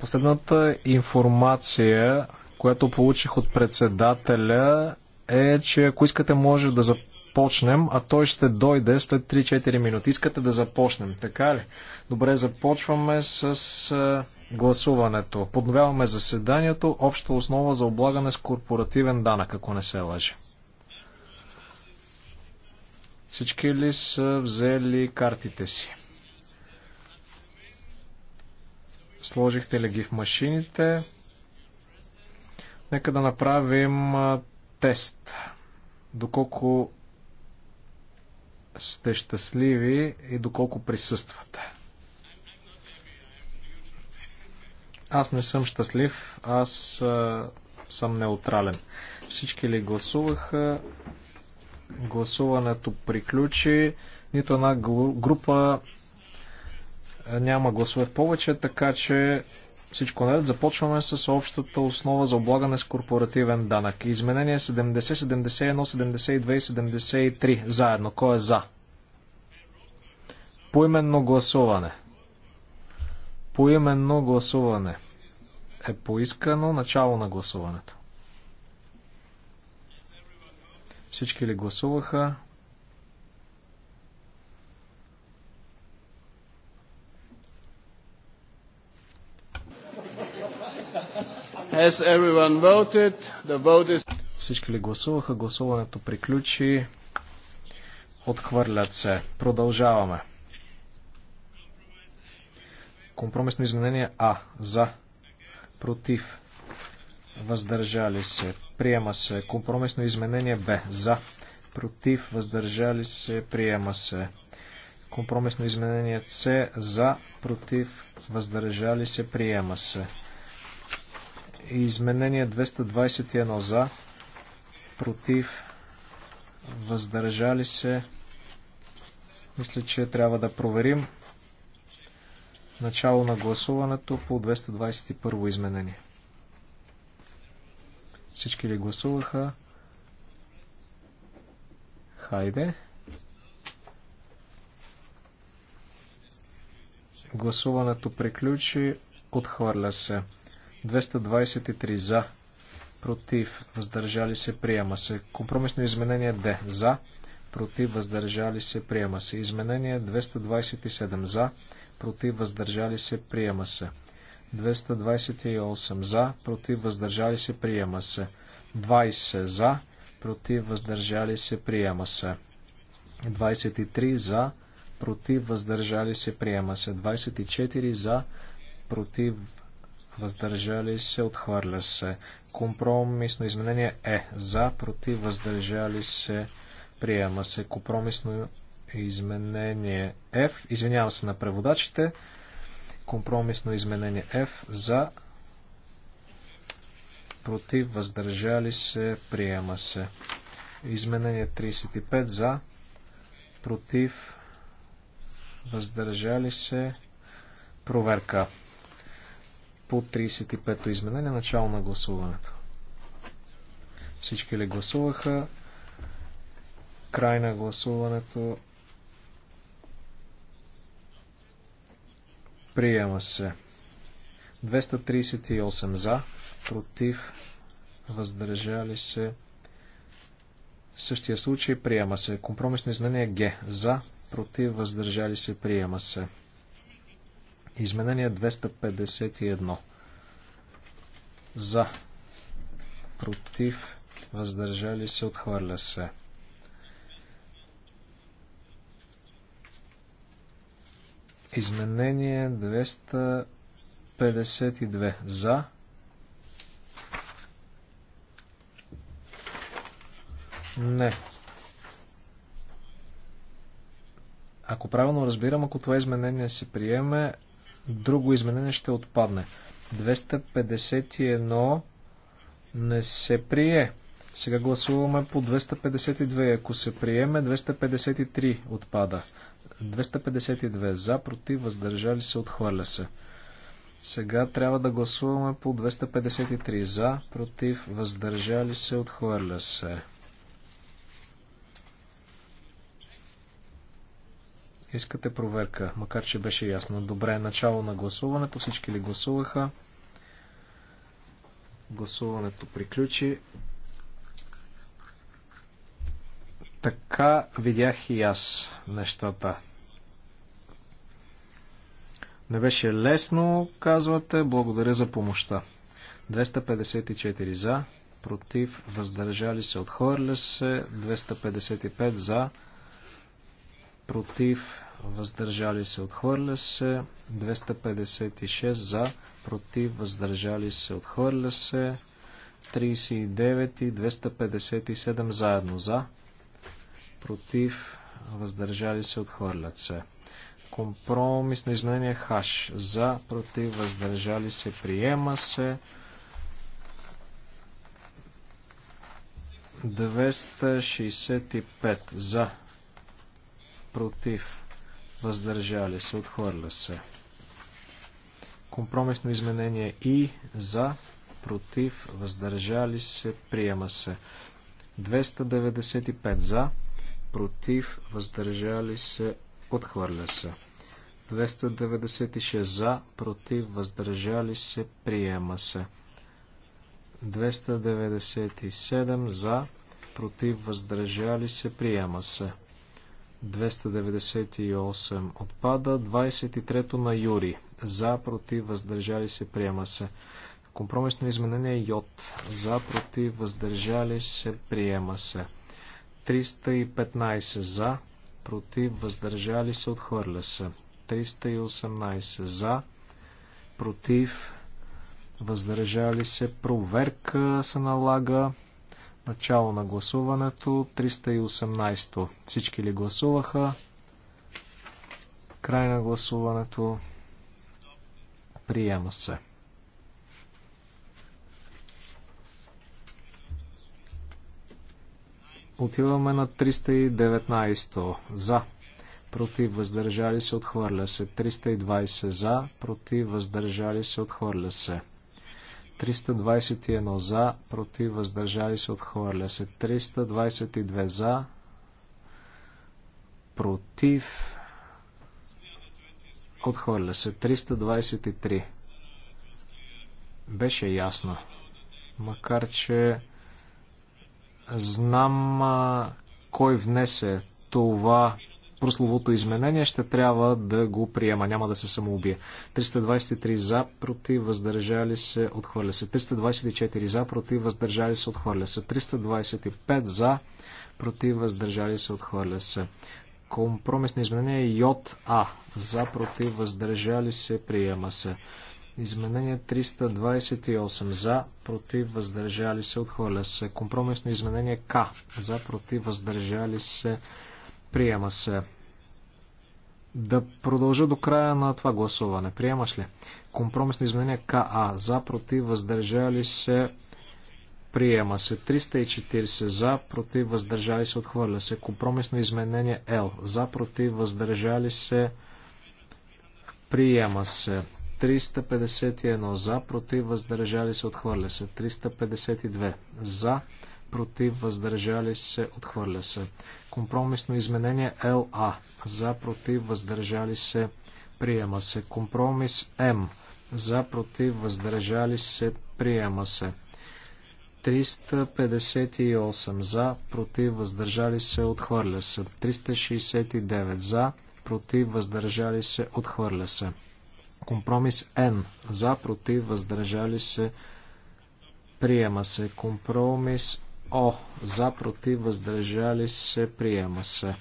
Последната информация, която получих от председателя е, че ако искате може да започнем, а той ще дойде след 3-4 минути. Искате да започнем, така ли? Добре, започваме с гласуването. Подновяваме заседанието. Обща основа за облагане с корпоративен данък, ако не се лъжи. Всички ли са взели картите си? Сложихте ли ги в машините? Нека да направим тест. Доколко сте щастливи и доколко присъствате. Аз не съм щастлив, аз а, съм неутрален. Всички ли гласуваха? Гласуването приключи. Нито една група няма гласове повече, така че всичко наред. Започваме с общата основа за облагане с корпоративен данък. Изменение 70, 71, 72 и 73. Заедно. Кой е за? Поименно гласуване. Поименно гласуване е поискано начало на гласуването. Всички ли гласуваха? Is... Всички ли гласуваха? Гласуването приключи. Отхвърлят се. Продължаваме. Компромисно изменение А. За. Против. Въздържали се. Приема се. Компромисно изменение Б. За. Против. Въздържали се. Приема се. Компромисно изменение С. За. Против. Въздържали се. Приема се. И Изменение 221 за, против, въздържали се. Мисля, че трябва да проверим начало на гласуването по 221 изменение. Всички ли гласуваха? Хайде. Гласуването приключи. Отхвърля се. 223 за, против, въздържали се, приема се. Компромисно изменение Д. За, против, въздържали се, приема се. Изменение 227 за, против, въздържали се, приема се. 228 за, против, въздържали се, приема се. 20 за, против, въздържали се, приема се. 23 за, против, въздържали се, приема се. 24 за, против, въздържали се, отхвърля се. Компромисно изменение е за, против, въздържали се, приема се. Компромисно изменение F, извинявам се на преводачите, компромисно изменение F за, против, въздържали се, приема се. Изменение 35 за, против, въздържали се, проверка по 35-то изменение, начало на гласуването. Всички ли гласуваха? Край на гласуването. Приема се. 238 за, против, въздържали се. В същия случай приема се. Компромисно изменение Г. За, против, въздържали се, приема се. Изменение 251. За. Против. Въздържали се. Отхвърля се. Изменение 252. За. Не. Ако правилно разбирам, ако това изменение се приеме, друго изменение ще отпадне. 251 не се прие. Сега гласуваме по 252. Ако се приеме, 253 отпада. 252 за, против, въздържали се, отхвърля се. Сега трябва да гласуваме по 253 за, против, въздържали се, отхвърля се. Искате проверка, макар че беше ясно. Добре, начало на гласуването. Всички ли гласуваха? Гласуването приключи. Така видях и аз нещата. Не беше лесно, казвате. Благодаря за помощта. 254 за, против, въздържали се, отхвърля се, 255 за, против, въздържали се, отхвърля се. 256 за, против, въздържали се, отхвърля се. 39 и 257 заедно за, против, въздържали се, отхвърлят се. Компромисно изменение хаш. За, против, въздържали се, приема се. 265 за, против, въздържали се, отхвърля се. Компромисно изменение и за, против, въздържали се, приема се. 295 за, против, въздържали се, отхвърля се. 296 за, против, въздържали се, приема се. 297 за, против, въздържали се, приема се. 298 отпада. 23 на Юри. За, против, въздържали се, приема се. Компромисно изменение Йод. За, против, въздържали се, приема се. 315 за, против, въздържали се, отхвърля се. 318 за, против, въздържали се, проверка се налага. Начало на гласуването. 318. Всички ли гласуваха? Край на гласуването. Приема се. Отиваме на 319. За. Против въздържали се отхвърля се. 320 за. Против въздържали се отхвърля се. 321 за, против, въздържали се, хвърля се. 322 за, против, хвърля се. 323. Беше ясно. Макар, че знам а, кой внесе това прословото изменение, ще трябва да го приема. Няма да се самоубие. 323 за, против, въздържали се, отхвърля се. 324 за, против, въздържали се, отхвърля се. 325 за, против, въздържали се, отхвърля се. Компромисно изменение ЙА. За, против, въздържали се, приема се. Изменение 328 за, против, въздържали се, отхвърля се. Компромисно изменение К за, против, въздържали се, Приема се. Да продължа до края на това гласуване. Приемаш ли? Компромисно изменение КА. За, против, въздържали се. Приема се. 340 за, против, въздържали се. Отхвърля се. Компромисно изменение Л. За, против, въздържали се. Приема се. 351 за, против, въздържали се. Отхвърля се. 352 за, против, въздържали се, отхвърля се. Компромисно изменение ЛА, за, против, въздържали се, приема се. Компромис М, за, против, въздържали се, приема се. 358 за, против, въздържали се, отхвърля се. 369 за, против, въздържали се, отхвърля се. Компромис Н. За, против, въздържали се, приема се. Компромис О. За, против, въздържали се, приема се.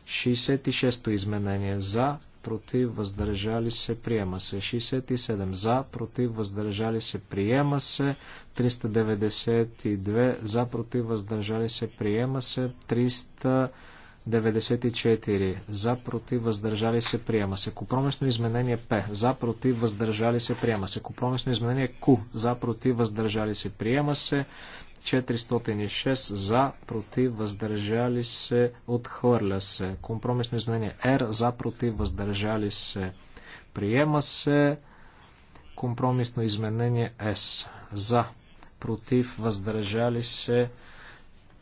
66-то изменение за, против, въздържали се, приема се. 67 за, против, въздържали се, приема се. 392 за, против, въздържали се, приема се. 394 за, против, въздържали се, приема се. Компромисно изменение П. За, против, въздържали се, приема се. Компромисно изменение Q. За, против, въздържали се, приема се. 406 за, против, въздържали се, отхвърля се. Компромисно изменение R за, против, въздържали се, приема се. Компромисно изменение S за, против, въздържали се,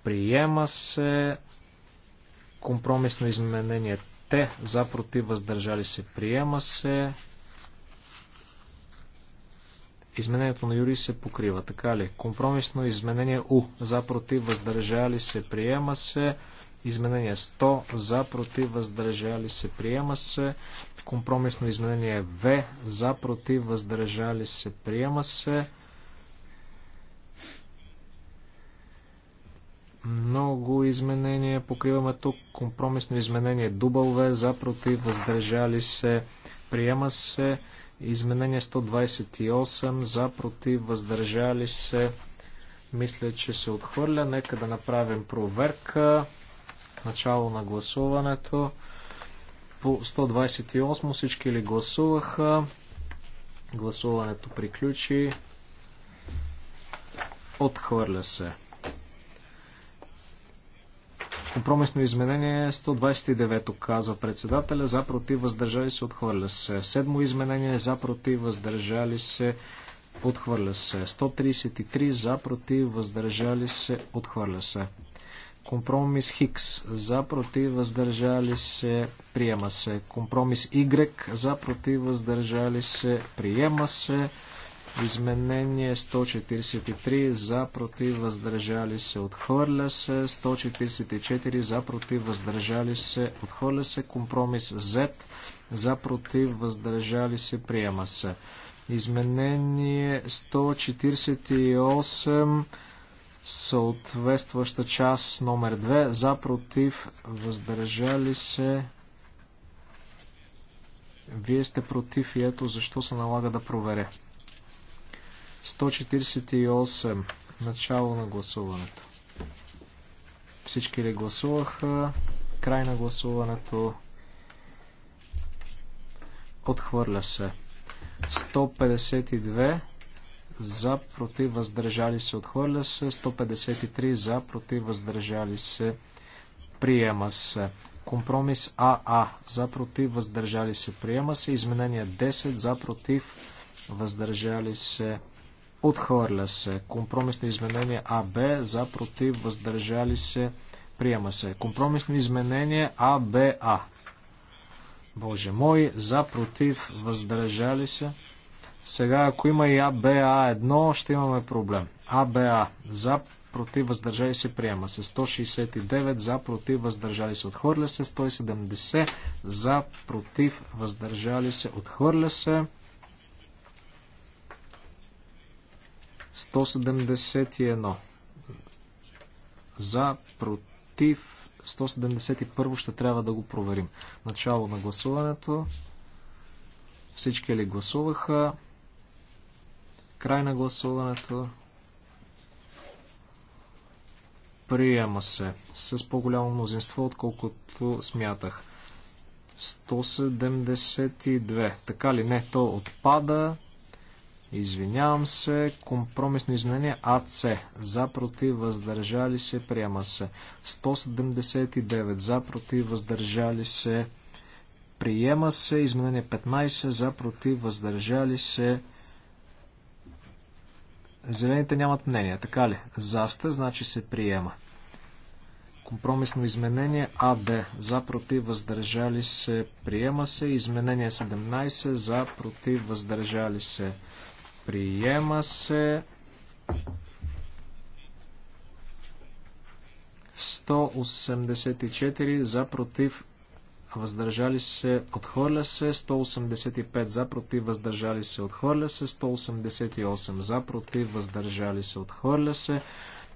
приема се. Компромисно изменение Т за, против, въздържали се, приема се. Изменението на Юри се покрива, така ли? Компромисно изменение У. За против въздържали се приема се. Изменение 100. За против въздържали се приема се. Компромисно изменение В. За против въздържали се приема се. Много изменения покриваме тук. Компромисно изменение W. За против въздържали се приема се. Изменение 128 за, против, въздържали се. Мисля, че се отхвърля. Нека да направим проверка. Начало на гласуването. По 128 всички ли гласуваха? Гласуването приключи. Отхвърля се. Компромисно изменение 129-то казва председателя. За против въздържали се отхвърля се. Седмо изменение за против въздържали се отхвърля се. 133 за против въздържали се отхвърля се. Компромис Хикс за против въздържали се приема се. Компромис Y за против въздържали се приема се. Изменение 143 за против въздържали се отхвърля се. 144 за против въздържали се отхвърля се. Компромис Z за против въздържали се приема се. Изменение 148 съответстваща част номер 2 за против въздържали се вие сте против и ето защо се налага да проверя. 148. Начало на гласуването. Всички ли гласуваха? Край на гласуването. Отхвърля се. 152 за, против, въздържали се, отхвърля се. 153 за, против, въздържали се, приема се. Компромис АА за, против, въздържали се, приема се. Изменение 10 за, против, въздържали се, Отхвърля се. Компромисно изменение АБ за против въздържали се. Приема се. Компромисно изменение АБА. Боже мой, за против въздържали се. Сега, ако има и АБА1, ще имаме проблем. АБА за против въздържали се приема се 169 за против въздържали се отхвърля се 170 за против въздържали се отхвърля се 171 за, против 171 ще трябва да го проверим. Начало на гласуването. Всички ли гласуваха? Край на гласуването. Приема се с по-голямо мнозинство, отколкото смятах. 172. Така ли? Не, то отпада. Извинявам се, компромисно изменение АЦ. За, против, въздържали се, приема се. 179. За, против, въздържали се, приема се. Изменение 15. За, против, въздържали се. Зелените нямат мнение, така ли? За сте, значи се приема. Компромисно изменение АД. За, против, въздържали се, приема се. Изменение 17. За, против, въздържали се, се. Приема се 184 за против въздържали се, отхвърля се, 185 за, против, въздържали се, отхвърля се, 188 за, против, въздържали се, отхвърля се,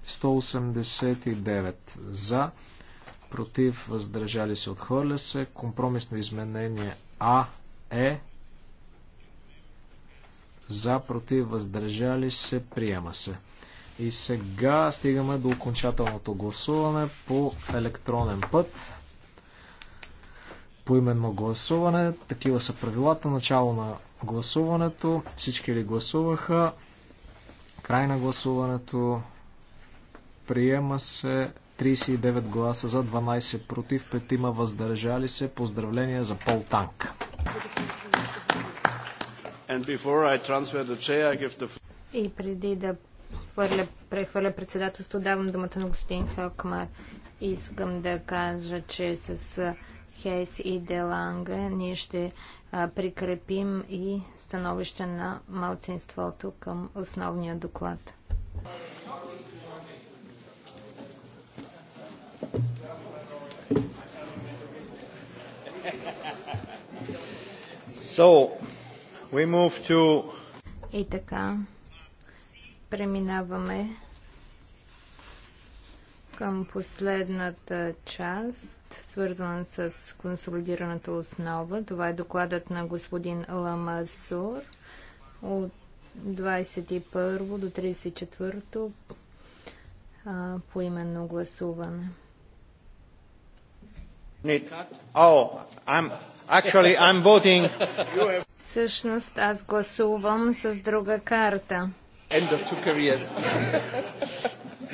189 за, против, въздържали се, отхвърля се, компромисно изменение А, Е, за, против, въздържали се, приема се. И сега стигаме до окончателното гласуване по електронен път. По именно гласуване. Такива са правилата. Начало на гласуването. Всички ли гласуваха? Край на гласуването. Приема се 39 гласа за 12 против, 5 въздържали се. Поздравления за Пол Танк. И преди да прехвърля председателство, давам думата на господин Хелкмар. Искам да кажа, че с Хейс и Деланга ние ще прикрепим и становище на малцинството към основния доклад. So, to... И така, преминаваме към последната част, свързана с консолидираната основа. Това е докладът на господин Ламасур от 21 до 34 по именно гласуване. Oh, I'm... Actually, I'm voting. Всъщност аз гласувам с друга карта. End of two careers.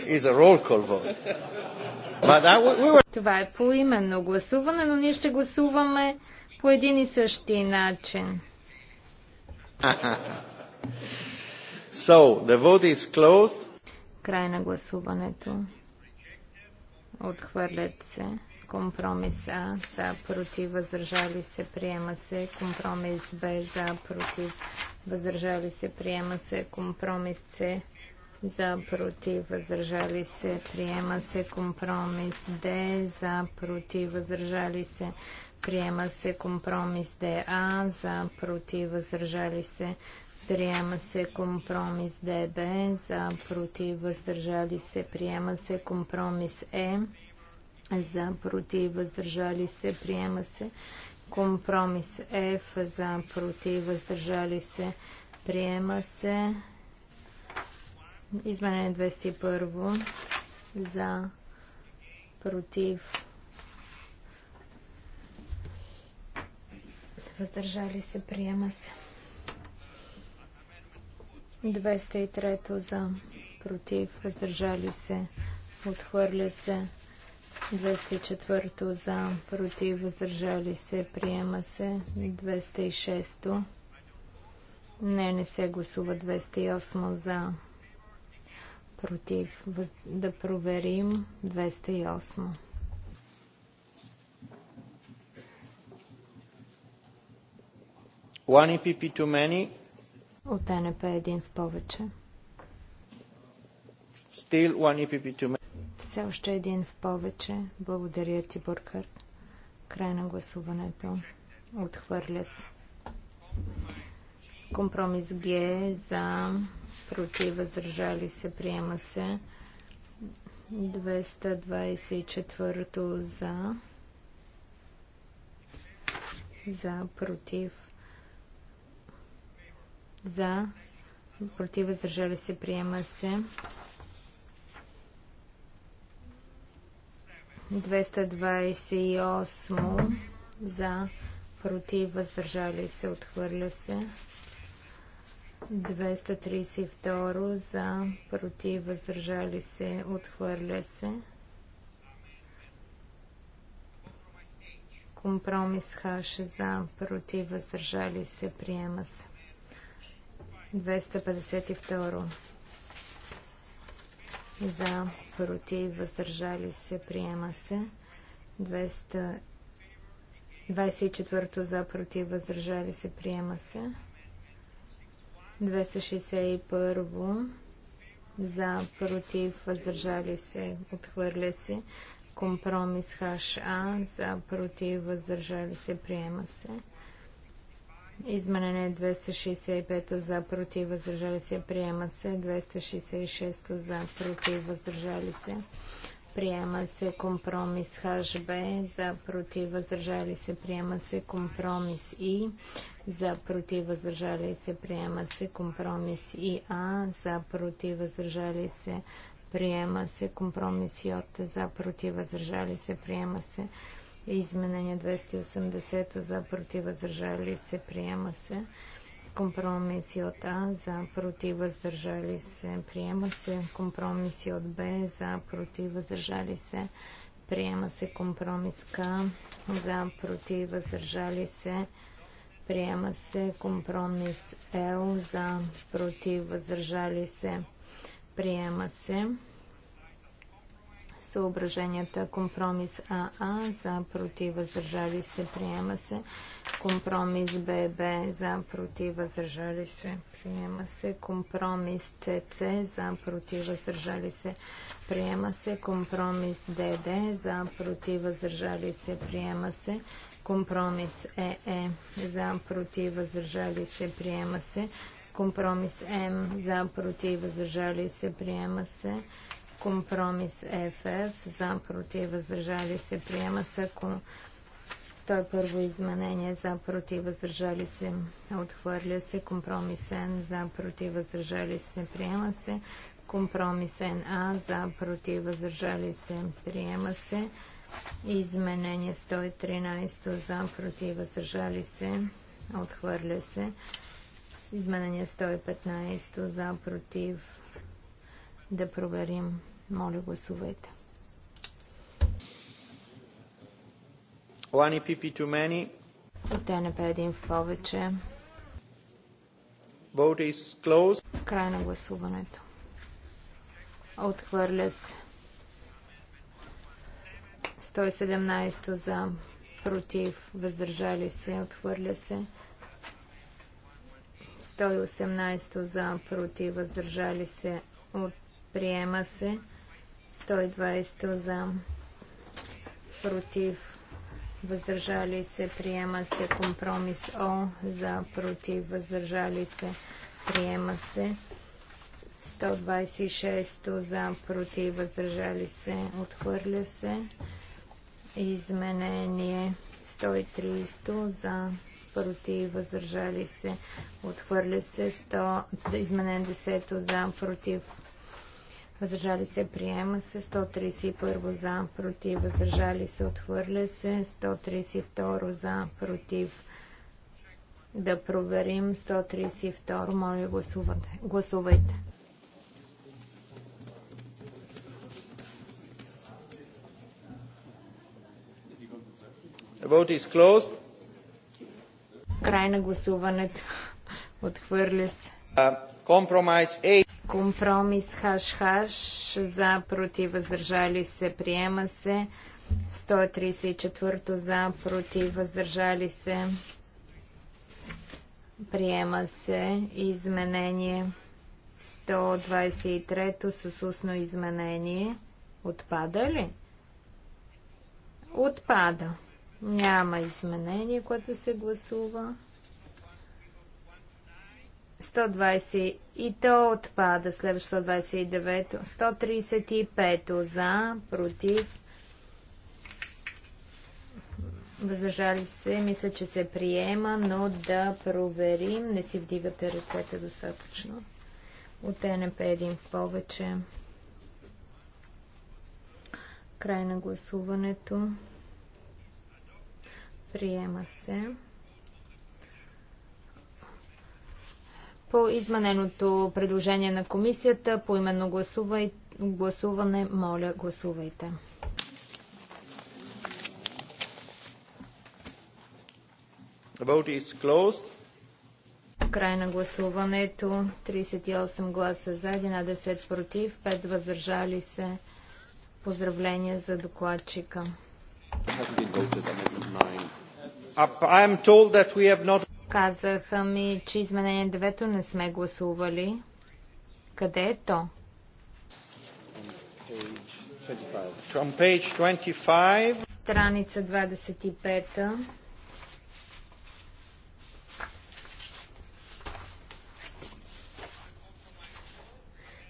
Is a roll call vote. But I, we were... Това е поименно гласуване, но ние ще гласуваме по един и същи начин. so, the vote is closed. Край на гласуването. Отхвърлят се. Компромиса за против, въздържали се, приема се. Компромис Б за против, въздържали се, приема се. Компромис С за против, въздържали се, приема се. Компромис Д за против, въздържали се, приема се. Компромис ДА за против, въздържали се, Приема се компромис ДБ за против въздържали се. Приема се компромис Е за против въздържали се приема се компромис F е, за против въздържали се приема се изменение 201 за против въздържали се приема се 203 за против въздържали се отхвърля се 204 за, против, въздържали се, приема се. 206 не, не се гласува 208 за, против, въз... да проверим 208. One EPP too many. От НП един в повече. Still one EPP too many. Все още един в повече. Благодаря ти, Бъркърт. Край на гласуването. Отхвърля се. Компромис Г за против, въздържали се, приема се. 224 за за против за против въздържали се приема се 228 за, против, въздържали се, отхвърля се. 232 за, против, въздържали се, отхвърля се. Компромис Х за, против, въздържали се, приема се. 252 за против, въздържали се, приема се. 200... то за против, въздържали се, приема се. 261 за против, въздържали се, отхвърля се. Компромис ХА за против, въздържали се, приема се. Изменение 265 за против въздържали се. Приема се. 266 за против въздържали се. Приема се компромис ХБ за против въздържали се. Приема се компромис И за против въздържали се. Приема се компромис ИА за против въздържали се. Приема се компромис Йот, за против въздържали се. Приема се компромис Изменение 280 за против въздържали се приема се. Компромиси от А за против въздържали се приема се. Компромиси от Б за против въздържали се приема се. Компромис К за против въздържали се приема се. Компромис Л за против въздържали се приема се съображенията компромис АА за против въздържали се приема се. Компромис ББ за против въздържали се приема се. Компромис ЦЦ за против въздържали се приема се. Компромис ДД за против въздържали се приема се. Компромис ЕЕ е, за против въздържали се приема се. Компромис М за против въздържали се приема се. Компромис ФФ за против въздържали се приема се. 101 изменение за против въздържали се отхвърля се. Компромисен за против въздържали се приема се. Компромисен А за против въздържали се приема се. Изменение 113 за против въздържали се отхвърля се. Изменение 115 за против да проверим. Моля, гласувайте. One EPP too many. От ТНП един в повече. Vote is closed. Край на гласуването. Отхвърля се. 117 за против, въздържали се, отхвърля се. 118 за против, въздържали се, от Приема се 120 за. Против. Въздържали се. Приема се компромис О. За. Против. Въздържали се. Приема се. 126 за. Против. Въздържали се. Отхвърля се. Изменение 130 за против, въздържали се, отхвърля се 100, изменен 10 за, против, въздържали се, приема се 131 за, против, въздържали се, отхвърля се 132 за, против. Да проверим 132. Моля, гласувате. гласувайте. vote is closed. Край на гласуването. Отхвърля се. Компромис uh, Компромис хаш-хаш за против въздържали се приема се. 134 за против въздържали се приема се изменение 123 с устно изменение. Отпада ли? Отпада. Няма изменение, което се гласува. 120 и то отпада. Следващо 129. 135 за, против. Въздържали се, мисля, че се приема, но да проверим. Не си вдигате ръцете достатъчно. От НП един повече. Край на гласуването. Приема се. По измененото предложение на комисията, по именно гласувай, гласуване, моля, гласувайте. Край на гласуването. 38 гласа за, 11 против, 5 въздържали се. Поздравления за докладчика. Not... Казаха ми, че изменение 9 не сме гласували. Къде е то? From page 25. Страница 25.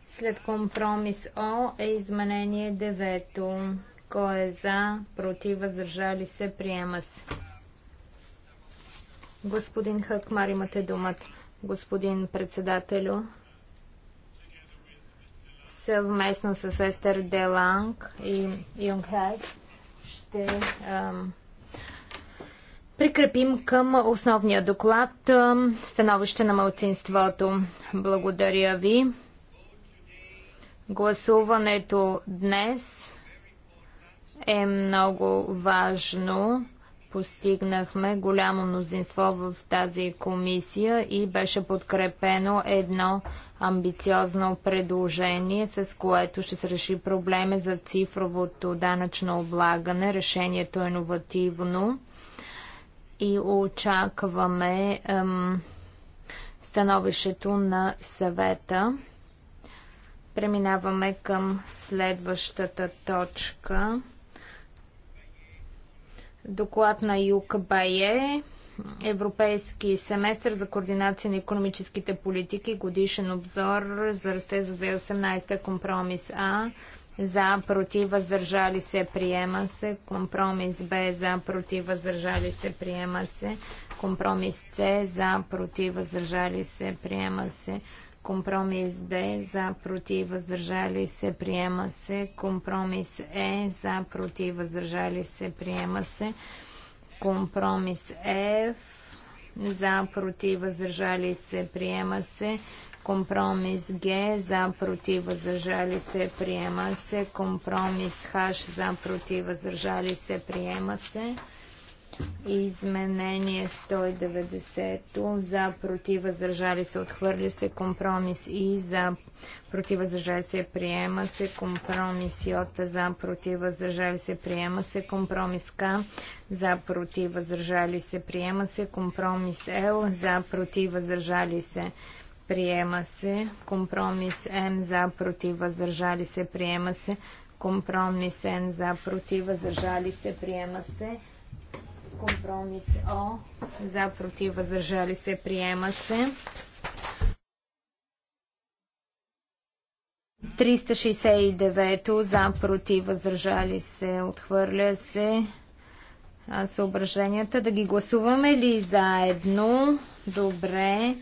След компромис О е изменение 9. Кой е за, против, въздържали се, приема се. Господин Хакмар, имате думата. Господин председателю, съвместно с Естер Деланг и Хайс ще прикрепим към основния доклад становище на мълцинството. Благодаря ви. Гласуването днес е много важно постигнахме голямо мнозинство в тази комисия и беше подкрепено едно амбициозно предложение, с което ще се реши проблеме за цифровото данъчно облагане. Решението е иновативно и очакваме ем, становището на съвета. Преминаваме към следващата точка. Доклад на ЮКБЕ Европейски семестър за координация на економическите политики, годишен обзор за расте за 2018 компромис А, за, против, въздържали се, приема се, компромис Б, за, против, въздържали се, приема се, компромис С, за, против, въздържали се, приема се, Компромис Д за против въздържали се приема се. Компромис Е за против въздържали се приема се. Компромис Ф за против въздържали се приема се. Компромис Г за против въздържали се приема се. Компромис Х за против въздържали се приема се. Изменение 190 за против въздържали се отхвърли се компромис и за против въздържали се приема се компромис и от за против въздържали се приема се компромис К за против въздържали се приема се компромис Л за против въздържали се приема се компромис М за против въздържали се приема се компромис Н за против въздържали се приема се Компромис О. За, против, въздържали се, приема се. 369 за, против, въздържали се, отхвърля се. съображенията да ги гласуваме ли заедно? Добре.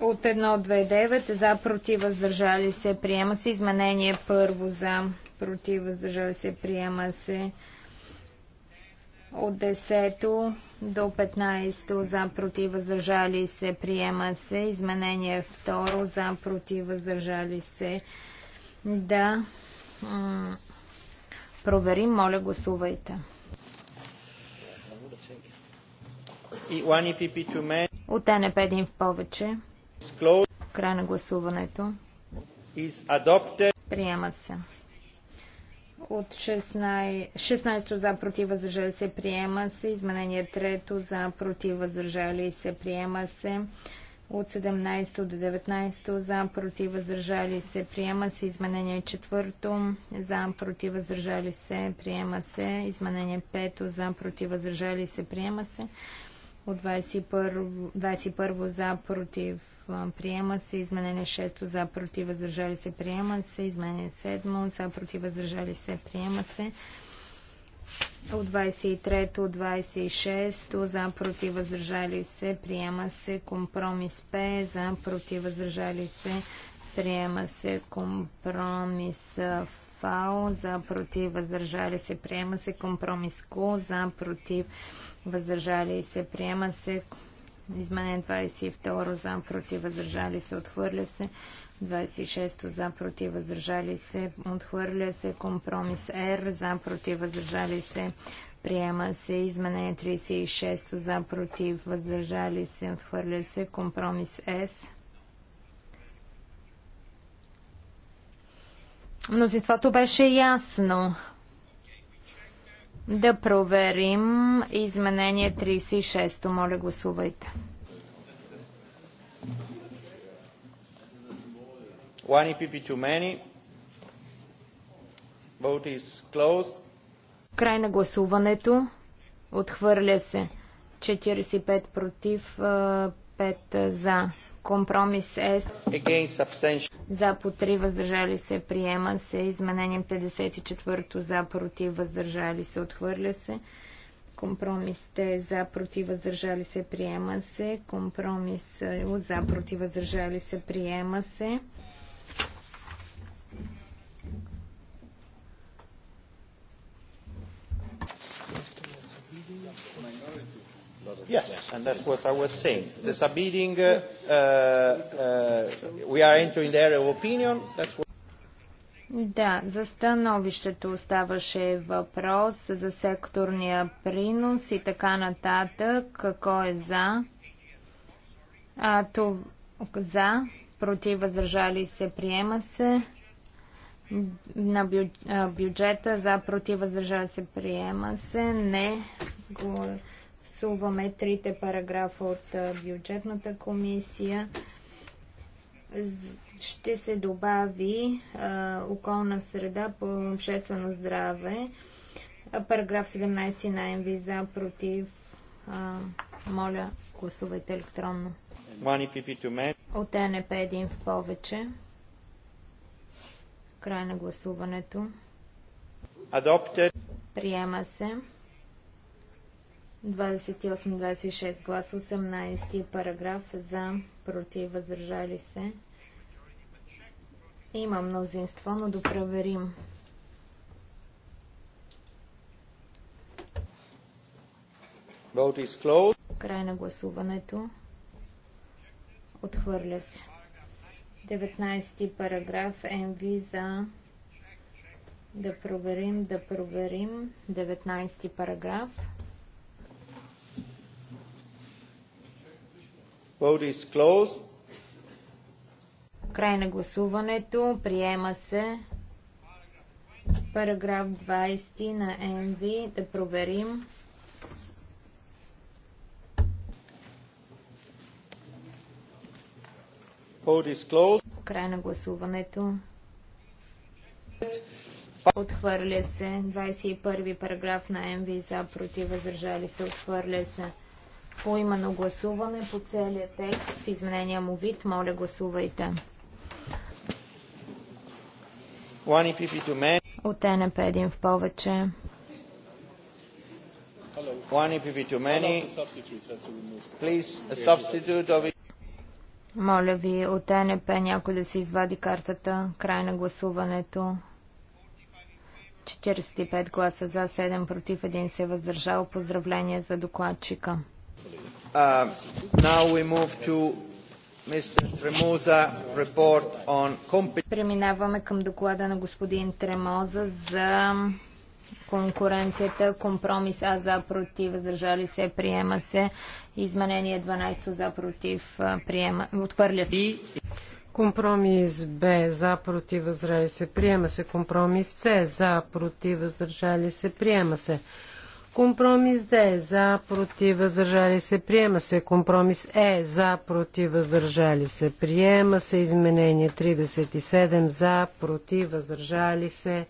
От 29 за против въздържали се приема се. Изменение първо за против въздържали се приема се. От 10 до 15 за против въздържали се приема се. Изменение второ за против въздържали се. Да. проверим, моля гласувайте. E От НП един в повече. Край на гласуването. Приема се. От 16, за против въздържали се приема се. Изменение трето за против въздържали се приема се. От 17 до 19 за против въздържали се приема се. Изменение 4 за против въздържали се приема се. Изменение пето за против въздържали се приема се. От 21, 21 за против Приема се изменение 6 за против въздържали се. Приема се изменение 7 за против въздържали се. Приема се от 23 от 26 за против въздържали се. Приема се компромис П за против въздържали се. Приема се компромис ФАО за против въздържали се. Приема се компромис КО за против въздържали се. Приема се компромис Изменен 22 за против въздържали се, отхвърля се. 26 за против въздържали се, отхвърля се. Компромис Р за против въздържали се, приема се. Изменение 36 за против въздържали се, отхвърля се. Компромис С. Мнозинството беше ясно. Да проверим изменение 36. Моля, гласувайте. One EPP too many. Vote is closed. Край на гласуването. Отхвърля се. 45 против, 5 за. Компромис е за по въздържали се приема се. Изменение 54 то за против въздържали се отхвърля се. Компромис ТЕ за против въздържали се приема се. Компромис е. за против въздържали се приема се. Yes, and that's what I was saying. The subbidding, uh, uh, uh, we are entering the area of opinion. That's what да, за становището оставаше въпрос за секторния принос и така нататък. Кой е за? А, то, за, против, въздържали се, приема се. На бю, а, бюджета за, против, въздържали се, приема се. Не. Гол гласуваме трите параграфа от бюджетната комисия. Ще се добави а, околна среда по обществено здраве. Параграф 17 на МВ за против. А, моля, гласувайте електронно. От НП един в повече. Край на гласуването. Adopted. Приема се. 28-26 глас, 18 параграф за, против, въздържали се. Има мнозинство, но да проверим. Край на гласуването. Отхвърля се. 19 параграф МВ за да проверим, да проверим. 19 параграф. Vote is closed. Край на гласуването. Приема се параграф 20 на МВ. Да проверим. Край на гласуването. Отхвърля се. 21 параграф на МВ за против. Въздържали се. Отхвърля се. По именно гласуване по целия текст в изменения му вид. Моля, гласувайте. От НП един в повече. Моля ви, от НП някой да се извади картата. Край на гласуването. 45 гласа за, 7 против, 1 се е въздържал. Поздравление за докладчика. Uh, Преминаваме към доклада на господин Тремоза за конкуренцията, компромис А за против, въздържали се, приема се, изменение 12 за против, приема, отвърля се. Компромис Б за против въздържали се приема се. Компромис С за против въздържали се приема се. Компромис Д за против въздържали се приема се. Компромис Е за против въздържали се приема се. Изменение 37 за против въздържали се.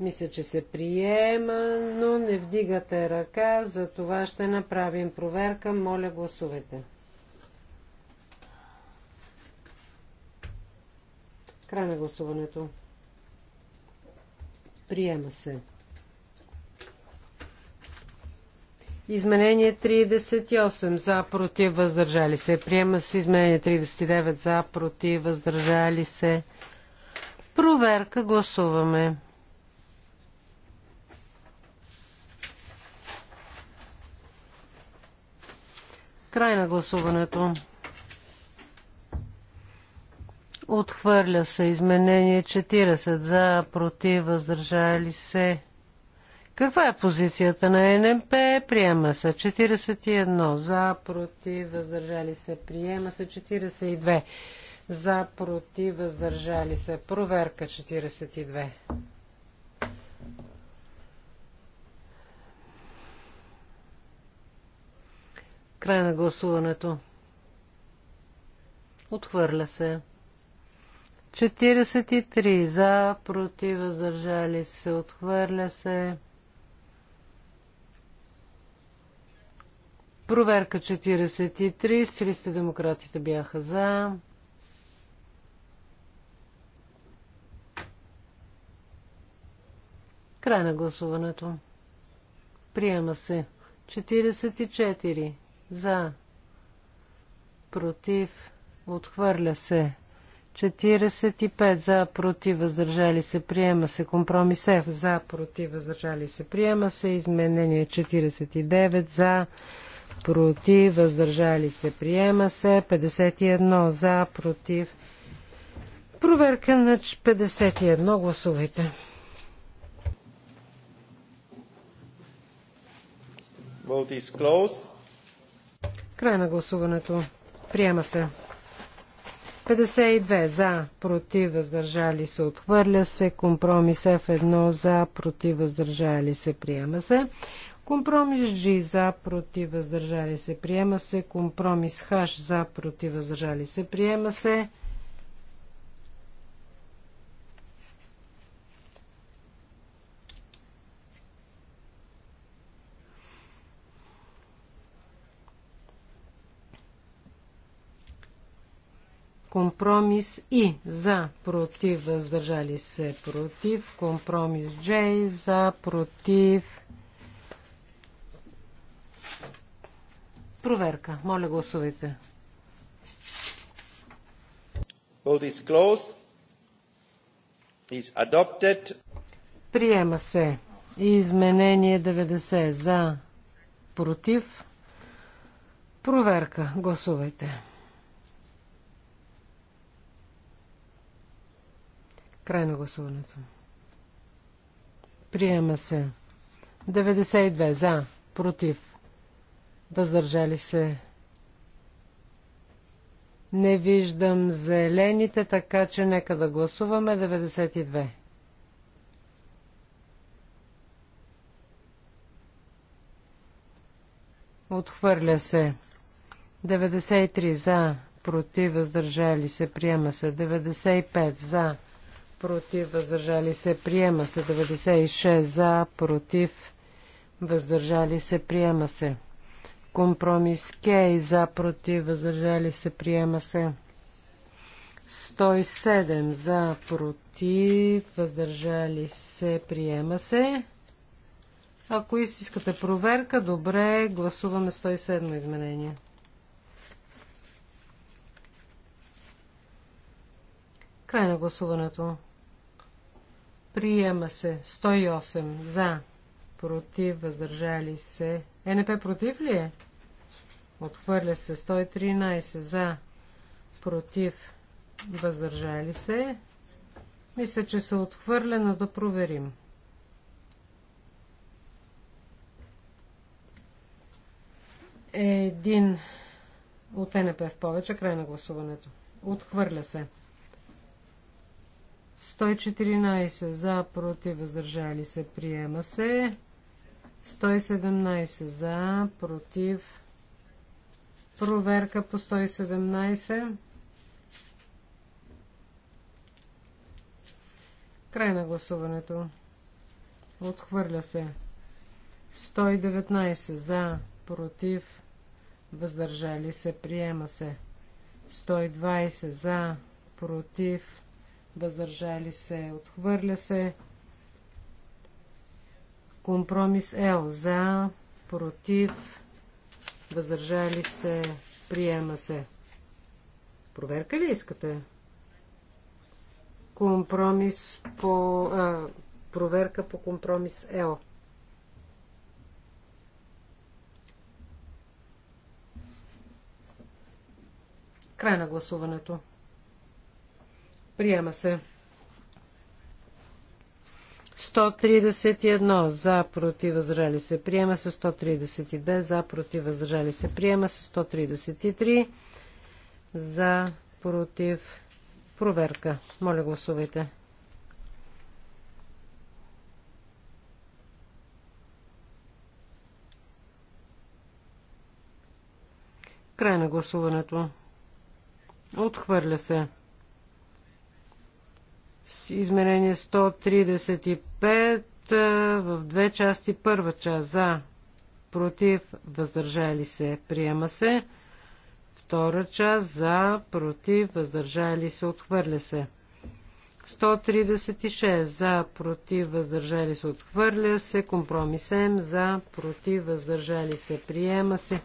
Мисля, че се приема, но не вдигате ръка, за това ще направим проверка. Моля, гласувайте. Край на гласуването. Приема се. Изменение 38 за против въздържали се. Приема се изменение 39 за против въздържали се. Проверка гласуваме. Край на гласуването. Отхвърля се изменение 40 за против въздържали се. Каква е позицията на НМП? Приема се 41 за, против, въздържали се. Приема се 42 за, против, въздържали се. Проверка 42. Край на гласуването. Отхвърля се. 43 за, против, въздържали се. Отхвърля се. Проверка 43. Сирийските демократите бяха за. Край на гласуването. Приема се. 44. За. Против. Отхвърля се. 45 за, против, въздържали се, приема се. Компромис F за, против, въздържали се, приема се. Изменение 49 за, против, въздържали се, приема се. 51 за, против. Проверка на 51. Гласувайте. Vote is closed. Край на гласуването. Приема се. 52 за, против, въздържали се, отхвърля се. Компромис F1 за, против, въздържали се, приема се. Компромис G за против въздържали се приема се. Компромис H за против въздържали се приема се. компромис И за против въздържали се против, компромис J за против Проверка. Моля гласувайте. Vote is closed. Is adopted. Приема се. Изменение 90 за против. Проверка. Гласувайте. Край на гласуването. Приема се. 92 за, против въздържали се. Не виждам зелените, така че нека да гласуваме 92. Отхвърля се. 93 за, против, въздържали се, приема се. 95 за, против, въздържали се, приема се. 96 за, против, въздържали се, приема се. Компромис Кей за против въздържали се приема се. 107 за против въздържали се приема се. Ако искате проверка, добре, гласуваме 107 изменение. Край на гласуването. Приема се 108 за, против, въздържали се, е, НП против ли е? Отхвърля се 113 за, против, въздържали се. Мисля, че се отхвърля, но да проверим. Е, един от НП в повече, край на гласуването. Отхвърля се. 114 за, против, въздържали се, приема се. 117 за, против. Проверка по 117. Край на гласуването. Отхвърля се. 119 за, против, въздържали се, приема се. 120 за, против, въздържали се, отхвърля се. Компромис Ел. за, против, въздържали се, приема се. Проверка ли искате? Компромис по... А, проверка по компромис Ел. Край на гласуването. Приема се. 131 за против въздържали се приема се 132 за против въздържали се приема се 133 за против проверка. Моля гласувайте. Край на гласуването. Отхвърля се. Изменение 135 в две части. Първа част за, против, въздържали се, приема се. Втора част за, против, въздържали се, отхвърля се. 136 за, против, въздържали се, отхвърля се. Компромисем за, против, въздържали се, приема се.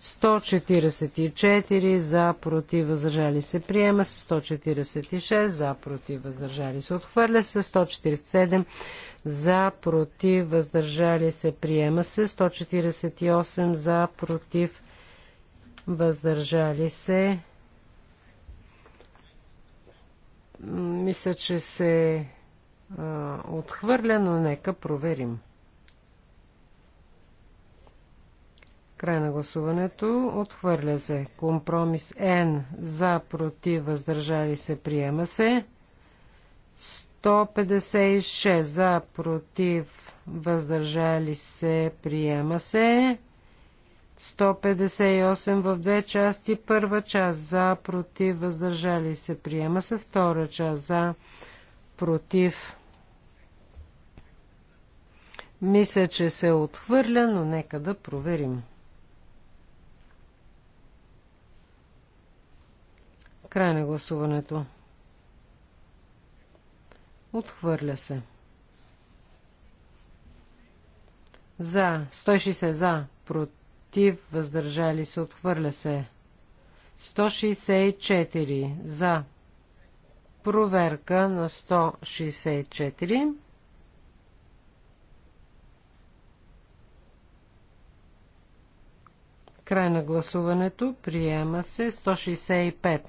144 за против въздържали се приема се 146 за против въздържали се отхвърля се 147 за против въздържали се приема се 148 за против въздържали се мисля, че се а, отхвърля, но нека проверим. Край на гласуването. Отхвърля се. Компромис Н. За, против, въздържали се, приема се. 156 за, против, въздържали се, приема се. 158 в две части. Първа част за, против, въздържали се, приема се. Втора част за, против. Мисля, че се отхвърля, но нека да проверим. Край на гласуването. Отхвърля се. За. 160 за. Против. Въздържали се. Отхвърля се. 164 за. Проверка на 164. Край на гласуването. Приема се 165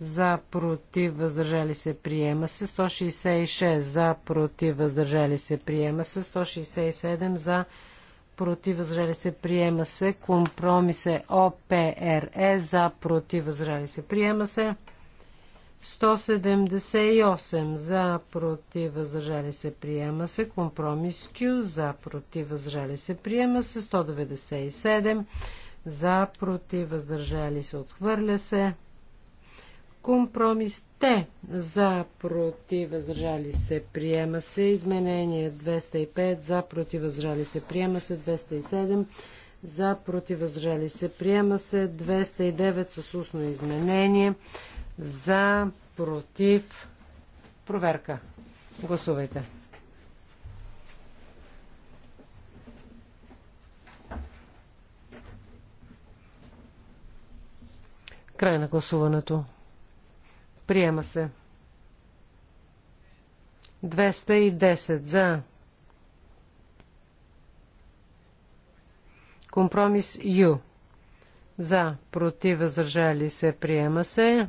за против въздържали се приема се 166 за против въздържали се приема се 167 за против въздържали се приема се компромис е ОПРЕ е. за против въздържали се приема се 178 за против въздържали се приема се компромис Q за против въздържали се приема се 197 за против въздържали се отхвърля се Компромис те за против възражали се приема се. Изменение 205 за против възражали се приема се. 207 за против възражали се приема се. 209 с устно изменение за против проверка. Гласувайте. Край на гласуването. Приема се. 210 за. Компромис Ю. За. Против. Въздържали се. Приема се.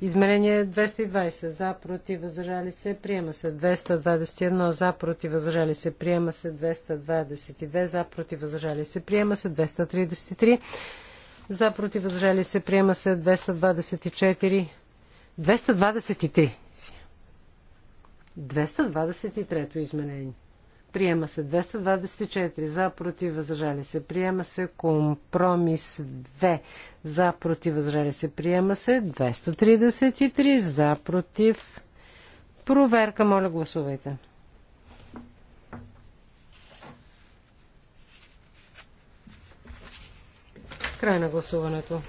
Измерение 220. За, против, въздържали се, приема се 221. За, против, въздържали се, приема се 222. За, против, въздържали се, приема се 233. За, против, въздържали се, приема се 224. 223. 223 изменение. Приема се 224 за против възражали се. Приема се компромис 2 за против възражали се. Приема се 233 за против. Проверка, моля гласувайте. Край на гласуването.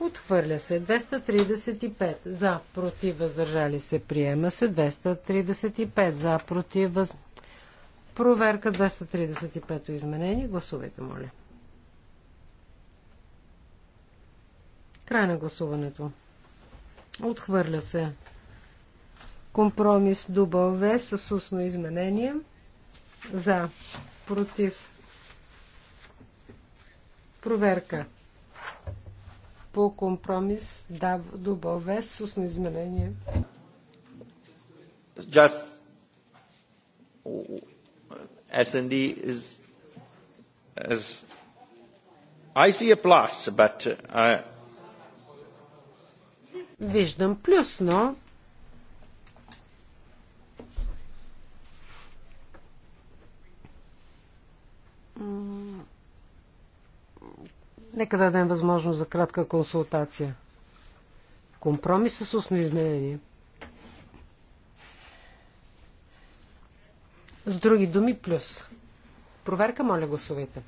Отхвърля се 235 за, против, въздържали се, приема се 235 за, против, въз... Проверка 235 изменение. Гласувайте, моля. Край на гласуването. Отхвърля се. Компромис W с устно изменение. За. Против. Проверка по компромис дав добаве с устно изменение. Just SND is as I see a plus, but uh, I... Виждам плюс, но Нека да дадем възможност за кратка консултация. Компромис с устно изменение. С други думи, плюс. Проверка, моля, гласовете.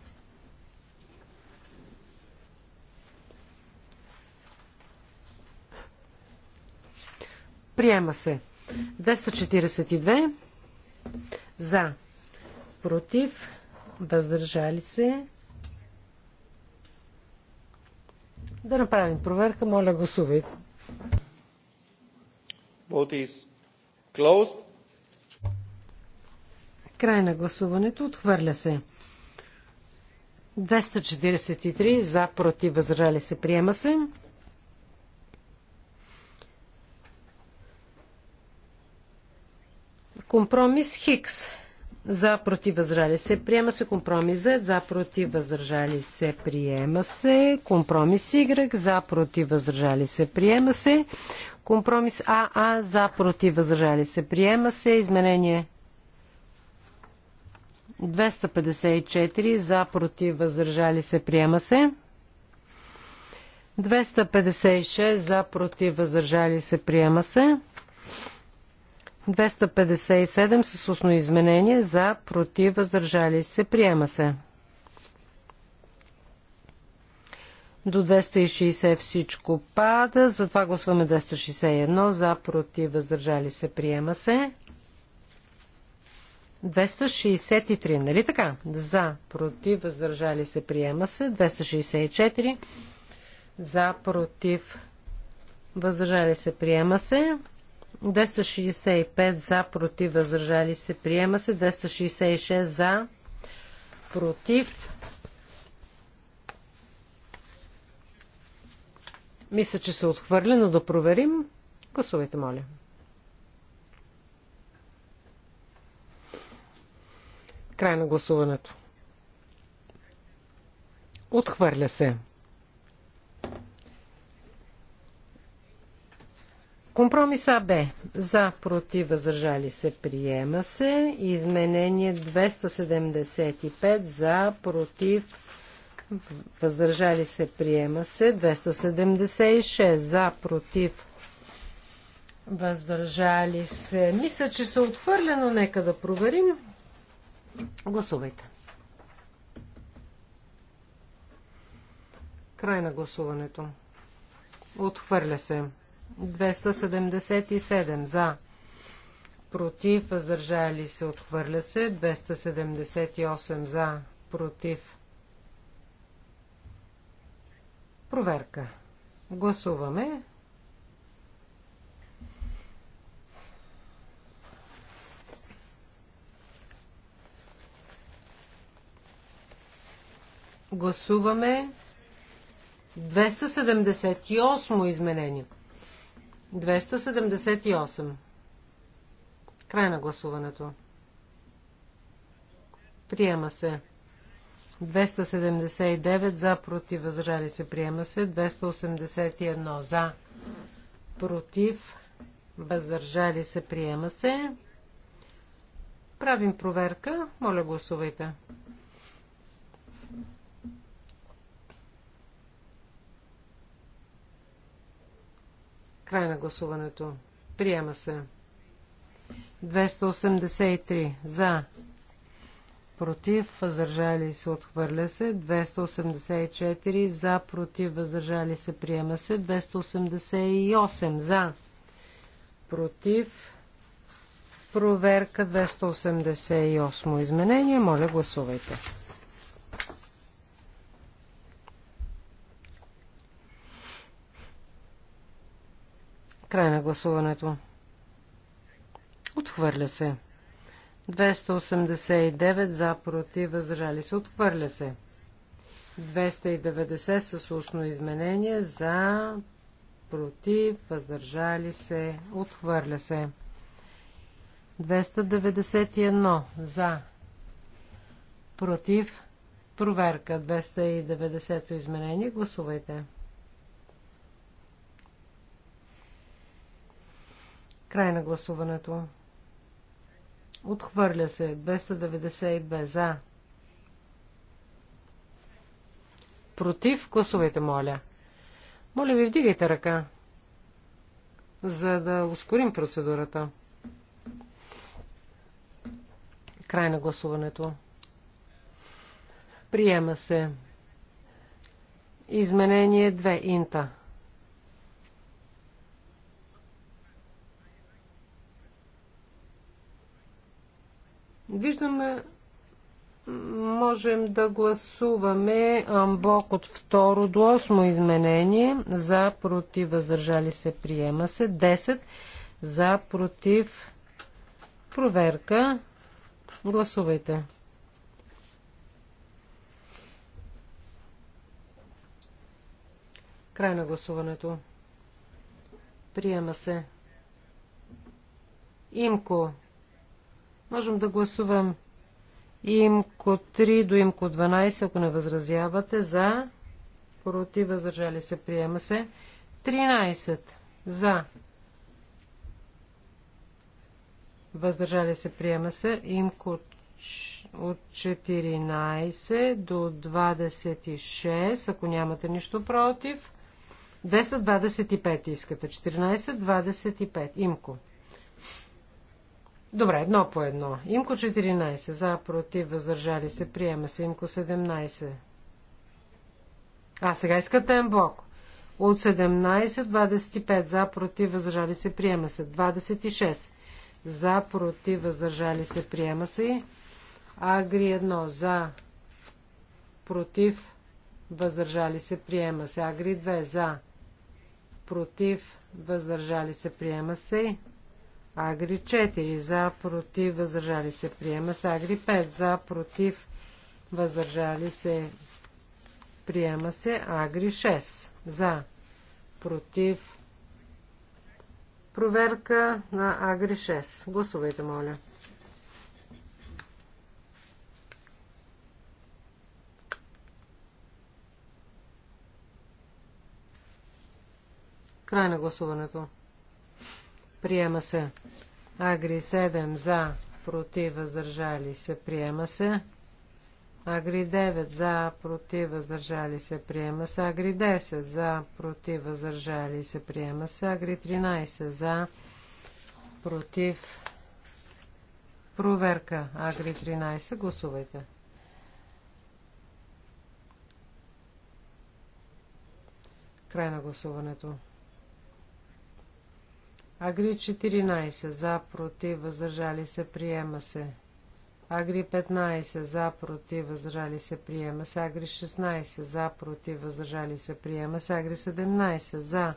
Приема се. 242 за, против, въздържали се, Да направим проверка. Моля, гласувайте. Vote is closed. Край на гласуването. Отхвърля се. 243 за, против, възражали се, приема се. Компромис Хикс за против въздържали се, приема се компромис Z, за против въздържали се, приема се компромис Y, за против въздържали се, приема се компромис АА, за против въздържали се, приема се изменение 254, за против въздържали се, приема се 256, за против въздържали се, приема се 257 с устно изменение за, против, въздържали се, приема се. До 260 всичко пада, затова гласуваме 261 за, против, въздържали се, приема се. 263, нали така? За, против, въздържали се, приема се. 264 за, против, въздържали се, приема се. 265 за, против, въздържали се, приема се. 266 за, против. Мисля, че се отхвърля, но да проверим. Гласувайте, моля. Край на гласуването. Отхвърля се. Компромис АБ. За, против, въздържали се, приема се. Изменение 275. За, против, въздържали се, приема се. 276. За, против, въздържали се. Мисля, че се отхвърлено. Нека да проверим. Гласувайте. Край на гласуването. Отхвърля се. 277 за. Против. Въздържали се. Отхвърля се. 278 за. Против. Проверка. Гласуваме. Гласуваме 278 изменение. 278. Край на гласуването. Приема се. 279 за, против, възражали се, приема се. 281 за, против, възражали се, приема се. Правим проверка. Моля, гласувайте. Край на гласуването. Приема се. 283 за. Против, въздържали се, отхвърля се. 284 за, против, въздържали се, приема се. 288 за. Против. Проверка 288 изменение. Моля, гласувайте. Край на гласуването. Отхвърля се. 289 за, против, въздържали се. Отхвърля се. 290 с устно изменение за, против, въздържали се. Отхвърля се. 291 за, против, проверка. 290 изменение. Гласувайте. Край на гласуването. Отхвърля се. 292 за. Против. Гласувайте, моля. Моля ви, вдигайте ръка, за да ускорим процедурата. Край на гласуването. Приема се. Изменение 2. Инта. Виждаме, можем да гласуваме Амбок от второ до осмо изменение. За, против, въздържали се, приема се. 10. За, против, проверка. Гласувайте. Край на гласуването. Приема се. Имко Можем да гласувам имко 3 до имко 12, ако не възразявате. За, против, въздържали се, приема се. 13 за, въздържали се, приема се. Имко от 14 до 26, ако нямате нищо против. 225 искате. 14, 25. Имко. Добре, едно по едно. Имко 14. За, против, въздържали се. Приема се. Имко 17. А, сега искате емблок. От 17 25. За, против, въздържали се. Приема се. 26. За, против, въздържали се. Приема се. Агри 1. За, против, въздържали се. Приема се. Агри 2. За, против, въздържали се. Приема се. Агри 4 за, против, въздържали се, приема се. Агри 5 за, против, въздържали се, приема се. Агри 6 за, против. Проверка на Агри 6. Гласувайте, моля. Край на гласуването. Приема се. Агри 7 за, против, въздържали се. Приема се. Агри 9 за, против, въздържали се. Приема се. Агри 10 за, против, въздържали се. Приема се. Агри 13 за, против. Проверка. Агри 13. Гласувайте. Край на гласуването. Агри 14 за, против, въздържали се, приема се. Агри 15 за, против, въздържали се, приема се. Агри 16 за, против, въздържали се, приема се. Агри 17 за,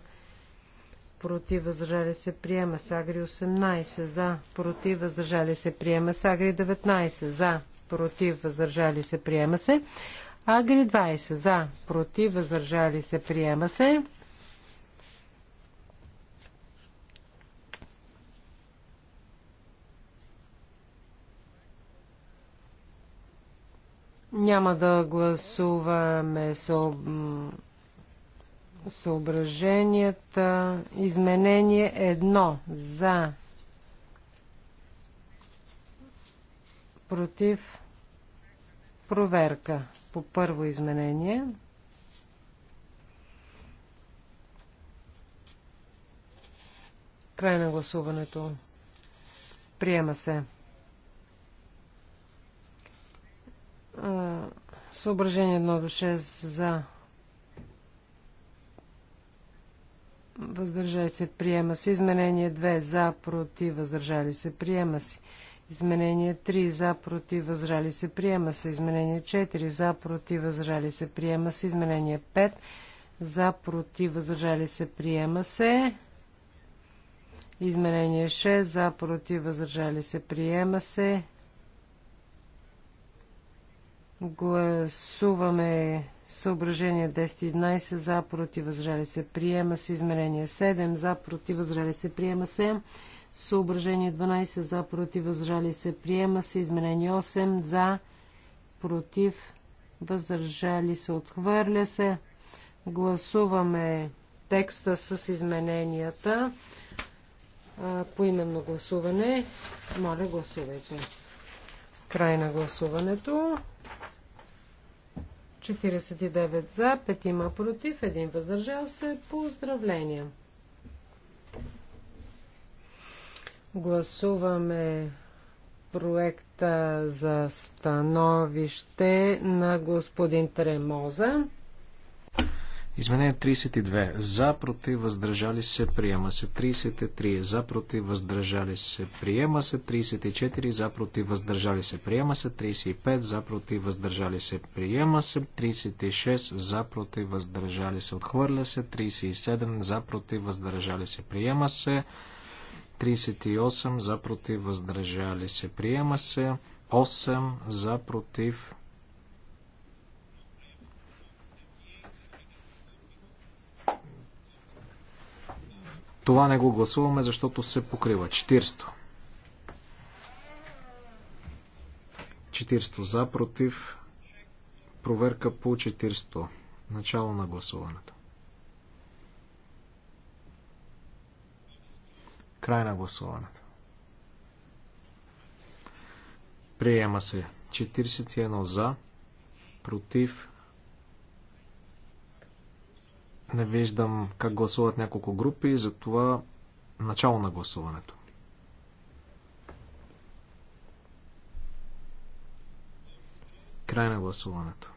против, въздържали се, приема се. Агри 18 за, против, въздържали се, приема се. Агри 19 за, против, въздържали се, приема се. Агри 20 за, против, въздържали се, приема се. Няма да гласуваме съоб... съображенията. Изменение едно за против проверка по първо изменение. Край на гласуването. Приема се. Съображение 1 до 6 за въздържали се, приема се. Изменение 2 за, против, въздържали се, приема се. Изменение 3 за, против, въздържали се, приема се. Изменение 4 за, против, въздържали се, приема се. Изменение 5 за, против, въздържали се, приема се. Изменение 6 за, против, въздържали се, приема се. Гласуваме съображение 10-11 за, против, възжали се, приема се. Измерение 7 за, против, възжали се, приема се. Съображение 12 за, против, възжали се, приема се. Измерение 8 за, против, въздържали се, отхвърля се. Гласуваме текста с измененията по именно гласуване. Моля, гласувайте. Край на гласуването. 49 за, 5 има против, 1 въздържал се. Поздравления! Гласуваме проекта за становище на господин Тремоза. Изменение 32. За, против, въздържали се, приема се. 33. За, против, въздържали се, приема се. 34. За, против, въздържали се, приема се. 35. За, против, въздържали се, приема се. 36. За, против, въздържали се, отхвърля се. 37. За, против, въздържали се, приема се. 38. За, против, въздържали се, приема се. 8. За, против, Това не го гласуваме, защото се покрива. 40. 40 за, против. Проверка по 40. Начало на гласуването. Край на гласуването. Приема се 41 за, против не виждам как гласуват няколко групи, затова начало на гласуването. Край на гласуването.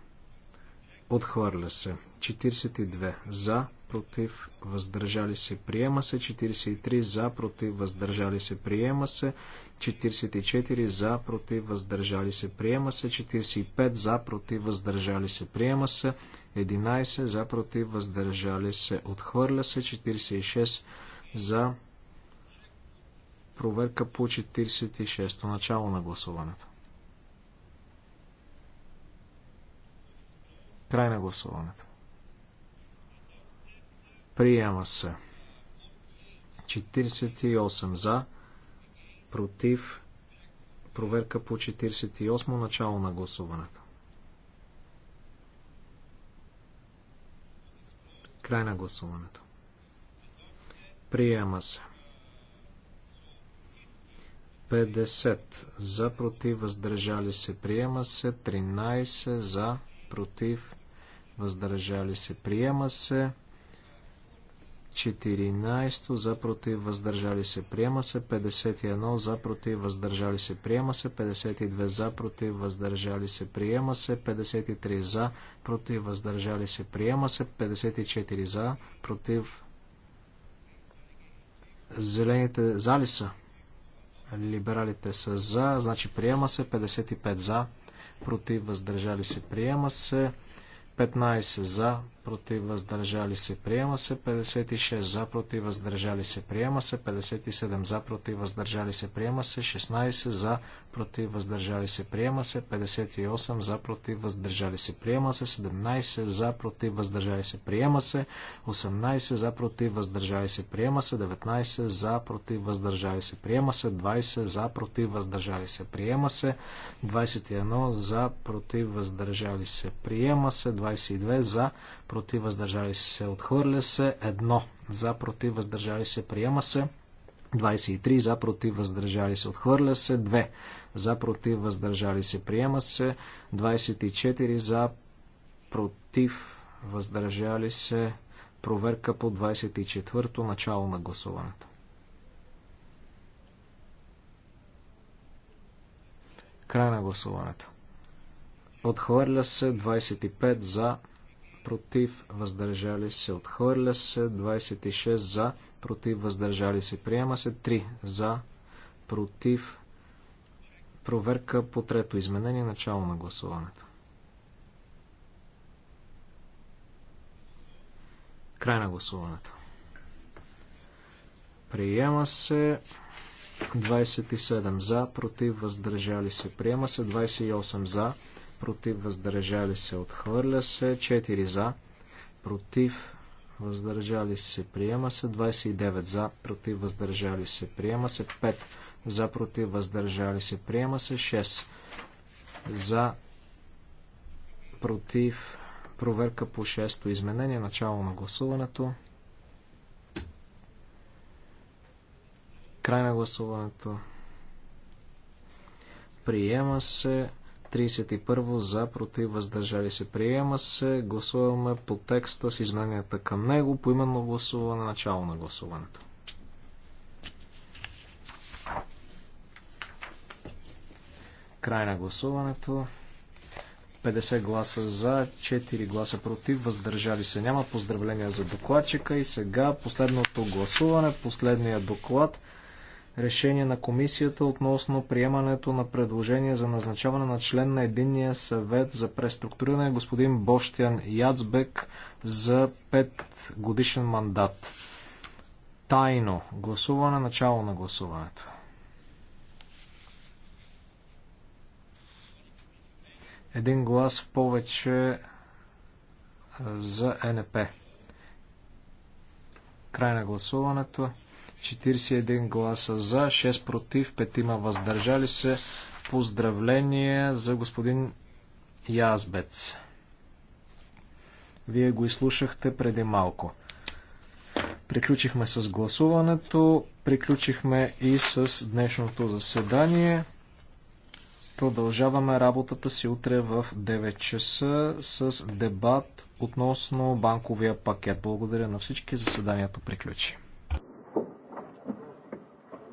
Отхвърля се. 42 за, против, въздържали се, приема се. 43 за, против, въздържали се, приема се. 44 за, против, въздържали се, приема се. 45 за, против, въздържали се, приема се. 11 за против въздържали се. Отхвърля се 46 за проверка по 46-то начало на гласуването. Край на гласуването. Приема се. 48 за, против, проверка по 48 начало на гласуването. Край на гласуването. Приема се. 50 за, против, въздържали се, приема се. 13 за, против, въздържали се, приема се. 14 за против въздържали се приема се 51 за против въздържали се приема се 52 за против въздържали се приема се 53 за против въздържали се приема се 54 за против зелените зали са либералите са за значи приема се 55 за против въздържали се приема се 15 за против, въздържали се, приема се. 56 за, против, въздържали се, приема се. 57 за, против, въздържали се, приема се. 16 за, против, въздържали се, приема се. 58 за, против, въздържали се, приема се. 17 за, против, въздържали се, приема се. 18 за, против, въздържали се, приема се. 19 за, против, въздържали се, приема се. 20 за, против, въздържали се, приема се. 21 за, против, въздържали се, приема се. 22 за, против въздържали се, отхвърля се. 1 за, против въздържали се, приема се. 23 за, против въздържали се, отхвърля се. 2 за, против въздържали се, приема се. 24 за, против въздържали се, проверка по 24-то начало на гласуването. Край на гласуването. Отхвърля се 25 за, против, въздържали се, отхвърля се, 26 за, против, въздържали се, приема се, 3 за, против, проверка по трето изменение, начало на гласуването. Край на гласуването. Приема се 27 за, против, въздържали се, приема се 28 за, против, въздържали се, отхвърля се, 4 за, против, въздържали се, приема се, 29 за, против, въздържали се, приема се, 5 за, против, въздържали се, приема се, 6 за, против, проверка по 6 изменение, начало на гласуването. Край на гласуването. Приема се 31 за, против, въздържали се, приема се. Гласуваме по текста с измененията към него, по именно гласуване, начало на гласуването. Край на гласуването. 50 гласа за, 4 гласа против, въздържали се няма. Поздравления за докладчика и сега последното гласуване, последния доклад – решение на комисията относно приемането на предложение за назначаване на член на Единния съвет за преструктуриране господин Бощян Яцбек за 5 годишен мандат. Тайно гласуване, начало на гласуването. Един глас повече за НП. Край на гласуването. 41 гласа за, 6 против, 5 има въздържали се. Поздравление за господин Язбец. Вие го изслушахте преди малко. Приключихме с гласуването, приключихме и с днешното заседание. Продължаваме работата си утре в 9 часа с дебат относно банковия пакет. Благодаря на всички. Заседанието приключи.